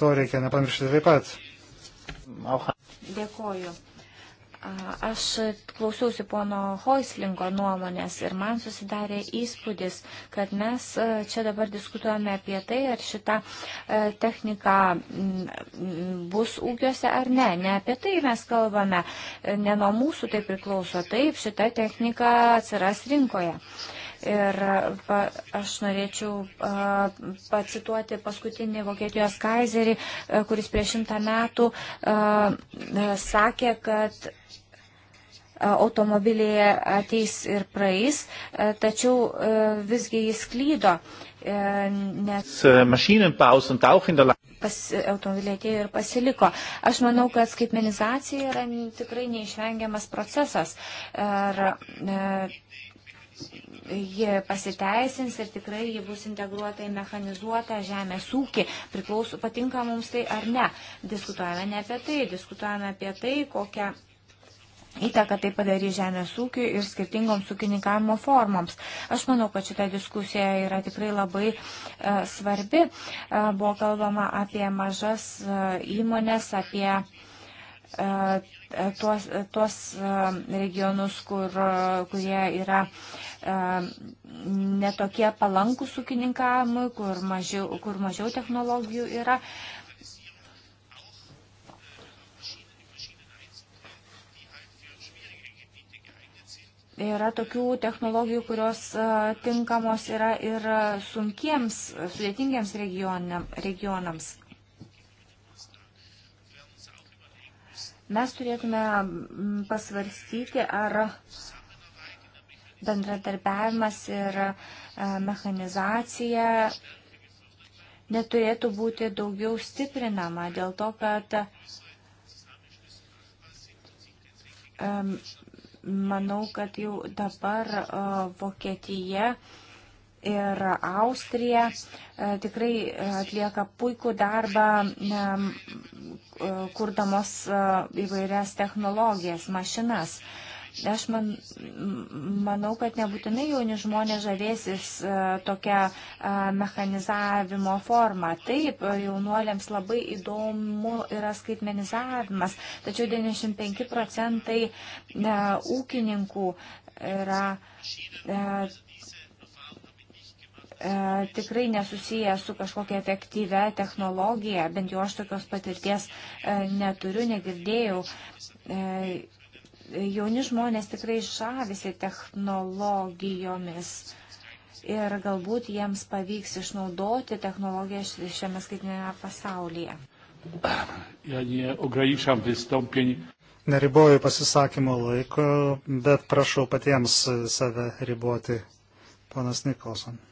To reikia nepamiršti taip pat. Dėkoju. Aš klausiausi pono Hoislingo nuomonės ir man susidarė įspūdis, kad mes e, čia dabar diskutuojame apie tai, ar šita e, technika bus ūkiuose ar ne. Ne apie tai mes kalbame, e, ne nuo mūsų tai priklauso. Taip, šita technika atsiras rinkoje. Ir pa, aš norėčiau a, pacituoti paskutinį Vokietijos kaizerį, a, kuris prieš šimtą metų a, sakė, kad automobilėje ateis ir praeis, tačiau visgi jis klydo. Nes uh, pas, automobiliai atėjo ir pasiliko. Aš manau, kad skaitmenizacija yra tikrai neišvengiamas procesas. Ir ji pasiteisins ir tikrai ji bus integruota į mechanizuotą žemės ūkį. Priklauso, patinka mums tai ar ne. Diskutuojame ne apie tai, diskutuojame apie tai, kokią įtaką tai padarys žemės ūkiui ir skirtingoms ūkininkavimo formoms. Aš manau, kad šita diskusija yra tikrai labai e, svarbi. E, buvo kalbama apie mažas e, įmonės, apie E, e, tuos, e, tuos regionus, kur, kurie yra netokie palankus ūkininkavimui, kur mažiau, kur mažiau technologijų yra. Yra tokių technologijų, kurios tinkamos yra ir sunkiems, sudėtingiems regionams. Mes turėtume mm, pasvarstyti, ar bendradarbiavimas ir e, mechanizacija neturėtų būti daugiau stiprinama dėl to, kad manau, kad jau dabar e, Vokietija uh, ir Austrija e, tikrai e, atlieka puikų darbą, e, kurdamos įvairias technologijas, mašinas. Aš man, manau, kad nebūtinai jauni žmonės žavėsis tokia mechanizavimo forma. Taip, jaunuoliams labai įdomu yra skaitmenizavimas, tačiau 95 procentai ūkininkų yra E, tikrai nesusiję su kažkokia efektyvia technologija, bent jau aš tokios patirties e, neturiu, negirdėjau. E, jauni žmonės tikrai žavisi technologijomis ir galbūt jiems pavyks išnaudoti technologiją šiame skaitinėme pasaulyje. Ja nie ograniczam wystąpień. Neriboju pasisakymo laiko, bet prašau patiems save riboti, ponas Nikolson.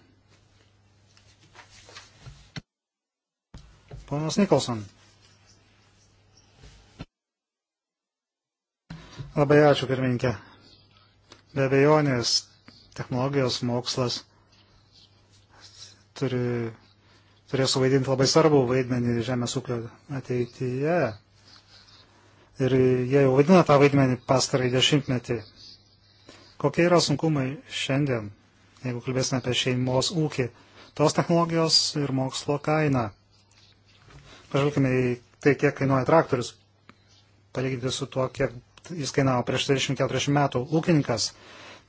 Ponas Nikolson. Labai ačiū, pirmininkė. Be abejonės, technologijos mokslas turi, turės suvaidinti labai svarbų vaidmenį žemės ūkio ateityje. Ir jie jau vaidina tą vaidmenį pastarai dešimtmetį. Kokie yra sunkumai šiandien, jeigu kalbėsime apie šeimos ūkį, tos technologijos ir mokslo kainą? pažvelkime į tai, kiek kainuoja traktorius, palyginti su tuo, kiek jis kainavo prieš 30-40 metų. Ūkininkas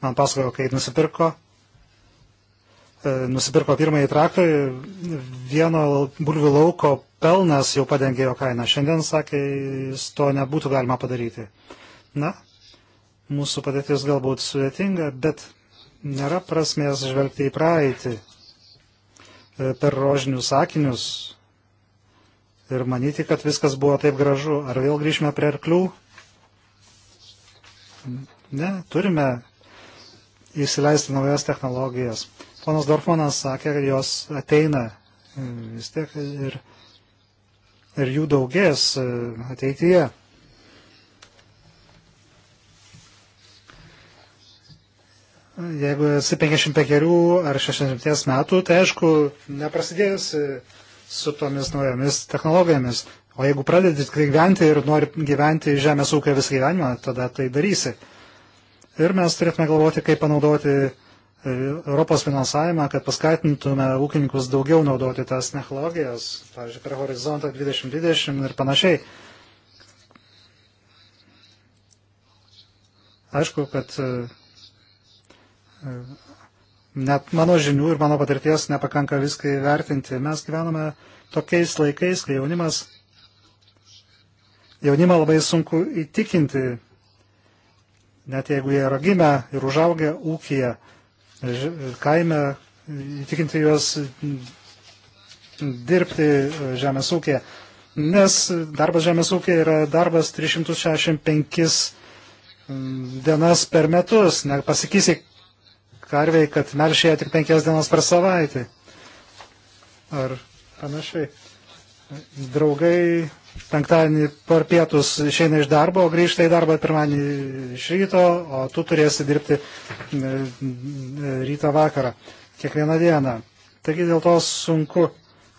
man pasakojo, kai nusipirko, e, nusipirko pirmąjį traktorių, vieno bulvių lauko pelnas jau padengė jo kainą. Šiandien, sakė, jis to nebūtų galima padaryti. Na, mūsų padėtis galbūt sudėtinga, bet nėra prasmės žvelgti į praeitį e, per rožinius sakinius ir manyti, kad viskas buvo taip gražu. Ar vėl grįžime prie arklių? Ne, turime įsileisti naujas technologijas. Ponas Dorfonas sakė, kad jos ateina e, vis tiek ir, ir jų daugės e, ateityje. Jeigu esi 55 ar 60 metų, tai aišku, neprasidėjus e, su tomis naujomis technologijomis. O jeigu pradedi gyventi ir nori gyventi žemės ūkio visą gyvenimą, tada tai darysi. Ir mes turėtume galvoti, kaip panaudoti e, Europos finansavimą, kad paskatintume ūkininkus daugiau naudoti tas technologijas, pavyzdžiui, per horizontą 2020 ir panašiai. Aišku, kad e, e, Net mano žinių ir mano patirties nepakanka viską įvertinti. Mes gyvename tokiais laikais, kai jaunimas, jaunimą labai sunku įtikinti, net jeigu jie yra gimę ir užaugę ūkiją, kaime, įtikinti juos dirbti žemės ūkėje. Nes darbas žemės ūkėje yra darbas 365 mm, dienas per metus. Nepasikysi, karviai, kad melšėja tik penkias dienas per savaitę. Ar panašiai. Draugai penktadienį per pietus išeina iš darbo, o grįžta į darbą pirmadienį iš ryto, o tu turėsi dirbti ryto vakarą kiekvieną dieną. Taigi dėl to sunku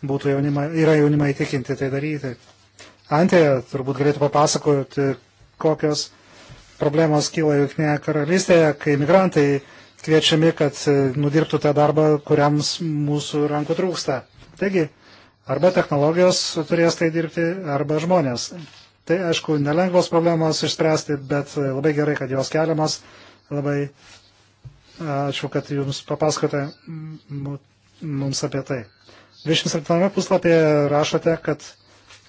būtų jaunimą, yra jaunimą įtikinti tai daryti. Antėje turbūt galėtų papasakoti, kokios problemos kyla Junktinėje karalystėje, kai migrantai kviečiami, kad e, nudirbtų tą darbą, kuriams mūsų rankų trūksta. Taigi, arba technologijos turės tai dirbti, arba žmonės. Tai aišku, nelengvos problemos išspręsti, bet e, labai gerai, kad jos keliamos. Labai ačiū, kad jums papasakote mums apie tai. 27 puslapyje rašote, kad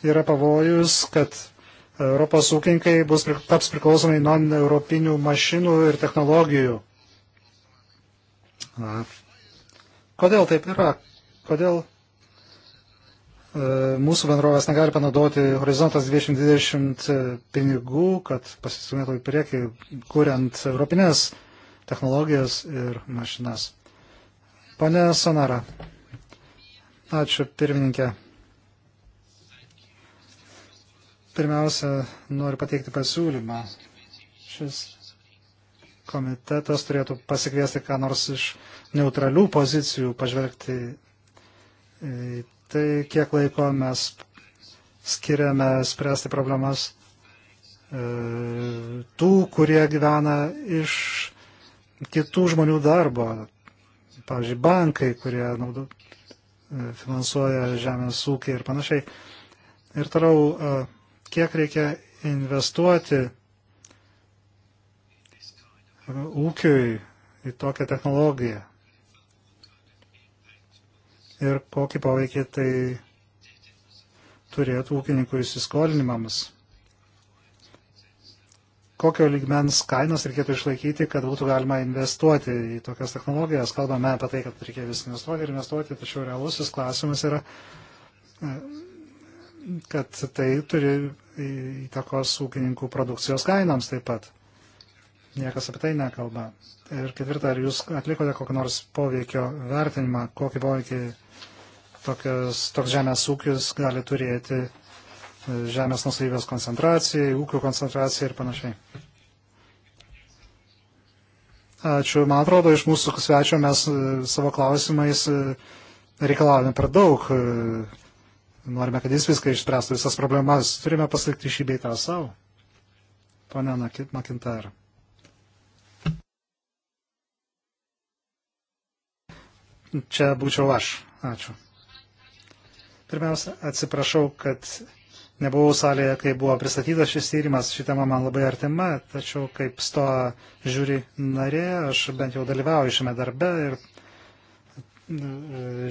yra pavojus, kad Europos ūkininkai bus, taps priklausomai nuo europinių mašinų ir technologijų. Kodėl taip yra? Kodėl e, mūsų bendrovės negali panaudoti Horizontas 2020 e, pinigų, kad pasistumėtų į priekį, kuriant europinės technologijas ir mašinas? Pane Sonara, ačiū pirmininkė. Pirmiausia, noriu pateikti pasiūlymą. Šis komitetas turėtų pasikviesti ką nors iš neutralių pozicijų, pažvelgti į tai, kiek laiko mes skiriame spręsti problemas e, tų, kurie gyvena iš kitų žmonių darbo. Pavyzdžiui, bankai, kurie naudo, e, finansuoja žemės ūkį ir panašiai. Ir toliau, e, kiek reikia investuoti ūkiui, į tokią technologiją. Ir kokį poveikį tai turėtų ūkininkų įsiskolinimams. Kokio lygmens kainos reikėtų išlaikyti, kad būtų galima investuoti į tokias technologijas. Kalbame apie tai, kad reikia vis investuoti ir investuoti, tačiau realusis klausimas yra, kad tai turi įtakos ūkininkų produkcijos kainams taip pat. Niekas apie tai nekalba. Ir ketvirta, ar jūs atlikote kokį nors poveikio vertinimą, kokį poveikį tokios, toks žemės ūkis gali turėti e, žemės nusavybės koncentracijai, ūkių koncentracijai ir panašiai. Ačiū. Man atrodo, iš mūsų svečio mes e, savo klausimais e, reikalavome per daug. Norime, kad jis viską išspręstų, visas problemas. Turime pasilikti šį beitą savo. Pone Makintar. čia būčiau aš. Ačiū. Pirmiausia, atsiprašau, kad nebuvau salėje, kai buvo pristatytas šis tyrimas. Ši tema man labai artima, tačiau kaip sto žiūri narė, aš bent jau dalyvauju šiame darbe ir e,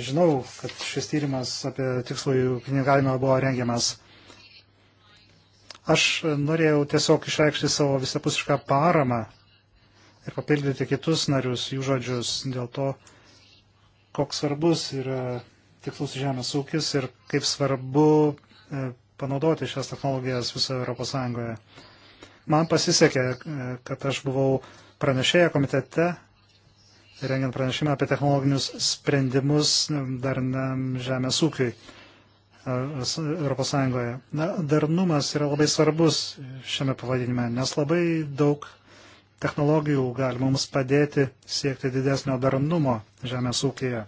žinau, kad šis tyrimas apie tikslųjų knygavimą buvo rengiamas. Aš norėjau tiesiog išreikšti savo visapusišką paramą ir papildyti kitus narius jų žodžius dėl to, koks svarbus yra tikslus žemės ūkis ir kaip svarbu e, panaudoti šias technologijas visoje Europos Sąjungoje. Man pasisekė, e, kad aš buvau pranešėję komitete, rengiant pranešimą apie technologinius sprendimus e, darniam žemės ūkiui Europos Sąjungoje. Na, darnumas yra labai svarbus šiame pavadinime, nes labai daug technologijų gali mums padėti siekti didesnio darnumo žemės ūkėje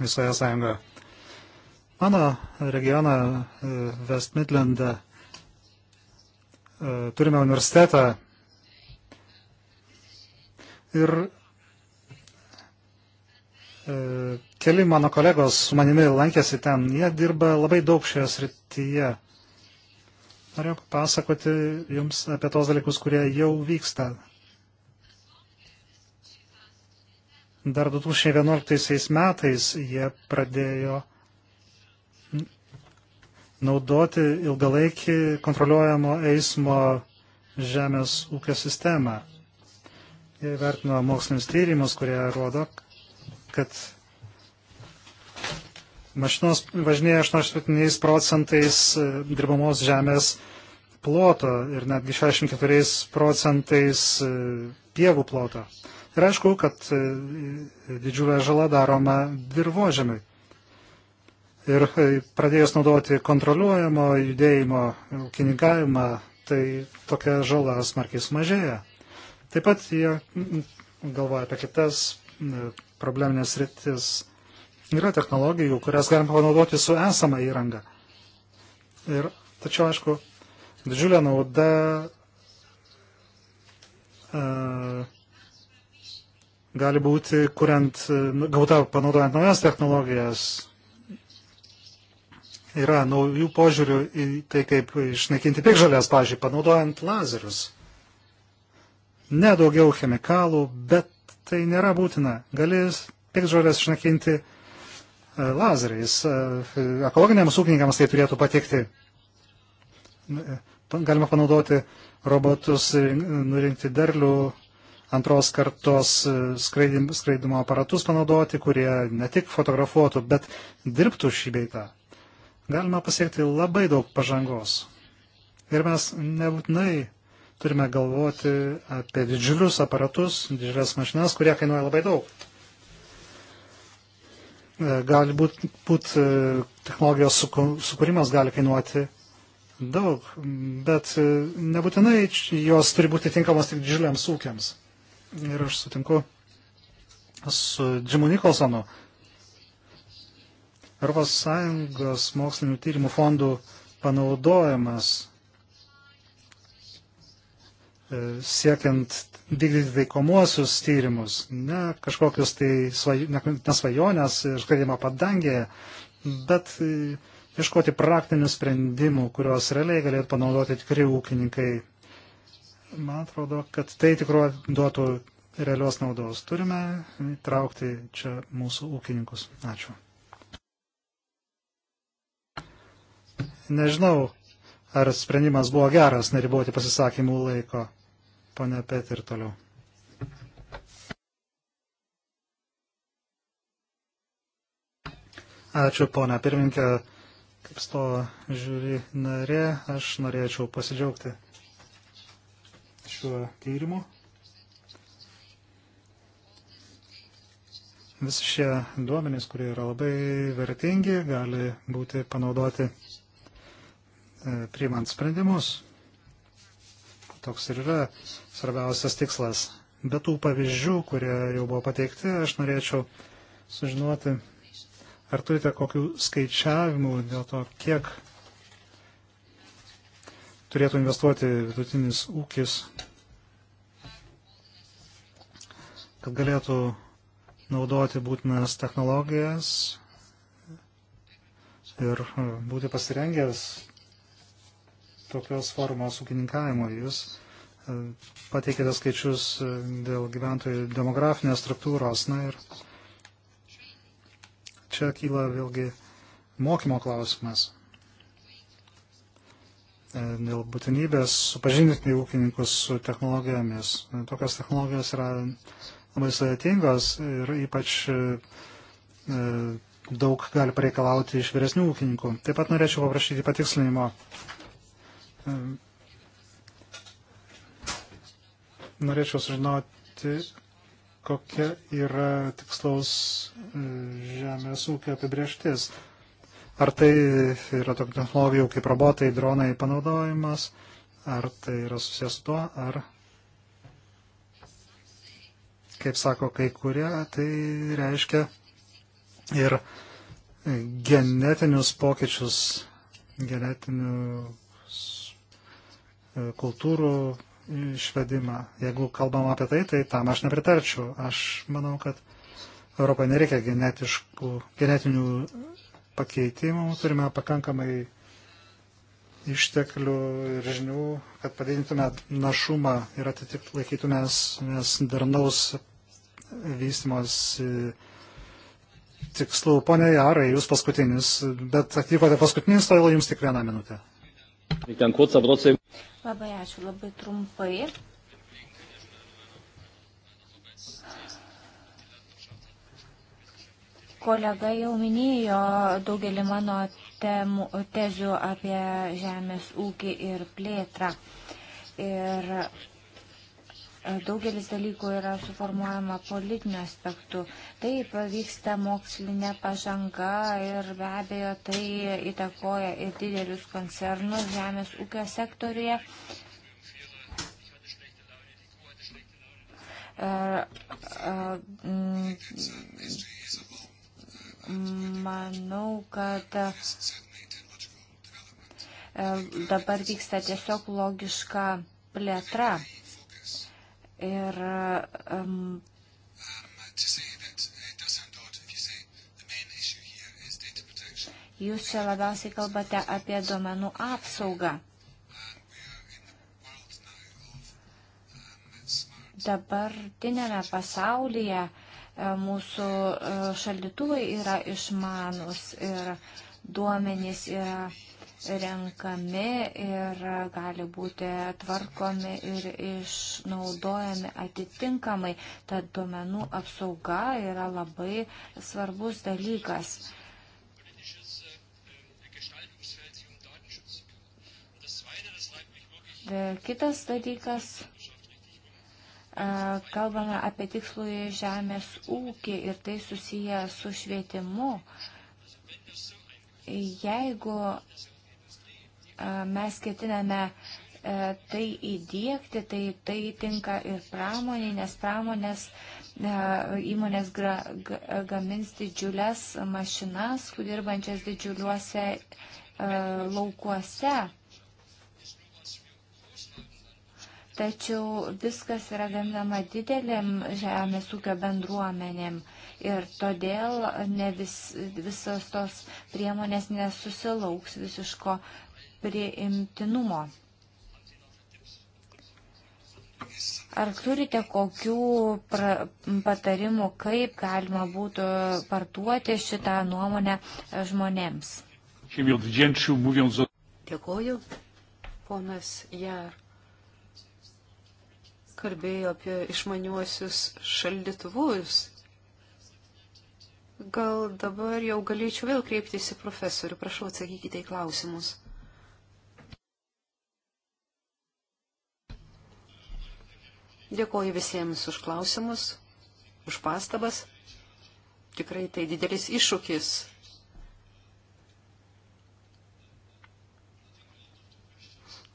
visoje sąjungoje. Mano regioną e, West Midlandą e, turime universitetą ir e, keli mano kolegos su manimi lankėsi ten, jie dirba labai daug šioje srityje. Norėjau pasakoti Jums apie tos dalykus, kurie jau vyksta. Dar 2011 metais jie pradėjo naudoti ilgalaikį kontroliuojamo eismo žemės ūkio sistemą. Jie vertino mokslinis tyrimus, kurie rodo, kad Mašinos važinėja 87 procentais e, dirbamos žemės ploto ir netgi 64 procentais e, pievų ploto. Ir aišku, kad e, didžiulė žala daroma dirbožemiui. Ir pradėjus naudoti kontroliuojamo judėjimo ūkininkavimą, tai tokia žala smarkiai sumažėja. Taip pat jie galvoja apie kitas probleminės rytis Yra technologijų, kurias galima panaudoti su esama įranga. Ir, tačiau, aišku, didžiulė nauda uh, gali būti, kuriant, nu, gauta panaudojant naujas technologijas, yra naujų požiūrių į tai, kaip išnaikinti pikžalės, pažiūrėjau, panaudojant lazerius. Ne daugiau chemikalų, bet tai nėra būtina. Gali pikžalės išnaikinti E, lazeriais. E, Ekologiniams ūkininkams tai turėtų patikti. Nu, e, galima panaudoti robotus nurinkti derlių, antros kartos skraidimo aparatus panaudoti, kurie ne tik fotografuotų, bet dirbtų šį beitą. Galima pasiekti labai daug pažangos. Ir mes nebūtinai turime galvoti apie didžiulius aparatus, didžiulės mašinas, kurie kainuoja labai daug. E, gali būti, būt, e, technologijos sukūrimas gali kainuoti daug, bet e, nebūtinai jos turi būti tinkamos tik didžiuliams ūkiams. Ir aš sutinku su Džimu Nikolsonu. Europos Sąjungos mokslinių tyrimų fondų panaudojimas E, siekiant vykdyti taikomuosius tyrimus, ne kažkokius tai svaj, ne, nesvajonės ir skraidimo padangėje, bet e, ieškoti praktinių sprendimų, kuriuos realiai galėtų panaudoti tikri ūkininkai. Man atrodo, kad tai tikro duotų realios naudos. Turime traukti čia mūsų ūkininkus. Ačiū. Nežinau, ar sprendimas buvo geras neriboti pasisakymų laiko. Pane Pet ir toliau. Ačiū, ponia pirminkė, kaip sto žiūri narė, aš norėčiau pasidžiaugti šiuo tyrimu. Visi šie duomenys, kurie yra labai vertingi, gali būti panaudoti e, priimant sprendimus. Toks ir yra svarbiausias tikslas. Be tų pavyzdžių, kurie jau buvo pateikti, aš norėčiau sužinoti, ar turite kokių skaičiavimų dėl to, kiek turėtų investuoti vidutinis ūkis, kad galėtų naudoti būtinas technologijas ir būti pasirengęs tokios formos ūkininkavimo. Jūs e, pateikėte skaičius e, dėl gyventojų demografinės struktūros. Na ir čia kyla vėlgi mokymo klausimas. E, dėl būtinybės supažindinti ūkininkus su technologijomis. Tokios technologijos yra labai sudėtingos ir ypač daug gali pareikalauti iš vyresnių ūkininkų. Taip pat norėčiau paprašyti patikslinimo Norėčiau sužinoti, kokia yra tikslaus e, žemės ūkio apibrieštis. Ar tai yra tokių technologijų kaip robotai, dronai panaudojimas, ar tai yra susijęs su tuo, ar, kaip sako kai kurie, tai reiškia ir genetinius pokyčius, genetinių E, kultūrų išvedimą. Jeigu kalbam apie tai, tai tam aš nepritarčiau. Aš manau, kad Europai nereikia genetiškų, genetinių pakeitimų, turime pakankamai išteklių ir žinių, kad padidintume našumą ir atitikt laikytumės nes darnaus vystimos tikslų. Pone Jarai, jūs paskutinis, bet atvykote paskutinis, todėl jums tik vieną minutę. Labai ačiū, labai trumpai. Kolega jau minėjo daugelį mano temų, tezių apie žemės ūkį ir plėtrą. Ir E, daugelis dalykų yra suformuojama politiniu aspektu. Taip vyksta mokslinė pažanga ir be abejo tai įtakoja ir didelius koncernus žemės ūkio sektorėje. E, e, manau, kad dabar vyksta tiesiog logiška plėtra. Ir um, jūs čia labiausiai kalbate apie duomenų apsaugą. Dabartinėme pasaulyje e, mūsų e, šaldytuvai yra išmanus ir duomenys yra renkami ir gali būti tvarkomi ir išnaudojami atitinkamai. Tad duomenų apsauga yra labai svarbus dalykas. Kitas dalykas kalbame apie tikslų į žemės ūkį ir tai susiję su švietimu. Jeigu mes ketiname tai įdėkti, tai, tai tinka ir pramoniai, nes pramonės įmonės gra, gamins didžiulės mašinas, dirbančias didžiuliuose laukuose. Tačiau viskas yra gaminama didelėm žemės ūkio bendruomenėm ir todėl ne vis, visos tos priemonės nesusilauks visiško priimtinumo. Ar turite kokių pra, patarimų, kaip galima būtų parduoti šitą nuomonę žmonėms? Dėkoju. Ponas Jar kalbėjo apie išmaniuosius šaldytuvus. Gal dabar jau galėčiau vėl kreiptis į profesorių. Prašau, atsakykite į klausimus. Dėkoju visiems už klausimus, už pastabas. Tikrai tai didelis iššūkis.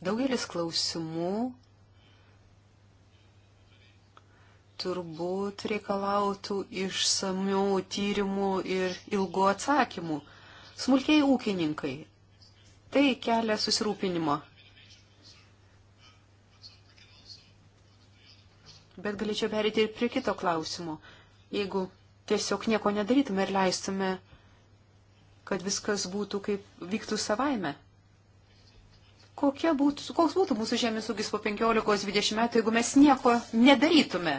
Daugelis klausimų turbūt reikalautų išsamių tyrimų ir ilgų atsakymų. Smulkiai ūkininkai. Tai kelia susirūpinimo. Bet galėčiau perėti ir prie kito klausimo. Jeigu tiesiog nieko nedarytume ir leistume, kad viskas būtų kaip vyktų savaime. Kokia būtų, koks būtų mūsų žemės ūkis po 15-20 metų, jeigu mes nieko nedarytume?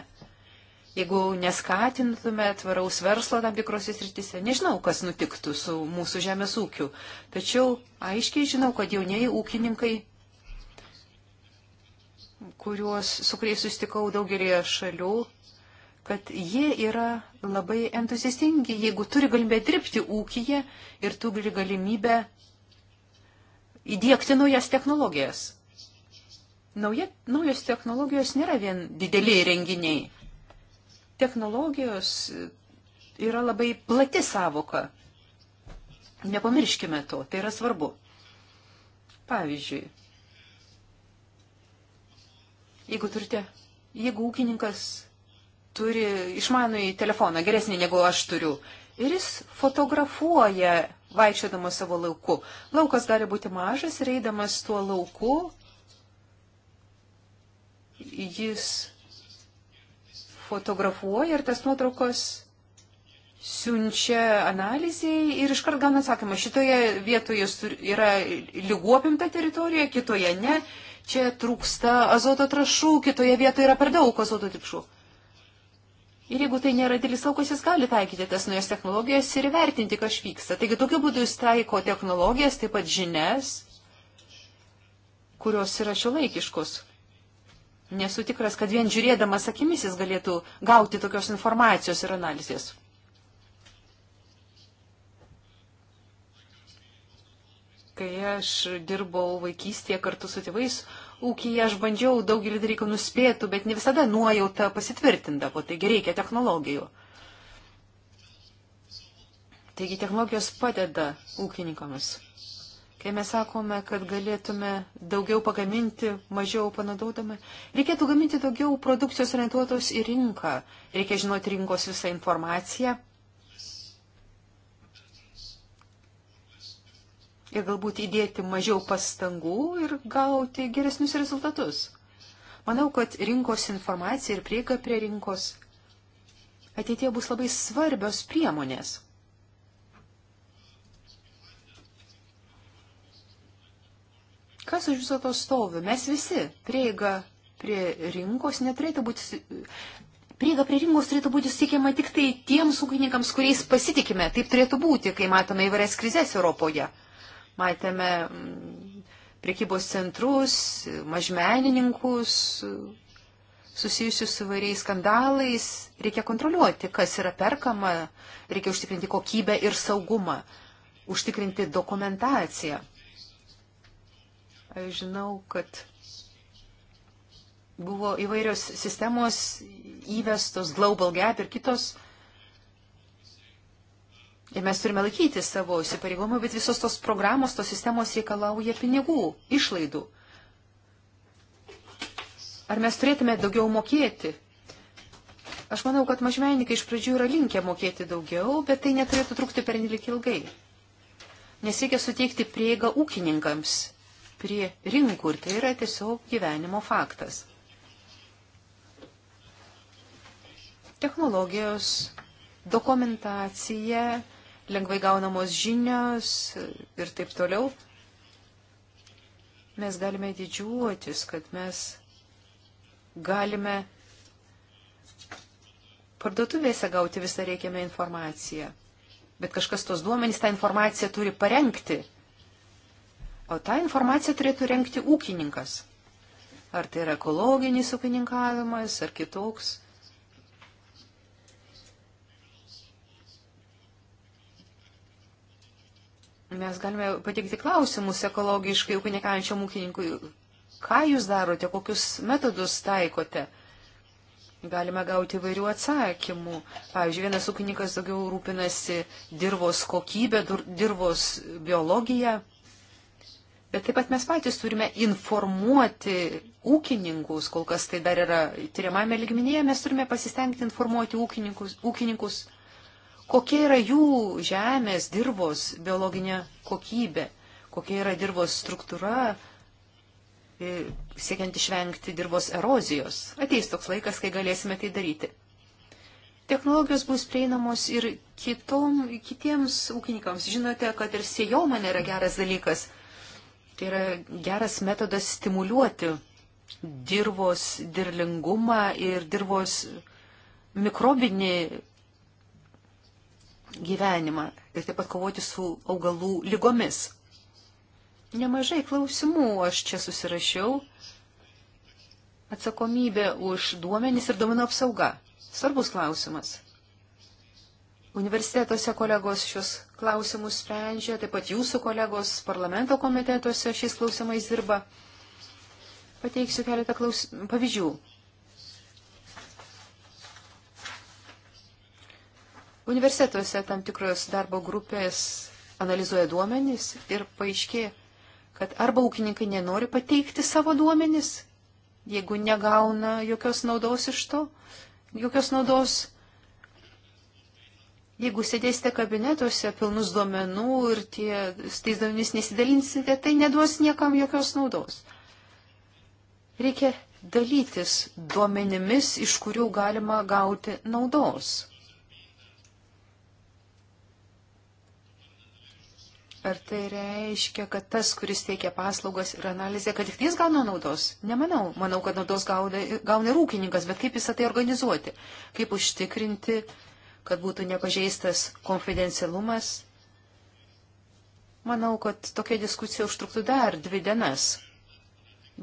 Jeigu neskatintume tvaraus verslo tam tikrose srityse, nežinau, kas nutiktų su mūsų žemės ūkiu. Tačiau aiškiai žinau, kad jaunieji ūkininkai kuriuos, su kuriais sustikau daugelį šalių, kad jie yra labai entuziastingi, jeigu turi galimybę dirbti ūkyje ir turi galimybę įdėkti naujas technologijas. Nauja, naujos technologijos nėra vien dideliai renginiai. Technologijos yra labai plati savoka. Nepamirškime to, tai yra svarbu. Pavyzdžiui, Jeigu turite, jeigu ūkininkas turi išmanųjį telefoną, geresnį negu aš turiu, ir jis fotografuoja vaikščiodamas savo lauku. Laukas gali būti mažas ir eidamas tuo lauku jis fotografuoja ir tas nuotraukos siunčia analizai ir iškart gauna atsakymą, šitoje vietoje yra lyguopimta teritorija, kitoje ne, čia trūksta azoto trašų, kitoje vietoje yra per daug azoto trašų. Ir jeigu tai nėra didelis aukos, jis gali taikyti tas naujas technologijas ir įvertinti, kas vyksta. Taigi tokiu būdu jis taiko technologijas, taip pat žinias, kurios yra šiuolaikiškos. Nesu tikras, kad vien žiūrėdamas akimis jis galėtų gauti tokios informacijos ir analizės. Kai aš dirbau vaikystėje kartu su tėvais, ūkyje aš bandžiau daugelį dalykų nuspėtų, bet ne visada nuojauta pasitvirtindavo, taigi reikia technologijų. Taigi technologijos padeda ūkininkams. Kai mes sakome, kad galėtume daugiau pagaminti, mažiau panaudodami, reikėtų gaminti daugiau produkcijos orientuotos į rinką. Reikia žinoti rinkos visą informaciją, ir galbūt įdėti mažiau pastangų ir gauti geresnius rezultatus. Manau, kad rinkos informacija ir prieiga prie rinkos ateitie bus labai svarbios priemonės. Kas už viso to stovi? Mes visi prieiga prie rinkos neturėtų būti. Prieiga prie rinkos turėtų būti suteikiama tik tai tiems ūkininkams, kuriais pasitikime. Taip turėtų būti, kai matome įvairias krizės Europoje matėme mm, priekybos centrus, mažmenininkus susijusius su vairiais skandalais. Reikia kontroliuoti, kas yra perkama, reikia užtikrinti kokybę ir saugumą, užtikrinti dokumentaciją. Aš žinau, kad buvo įvairios sistemos įvestos, Global Gap ir kitos Ir mes turime laikyti savo įsipareigomą, bet visos tos programos, tos sistemos reikalauja pinigų, išlaidų. Ar mes turėtume daugiau mokėti? Aš manau, kad mažmenininkai iš pradžių yra linkę mokėti daugiau, bet tai neturėtų trukti pernelik ilgai. Nes reikia suteikti prieigą ūkininkams prie rinkų ir tai yra tiesiog gyvenimo faktas. Technologijos, dokumentacija, lengvai gaunamos žinios ir taip toliau, mes galime didžiuotis, kad mes galime parduotuvėse gauti visą reikiamą informaciją. Bet kažkas tos duomenys tą informaciją turi parengti. O tą informaciją turėtų rengti ūkininkas. Ar tai yra ekologinis ūkininkavimas, ar kitoks. Mes galime pateikti klausimus ekologiškai ūkininkaujančiam ūkininkui. Ką jūs darote, kokius metodus taikote? Galime gauti įvairių atsakymų. Pavyzdžiui, vienas ūkininkas daugiau rūpinasi dirbos kokybė, dirbos biologija. Bet taip pat mes patys turime informuoti ūkininkus, kol kas tai dar yra tyriamame ligminėje, mes turime pasistengti informuoti ūkininkus, ūkininkus kokia yra jų žemės, dirbos biologinė kokybė, kokia yra dirbos struktūra, e, siekiant išvengti dirbos erozijos. Ateis toks laikas, kai galėsime tai daryti. Technologijos bus prieinamos ir kitom, kitiems ūkininkams. Žinote, kad ir sėjomanė yra geras dalykas. Tai yra geras metodas stimuliuoti dirbos dirlingumą ir dirbos mikrobinį gyvenimą ir taip pat kovoti su augalų lygomis. Nemažai klausimų aš čia susirašiau. Atsakomybė už duomenys ir duomenų apsauga. Svarbus klausimas. Universitetuose kolegos šios klausimus sprendžia, taip pat jūsų kolegos parlamento komitetuose šiais klausimais dirba. Pateiksiu keletą klaus... pavyzdžių. Universitetuose tam tikros darbo grupės analizuoja duomenys ir paaiškėja, kad arba ūkininkai nenori pateikti savo duomenys, jeigu negauna jokios naudos iš to, jokios naudos. Jeigu sėdėsite kabinetuose pilnus duomenų ir tie, tais duomenys nesidalinsite, tai neduos niekam jokios naudos. Reikia dalytis duomenimis, iš kurių galima gauti naudos. Ar tai reiškia, kad tas, kuris teikia paslaugas ir analizę, kad tik jis gauna naudos? Nemanau. Manau, kad naudos gauna, gauna ir ūkininkas, bet kaip visą tai organizuoti? Kaip užtikrinti, kad būtų nepažeistas konfidencialumas? Manau, kad tokia diskusija užtruktų dar dvi dienas.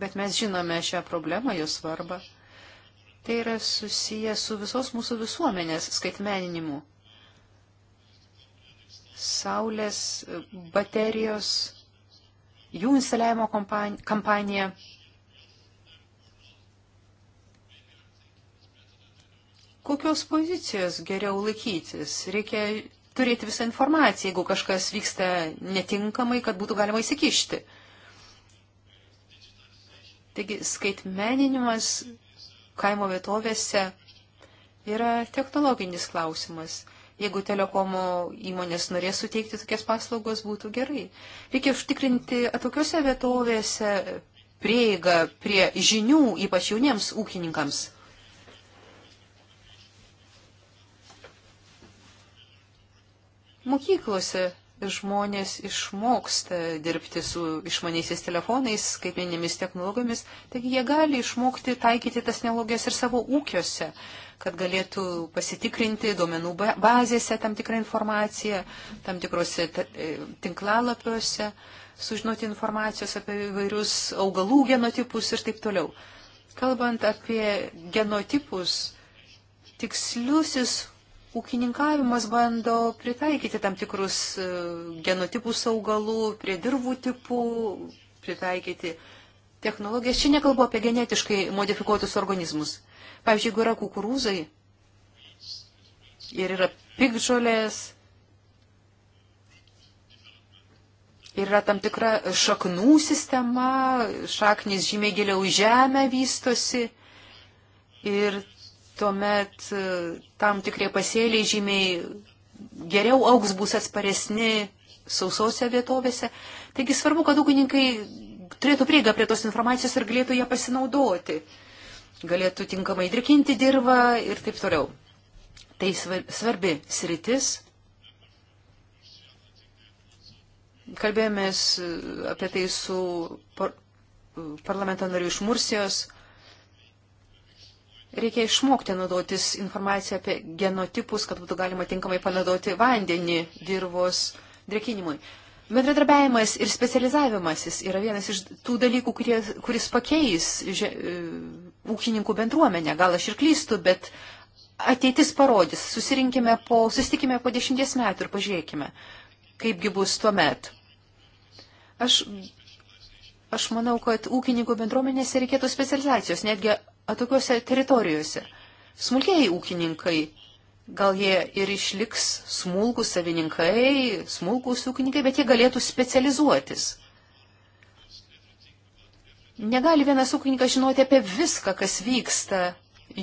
Bet mes žinome šią problemą, jos svarbą. Tai yra susiję su visos mūsų visuomenės skaitmeninimu saulės e, baterijos, jų instaliavimo kampanija. Kokios pozicijos geriau laikytis? Reikia turėti visą informaciją, jeigu kažkas vyksta netinkamai, kad būtų galima įsikišti. Taigi skaitmeninimas kaimo vietovėse yra technologinis klausimas. Jeigu telekomo įmonės norės suteikti tokias paslaugas, būtų gerai. Reikia užtikrinti atokiuose vietovėse prieigą prie žinių, ypač jauniems ūkininkams. Mokyklose žmonės išmoksta dirbti su išmaniaisiais telefonais, skaitmeninėmis technologijomis, taigi jie gali išmokti taikyti tas nelogijas ir savo ūkiuose kad galėtų pasitikrinti duomenų bazėse tam tikrą informaciją, tam tikrose e, tinklalapiuose, sužinoti informacijos apie įvairius augalų genotipus ir taip toliau. Kalbant apie genotipus, tiksliusis ūkininkavimas bando pritaikyti tam tikrus e, genotipus augalų prie dirvų tipų, pritaikyti technologijas. Čia nekalbu apie genetiškai modifikuotus organizmus. Pavyzdžiui, jeigu yra kukurūzai ir yra pigžolės, ir yra tam tikra šaknų sistema, šaknis žymiai giliau žemę vystosi ir tuomet e, tam tikrie pasėliai žymiai geriau auks bus atsparesni sausose vietovėse. Taigi svarbu, kad ūkininkai turėtų prieigą prie tos informacijos ir galėtų ją pasinaudoti galėtų tinkamai drikinti dirbą ir taip toliau. Tai svarbi sritis. Kalbėjomės e, apie tai su par parlamento nariu iš Mursijos. Reikia išmokti naudotis informaciją apie genotipus, kad būtų galima tinkamai panaudoti vandenį dirvos drekinimui. Bendradarbiavimas ir specializavimasis yra vienas iš tų dalykų, kurie, kuris pakeis že, e, ūkininkų bendruomenę. Gal aš ir klystu, bet ateitis parodys. Susirinkime po, susitikime po dešimties metų ir pažiūrėkime, kaipgi bus tuo met. Aš, aš manau, kad ūkininkų bendruomenėse reikėtų specializacijos, netgi atokiuose teritorijose. Smulkiai ūkininkai, gal jie ir išliks smulkus savininkai, smulkus ūkininkai, bet jie galėtų specializuotis. Negali vienas ūkininkas žinoti apie viską, kas vyksta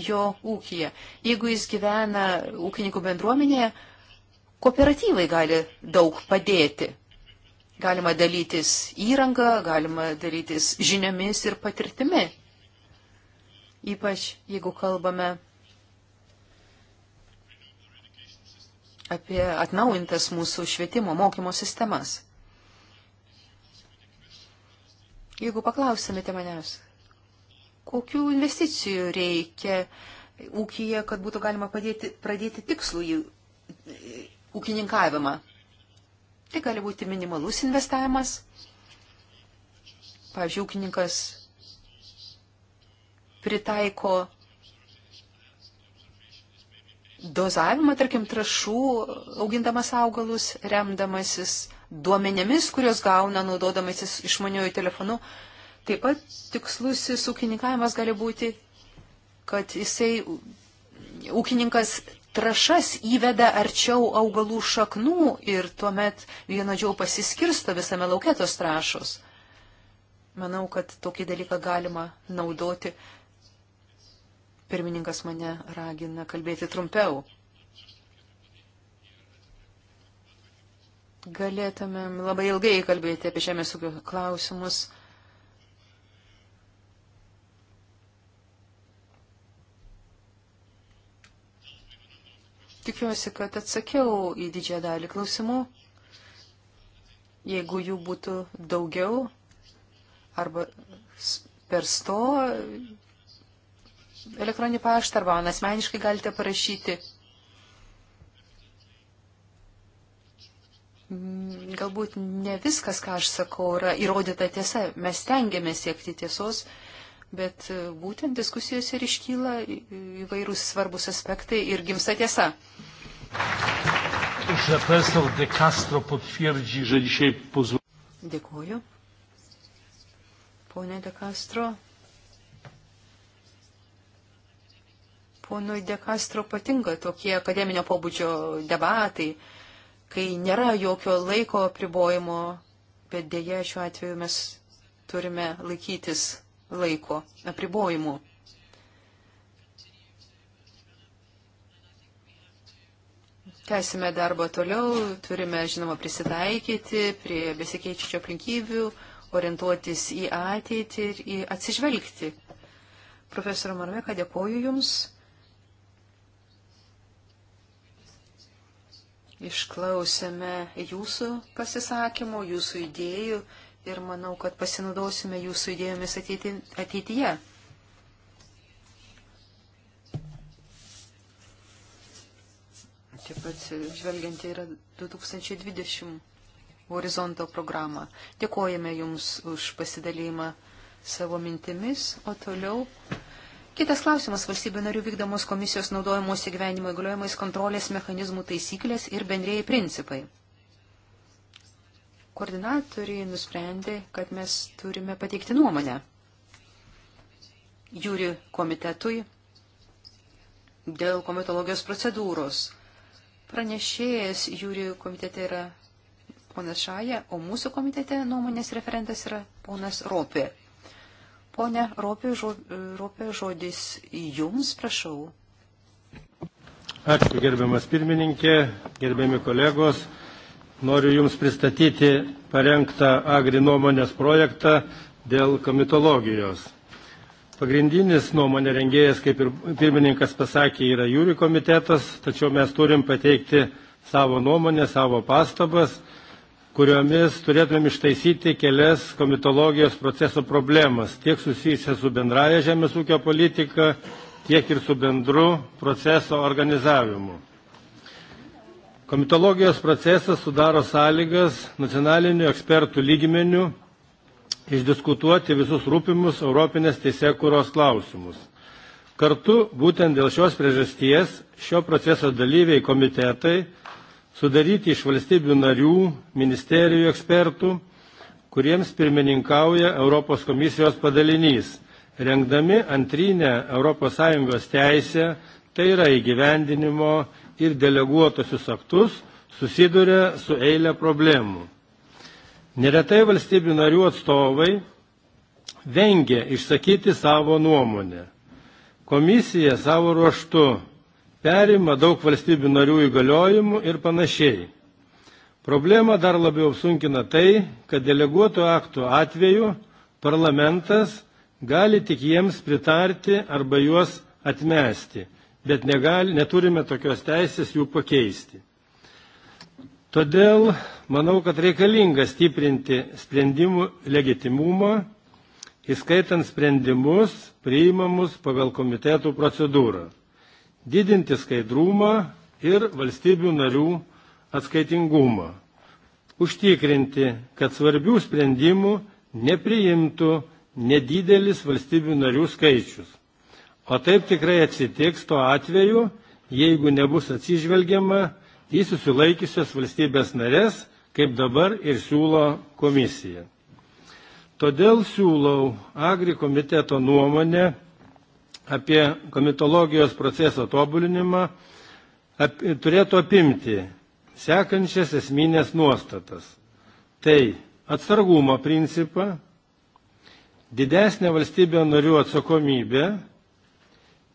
jo ūkija. Jeigu jis gyvena ūkininkų bendruomenėje, kooperatyvai gali daug padėti. Galima dalytis įrangą, galima dalytis žiniomis ir patirtimi. Ypač jeigu kalbame apie atnaujintas mūsų švietimo mokymo sistemas. Jeigu paklausimėte manęs, kokių investicijų reikia ūkyje, kad būtų galima padėti, pradėti tikslų į ūkininkavimą, tai gali būti minimalus investavimas. Pavyzdžiui, ūkininkas pritaiko dozavimą, tarkim, trašų, augindamas augalus, remdamasis duomenėmis, kurios gauna naudodamasis išmaniojų telefonu. Taip pat tikslusis ūkininkavimas gali būti, kad jisai ūkininkas trašas įveda arčiau augalų šaknų ir tuomet vienodžiau pasiskirsto visame lauketos trašos. Manau, kad tokį dalyką galima naudoti. Pirmininkas mane ragina kalbėti trumpiau. Galėtumėm labai ilgai kalbėti apie žemės ūkio klausimus. Tikiuosi, kad atsakiau į didžiąją dalį klausimų. Jeigu jų būtų daugiau arba per sto elektroninį paštą arba man asmeniškai galite parašyti. Mm, galbūt ne viskas, ką aš sakau, yra įrodyta tiesa. Mes tengiamės siekti tiesos, bet e, būtent diskusijose ir iškyla įvairūs svarbus aspektai ir gimsta tiesa. Dėkuoju. Pone De Castro. Ponui De Castro patinka tokie akademinio pobūdžio debatai. Uh, kai nėra jokio laiko apribojimo, bet dėja šiuo atveju mes turime laikytis laiko apribojimų. Tęsime darbą toliau, turime, žinoma, prisitaikyti prie besikeičiančio aplinkybių, orientuotis į ateitį ir į atsižvelgti. Profesor Marmeka, dėkoju Jums. Išklausėme jūsų pasisakymų, jūsų idėjų ir manau, kad pasinaudosime jūsų idėjomis ateity, ateityje. Taip pat žvelgiant yra 2020 horizonto programą. Dėkojame Jums už pasidalymą savo mintimis, o toliau Kitas klausimas - valstybių narių vykdomos komisijos naudojamos įgyvenimo įgaliojimais kontrolės mechanizmų taisyklės ir bendrėjai principai. Koordinatoriai nusprendė, kad mes turime pateikti nuomonę jūri komitetui dėl komitologijos procedūros. Pranešėjas jūri komitete yra ponas Šaja, o mūsų komitete nuomonės referentas yra ponas Ropė. Pone Ropė, žodis jums, prašau. Ačiū gerbiamas pirmininkė, gerbiami kolegos. Noriu Jums pristatyti parengtą agri nuomonės projektą dėl komitologijos. Pagrindinis nuomonė rengėjas, kaip ir pirmininkas pasakė, yra jūrių komitetas, tačiau mes turim pateikti savo nuomonę, savo pastabas kuriomis turėtumėm ištaisyti kelias komitologijos proceso problemas, tiek susijusias su bendraja žemės ūkio politika, tiek ir su bendru proceso organizavimu. Komitologijos procesas sudaro sąlygas nacionalinių ekspertų lygmenių išdiskutuoti visus rūpimus Europinės teisėkūros klausimus. Kartu būtent dėl šios priežasties šio proceso dalyviai komitetai sudaryti iš valstybių narių, ministerijų ekspertų, kuriems pirmininkauja Europos komisijos padalinys, rengdami antrinę ES teisę, tai yra įgyvendinimo ir deleguotosius aktus, susiduria su eilė problemų. Neretai valstybių narių atstovai vengia išsakyti savo nuomonę. Komisija savo ruoštu perima daug valstybių narių įgaliojimų ir panašiai. Problemą dar labiau apsunkina tai, kad deleguotų aktų atveju parlamentas gali tik jiems pritarti arba juos atmesti, bet negali, neturime tokios teisės jų pakeisti. Todėl manau, kad reikalinga stiprinti sprendimų legitimumą, įskaitant sprendimus priimamus pagal komitetų procedūrą didinti skaidrumą ir valstybių narių atskaitingumą, užtikrinti, kad svarbių sprendimų nepriimtų nedidelis valstybių narių skaičius. O taip tikrai atsitiks tuo atveju, jeigu nebus atsižvelgiama į susilaikiusios valstybės narės, kaip dabar ir siūlo komisija. Todėl siūlau Agri komiteto nuomonę apie komitologijos proceso tobulinimą ap, turėtų apimti sekančias esminės nuostatas. Tai atsargumo principą, didesnė valstybė narių atsakomybė,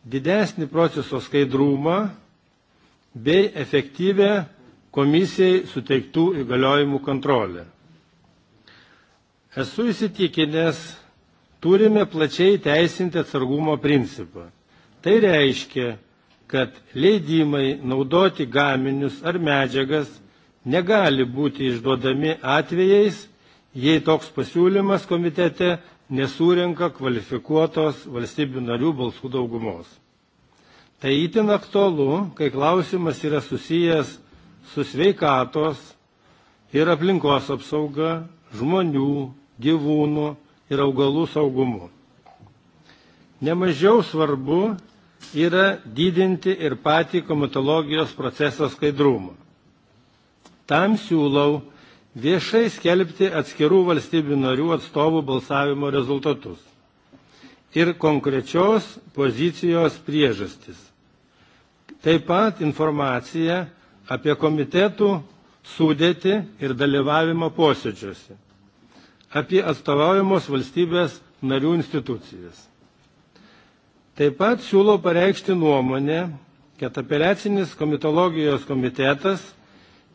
didesnį proceso skaidrumą bei efektyvę komisijai suteiktų įgaliojimų kontrolę. Esu įsitikinęs, turime plačiai teisinti atsargumo principą. Tai reiškia, kad leidimai naudoti gaminius ar medžiagas negali būti išduodami atvejais, jei toks pasiūlymas komitete nesurenka kvalifikuotos valstybių narių balsų daugumos. Tai įtin aktualu, kai klausimas yra susijęs su sveikatos ir aplinkos apsauga žmonių, gyvūnų ir augalų saugumu. Nemažiau svarbu yra didinti ir patį komitologijos proceso skaidrumą. Tam siūlau viešai skelbti atskirų valstybių narių atstovų balsavimo rezultatus ir konkrečios pozicijos priežastis. Taip pat informacija apie komitetų sudėti ir dalyvavimą posėdžiuose apie atstovaujamos valstybės narių institucijas. Taip pat siūlo pareikšti nuomonę, kad apeliacinis komitologijos komitetas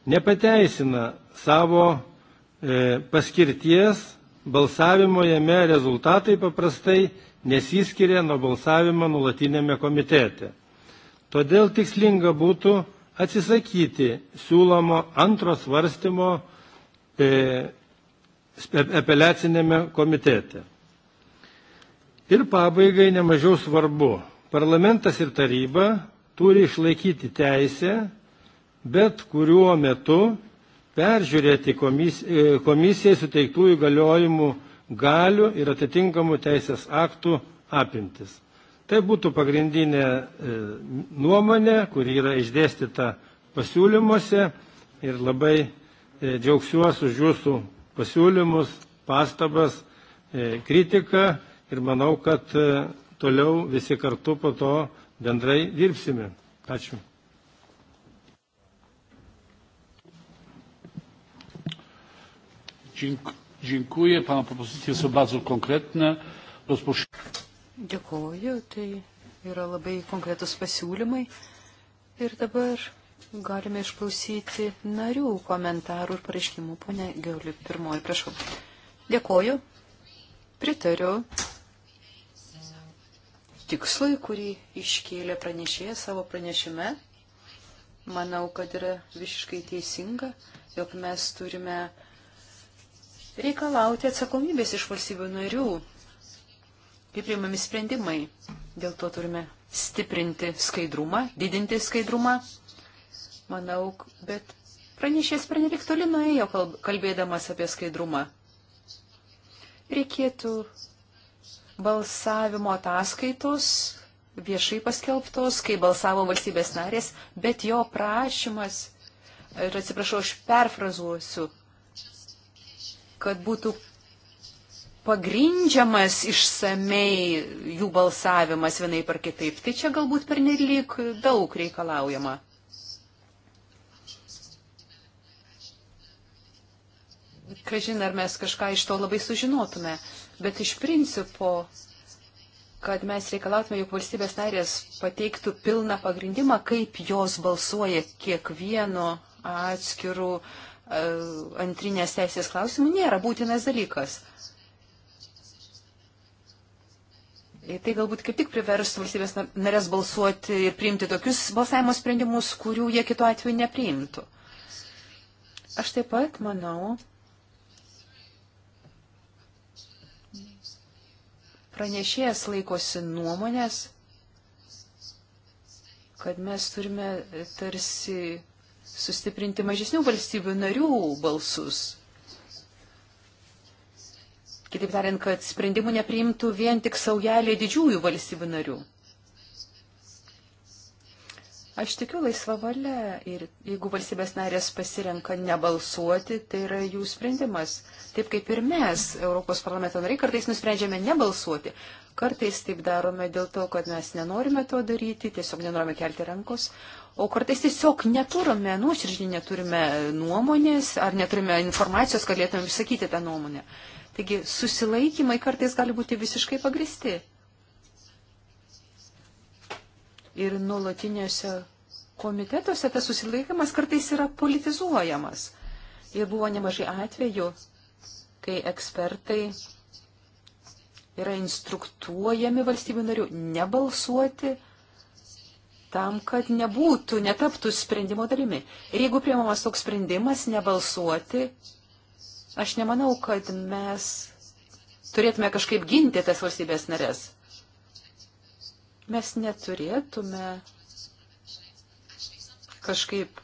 nepateisina savo e, paskirties, balsavimo jame rezultatai paprastai nesiskiria nuo balsavimo nulatinėme komitete. Todėl tikslinga būtų atsisakyti siūlomo antro svarstymo e, apeliacinėme komitete. Ir pabaigai nemažiau svarbu, parlamentas ir taryba turi išlaikyti teisę bet kuriuo metu peržiūrėti komisijai, e, komisijai suteiktų įgaliojimų galių ir atitinkamų teisės aktų apimtis. Tai būtų pagrindinė e, nuomonė, kuri yra išdėstyta pasiūlymuose ir labai e, džiaugsiuosi už jūsų pasiūlymus, pastabas, e, kritiką ir manau, kad e, toliau visi kartu po to bendrai dirbsime. Ačiū. Dziękuję. Pana propozycje są bardzo konkretne. Rozpoczy... Dėkuoju, tai yra labai konkretus pasiūlymai. Ir dabar galime išklausyti narių komentarų ir pareiškimų. Pone Giuliu, pirmoji, prašau. Dėkoju, pritariu tikslui, kurį iškėlė pranešėja savo pranešime. Manau, kad yra visiškai teisinga, jog mes turime reikalauti atsakomybės iš valstybių narių, kaip priimami sprendimai. Dėl to turime stiprinti skaidrumą, didinti skaidrumą Manau, bet pranešės pranelik toli nuėjo, kalbėdamas apie skaidrumą. Reikėtų balsavimo ataskaitos viešai paskelbtos, kai balsavo valstybės narės, bet jo prašymas, ir atsiprašau, aš perfrazuosiu, kad būtų pagrindžiamas išsamei jų balsavimas vienai par kitaip. Tai čia galbūt pernelyg daug reikalaujama. kažin ar mes kažką iš to labai sužinotume, bet iš principo, kad mes reikalautume, jog valstybės narės pateiktų pilną pagrindimą, kaip jos balsuoja kiekvieno atskirų e, antrinės teisės klausimų, nėra būtinas dalykas. Ir tai galbūt kaip tik privers valstybės narės balsuoti ir priimti tokius balsavimo sprendimus, kurių jie kitu atveju nepriimtų. Aš taip pat manau, pranešėjas laikosi nuomonės, kad mes turime tarsi sustiprinti mažesnių valstybių narių balsus. Kitaip tariant, kad sprendimų nepriimtų vien tik saujelė didžiųjų valstybių narių. Aš tikiu laisvą valią ir jeigu valstybės narės pasirenka nebalsuoti, tai yra jų sprendimas. Taip kaip ir mes, Europos parlamento nariai, kartais nusprendžiame nebalsuoti. Kartais taip darome dėl to, kad mes nenorime to daryti, tiesiog nenorime kelti rankos, o kartais tiesiog neturime, nuoširdžiai neturime nuomonės ar neturime informacijos, kad galėtume išsakyti tą nuomonę. Taigi susilaikymai kartais gali būti visiškai pagristi. Ir nuolatinėse komitetuose tas susilaikimas kartais yra politizuojamas. Ir buvo nemažai atvejų, kai ekspertai yra instruktuojami valstybių narių nebalsuoti tam, kad nebūtų, netaptų sprendimo dalimi. Ir jeigu priemamas toks sprendimas nebalsuoti, aš nemanau, kad mes turėtume kažkaip ginti tas valstybės narės. Mes neturėtume kažkaip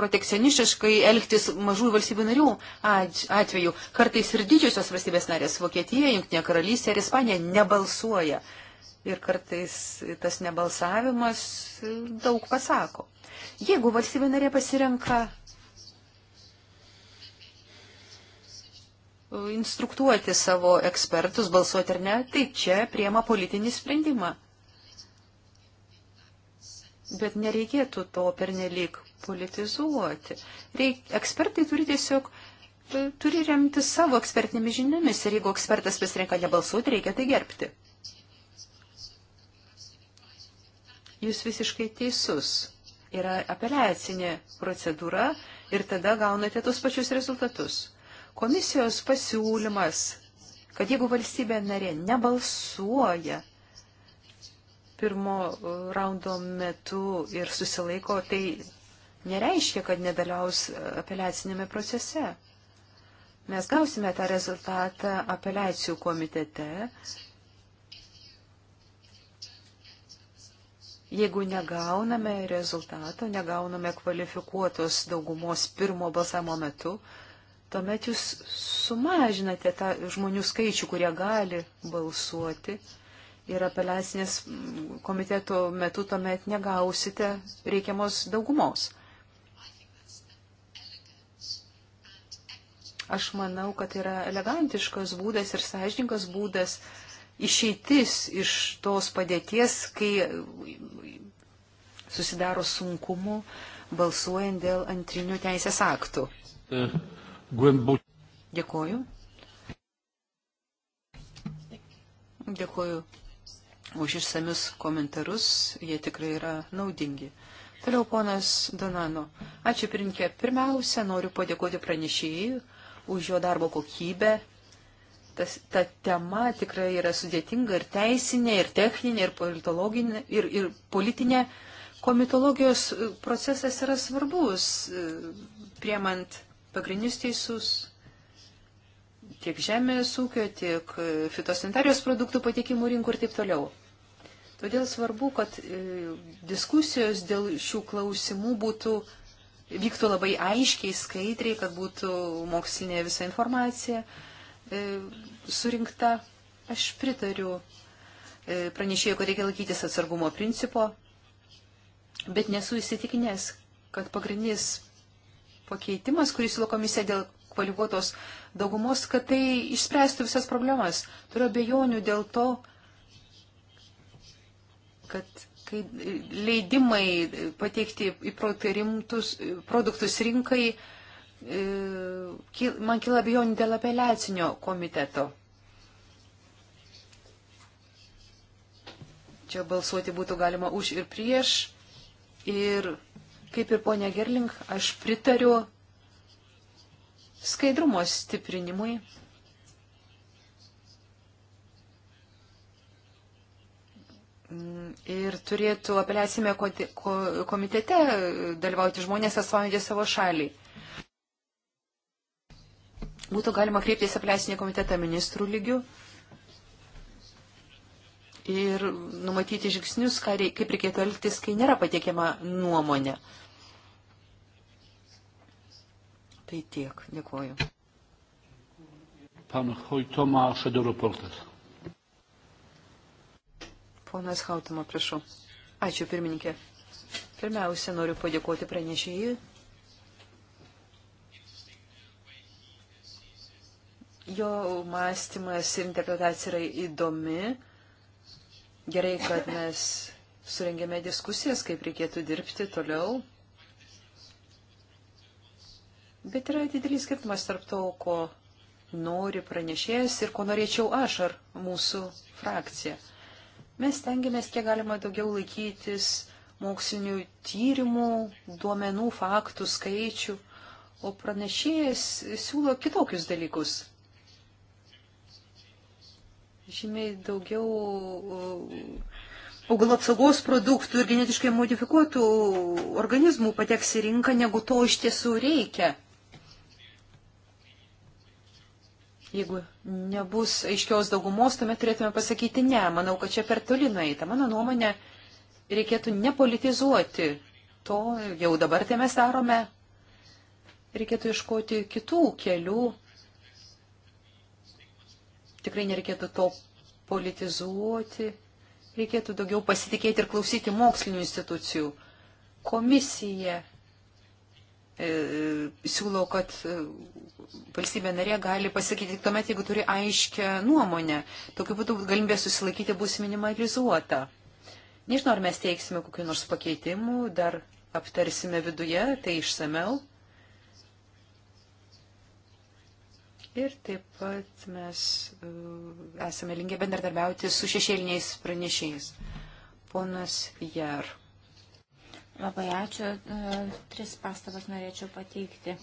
protekcionistiškai elgtis mažųjų valstybių narių atveju. Kartais ir didžiosios valstybės narės - Vokietija, Junktinė karalystė ir Ispanija - nebalsuoja. Ir kartais tas nebalsavimas daug pasako. Jeigu valstybė narė pasirenka instruktuoti savo ekspertus, balsuoti ar ne, tai čia priema politinį sprendimą bet nereikėtų to pernelyg politizuoti. Reik, ekspertai turi tiesiog e, turi remti savo ekspertinėmis žiniomis ir jeigu ekspertas pasirenka nebalsuoti, reikia tai gerbti. Jūs visiškai teisus. Yra apeliacinė procedūra ir tada gaunate tos pačius rezultatus. Komisijos pasiūlymas, kad jeigu valstybė narė nebalsuoja, pirmo e, raundo metu ir susilaiko, tai nereiškia, kad nedalyvaus e, apeliacinėme procese. Mes gausime tą rezultatą apeliacijų komitete. Jeigu negauname rezultato, negauname kvalifikuotos daugumos pirmo balsamo metu, tuomet jūs sumažinate tą žmonių skaičių, kurie gali balsuoti ir apeliacinės komiteto metu tuomet negausite reikiamos daugumos. Aš manau, kad yra elegantiškas būdas ir sąžininkas būdas išeitis iš tos padėties, kai susidaro sunkumų balsuojant dėl antrinių teisės aktų. Dėkoju. Dėkoju už išsamius komentarus, jie tikrai yra naudingi. Toliau ponas Donano. Ačiū pirinkė. Pirmiausia, noriu padėkoti pranešėjai už jo darbo kokybę. Tas, ta tema tikrai yra sudėtinga ir teisinė, ir techninė, ir politologinė, ir, ir politinė. Komitologijos procesas yra svarbus, priemant pagrindinius teisus, tiek žemės ūkio, tiek e, fitosanitarijos produktų patikimų rinkų ir taip toliau. Todėl svarbu, kad e, diskusijos dėl šių klausimų būtų, vyktų labai aiškiai, skaidriai, kad būtų mokslinė visa informacija e, surinkta. Aš pritariu pranešėjau, kad reikia laikytis atsargumo principo, bet nesu įsitikinęs, kad pagrindinis pakeitimas, kurį siūlo komisija dėl kvalifikuotos daugumos, kad tai išspręstų visas problemas. Turiu abejonių dėl to, kad kai leidimai pateikti į produktus rinkai, e, man kila abejonių dėl apeliacinio komiteto. Čia balsuoti būtų galima už ir prieš. Ir kaip ir ponia Gerling, aš pritariu skaidrumo stiprinimui. Ir turėtų apeliacime komitete dalyvauti žmonės atstovaujantys savo šalį. Būtų galima kreiptis apeliacinį komitetą ministrų lygių ir numatyti žingsnius, kaip reikėtų elgtis, kai nėra patiekiama nuomonė. Tai tiek. Dėkuoju. Ponas Hautama, prašau. Ačiū, pirmininkė. Pirmiausia, noriu padėkoti pranešėjai. Jo mąstymas ir interpretacija yra įdomi. Gerai, kad mes surengėme diskusijas, kaip reikėtų dirbti toliau. Bet yra didelis skirtumas tarp to, ko nori pranešėjas ir ko norėčiau aš ar mūsų frakcija. Mes tengiamės kiek galima daugiau laikytis mokslinių tyrimų, duomenų, faktų, skaičių, o pranešėjas siūlo kitokius dalykus. Žymiai daugiau uh, augalų apsaugos produktų ir genetiškai modifikuotų organizmų pateks į rinką, negu to iš tiesų reikia. Jeigu nebus aiškios daugumos, tuomet turėtume pasakyti ne. Manau, kad čia per toli nueita. Mano nuomonė, reikėtų nepolitizuoti to, jau dabar tai mes darome. Reikėtų iškoti kitų kelių. Tikrai nereikėtų to politizuoti. Reikėtų daugiau pasitikėti ir klausyti mokslinių institucijų. Komisija E, siūlau, kad e, valstybė narė gali pasakyti tik tuomet, jeigu turi aiškę nuomonę. Tokiu būdu galimybė susilaikyti bus minimalizuota. Nežinau, ar mes teiksime kokiu nors pakeitimu, dar aptarsime viduje, tai išsameu. Ir taip pat mes uh, esame linkę bendradarbiauti su šešėliniais pranešėjais. Ponas Jar. Labai ačiū. E, tris pastabas norėčiau pateikti.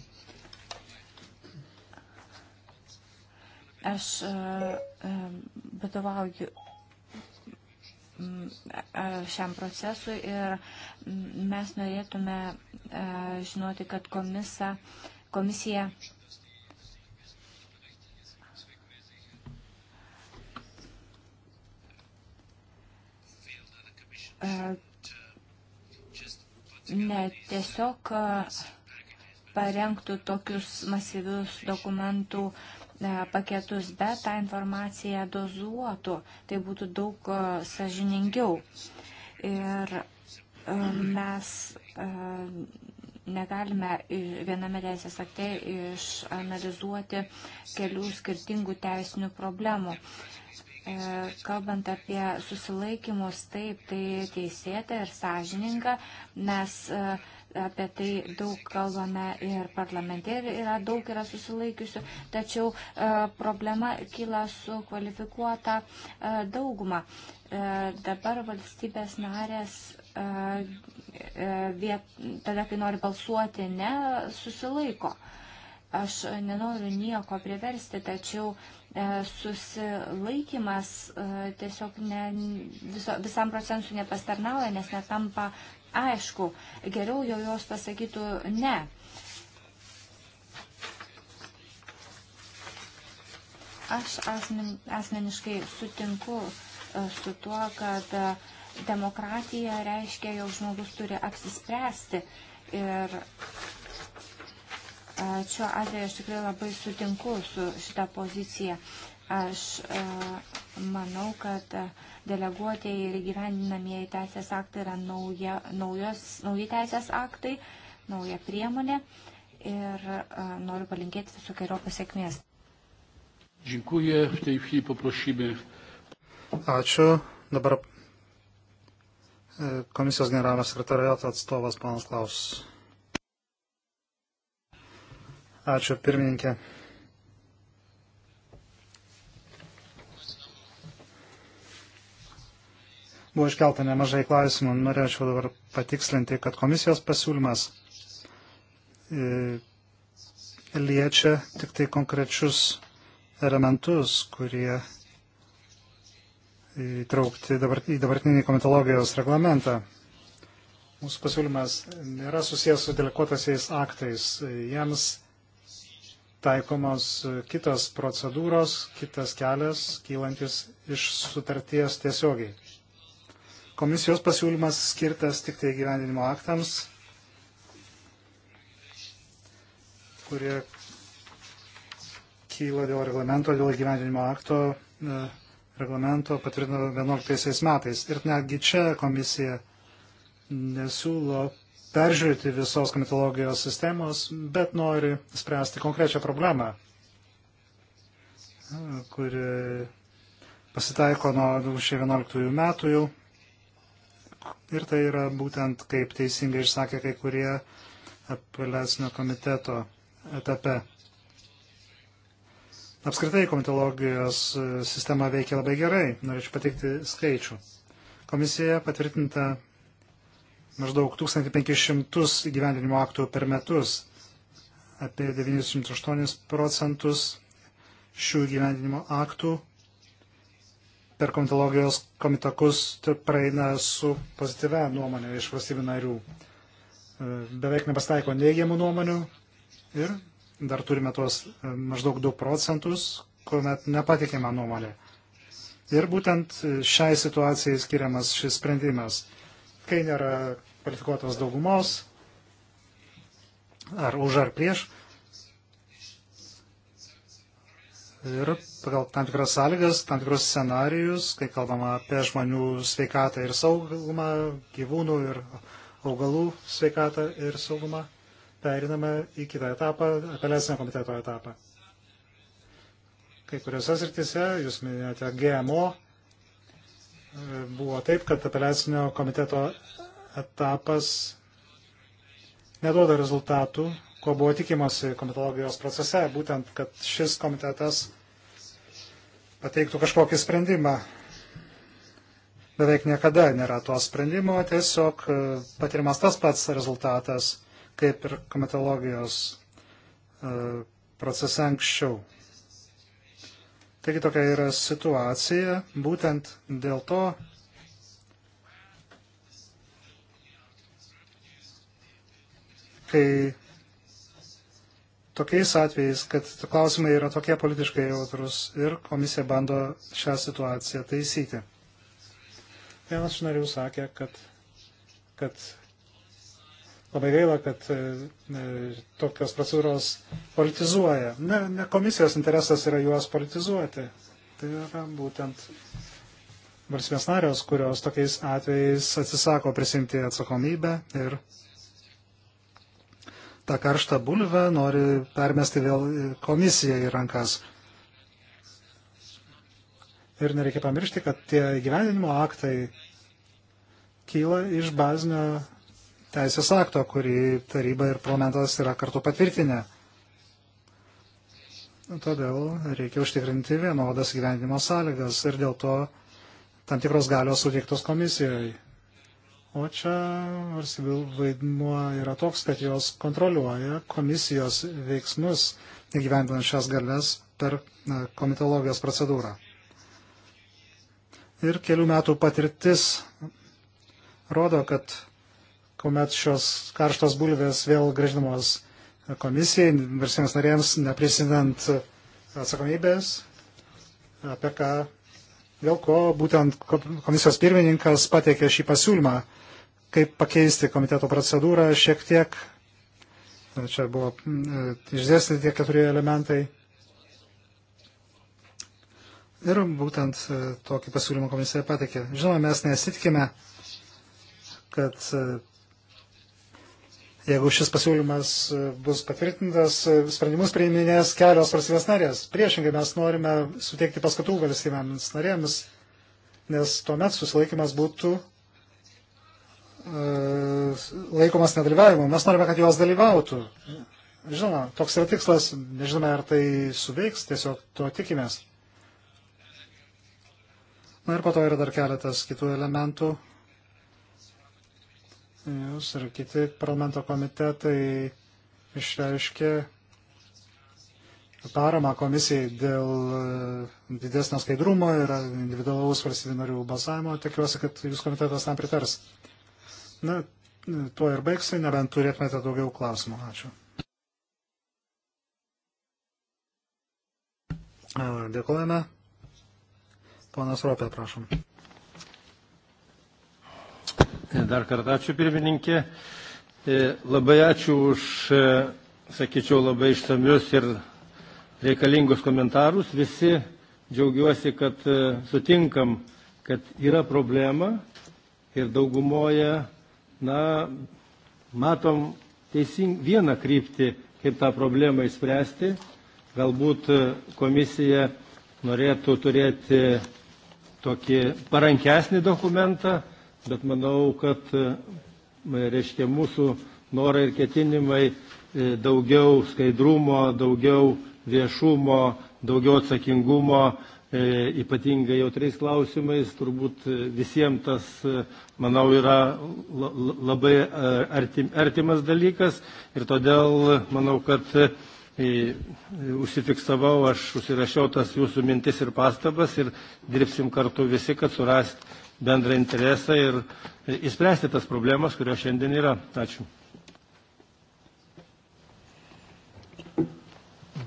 Aš e, e, vadovauju šiam procesui ir mes norėtume žinoti, kad komisa, komisija ne tiesiog parengtų tokius masyvius dokumentų paketus, bet tą informaciją dozuotų. Tai būtų daug sažiningiau. Ir mes negalime viename teisės akte išanalizuoti kelių skirtingų teisinių problemų. E, kalbant apie susilaikimus, taip, tai teisėta ir sąžininga. Mes e, apie tai daug kalbame ir parlamente ir yra daug yra susilaikiusių, tačiau e, problema kyla su kvalifikuota dauguma. Dabar valstybės narės viet, tada, kai nori balsuoti, ne, susilaiko. Aš nenoriu nieko priversti, tačiau E, susilaikimas e, tiesiog ne, viso, visam procesui nepastarnauja, nes netampa aišku. Geriau jau jos pasakytų ne. Aš asmen, asmeniškai sutinku e, su tuo, kad demokratija reiškia, jog žmogus turi apsispręsti ir Šiuo atveju aš tikrai labai sutinku su šitą poziciją. Aš e, manau, kad deleguotieji ir gyveninamieji teisės aktai yra nauja, naujos, nauji teisės aktai, nauja priemonė ir e, noriu palinkėti visokiojo pasiekmės. Dziękuję. W tej chwili poprosimy. Ačiū. Dabar e, komisijos generalinio sekretariato atstovas panas Klaus. Ačiū pirmininkė. Buvo iškelta nemažai klausimų. Norėčiau dabar patikslinti, kad komisijos pasiūlymas e, liečia tik tai konkrečius elementus, kurie įtraukti dabart, į dabartinį komitologijos reglamentą. Mūsų pasiūlymas nėra susijęs su delikuotasiais aktais. Jiems taikomos kitos procedūros, kitas kelias, kylantis iš sutarties tiesiogiai. Komisijos pasiūlymas skirtas tik tai gyvendinimo aktams, kurie kyla dėl reglamento, dėl gyvendinimo akto e, reglamento patvirtino 11 metais. Ir netgi čia komisija nesiūlo peržiūrėti visos komitologijos sistemos, bet nori spręsti konkrečią problemą, kuri pasitaiko nuo 2011 metų jau. Ir tai yra būtent, kaip teisingai išsakė kai kurie apeliacinio komiteto etape. Apskritai komitologijos sistema veikia labai gerai. Norėčiau pateikti skaičių. Komisija patvirtinta maždaug 1500 įgyvendinimo aktų per metus, apie 98 procentus šių įgyvendinimo aktų per komitologijos komitakus praeina su pozityvia nuomonė iš valstybių narių. E, beveik nepastaiko neigiamų nuomonių ir dar turime tuos e, maždaug 2 procentus, kuomet nepatikima nuomonė. Ir būtent e, šiai situacijai skiriamas šis sprendimas kai nėra kvalifikuotos daugumos, ar už ar prieš. Ir pagal tam tikras sąlygas, tam tikrus scenarijus, kai kalbama apie žmonių sveikatą ir saugumą, gyvūnų ir augalų sveikatą ir saugumą, periname į kitą etapą, apeliacinio komiteto etapą. Kai kuriuose srityse, jūs minėjote GMO, buvo taip, kad apeliacinio komiteto etapas neduoda rezultatų, ko buvo tikimasi komitologijos procese, būtent, kad šis komitetas pateiktų kažkokį sprendimą. Beveik niekada nėra to sprendimo, tiesiog e, patirimas tas pats rezultatas, kaip ir komitologijos e, procese anksčiau. Taigi tokia yra situacija. Būtent dėl to kai tokiais atvejais, kad klausimai yra tokie politiškai jautrus ir komisija bando šią situaciją taisyti. Vienas iš narių sakė, kad, kad Labai gaila, kad e, e, tokios procedūros politizuoja. Ne, ne komisijos interesas yra juos politizuoti. Tai yra būtent valstybės narios, kurios tokiais atvejais atsisako prisimti atsakomybę ir tą karštą bulvę nori permesti vėl komisijai į rankas. Ir nereikia pamiršti, kad tie gyvenimo aktai kyla iš bazinio teisės akto, kurį taryba ir parlamentas yra kartu patvirtinę. Todėl reikia užtikrinti vienodas gyvenimo sąlygas ir dėl to tam tikros galios suteiktos komisijoje. O čia valstybių vaidmuo yra toks, kad jos kontroliuoja komisijos veiksmus, įgyvendinant šias galės per komitologijos procedūrą. Ir kelių metų patirtis rodo, kad kuomet šios karštos bulvės vėl gražinamos komisijai, valstybės narėms, neprisimint atsakomybės, apie ką, dėl ko būtent komisijos pirmininkas pateikė šį pasiūlymą, kaip pakeisti komiteto procedūrą šiek tiek. Čia buvo mm, išdėstyti tie keturi elementai. Ir būtent e, tokį pasiūlymą komisija pateikė. Žinoma, mes nesitikime, kad e, Jeigu šis pasiūlymas e, bus patvirtintas, e, sprendimus priiminės kelios valstybės narės. Priešingai mes norime suteikti paskatų valstybėms narėms, nes tuomet susilaikimas būtų e, laikomas nedalyvavimu. Mes norime, kad jos dalyvautų. Žinoma, toks yra tikslas, nežinome, ar tai suveiks, tiesiog to tikimės. Na ir po to yra dar keletas kitų elementų, jūs ir kiti parlamento komitetai išreiškė paramą komisijai dėl e, didesnio skaidrumo ir individualaus valstybių narių balsavimo. Tikiuosi, kad jūs komitetas tam pritars. Na, tuo ir baigsiu, nebent turėtumėte daugiau klausimų. Ačiū. Dėkojame. Ponas Ropė, prašom. Dar kartą ačiū pirmininkė. E, labai ačiū už, e, sakyčiau, labai ištamius ir reikalingus komentarus. Visi džiaugiuosi, kad e, sutinkam, kad yra problema ir daugumoje, na, matom teising, vieną kryptį, kaip tą problemą įspręsti. Galbūt komisija norėtų turėti tokį parankesnį dokumentą, bet manau, kad e, reiškia, mūsų norai ir ketinimai e, daugiau skaidrumo, daugiau viešumo, daugiau atsakingumo, e, ypatingai jautriais klausimais, turbūt visiems tas, manau, yra labai artimas dalykas ir todėl manau, kad užsifiksavau, aš užsirašiau tas jūsų mintis ir pastabas ir dirbsim kartu visi, kad surast bendrą interesą ir įspręsti tas problemas, kurios šiandien yra. Ačiū.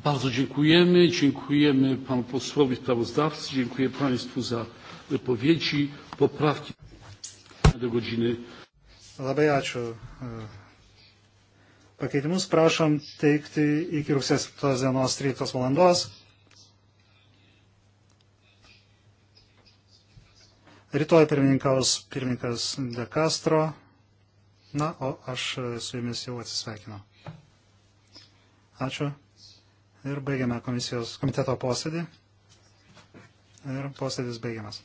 Bardzo dziękujemy. Dziękujemy panu posłowi sprawozdawcy. Dziękuję państwu za wypowiedzi, poprawki do godziny. Labai ačiū. Pakeitimus prašom teikti iki rugsės 7 dienos 13 valandos. Rytoj pirmininkaus pirmininkas De Castro. Na, o aš su jumis jau atsisveikinu. Ačiū. Ir baigiame komisijos komiteto posėdį. Ir posėdis baigiamas.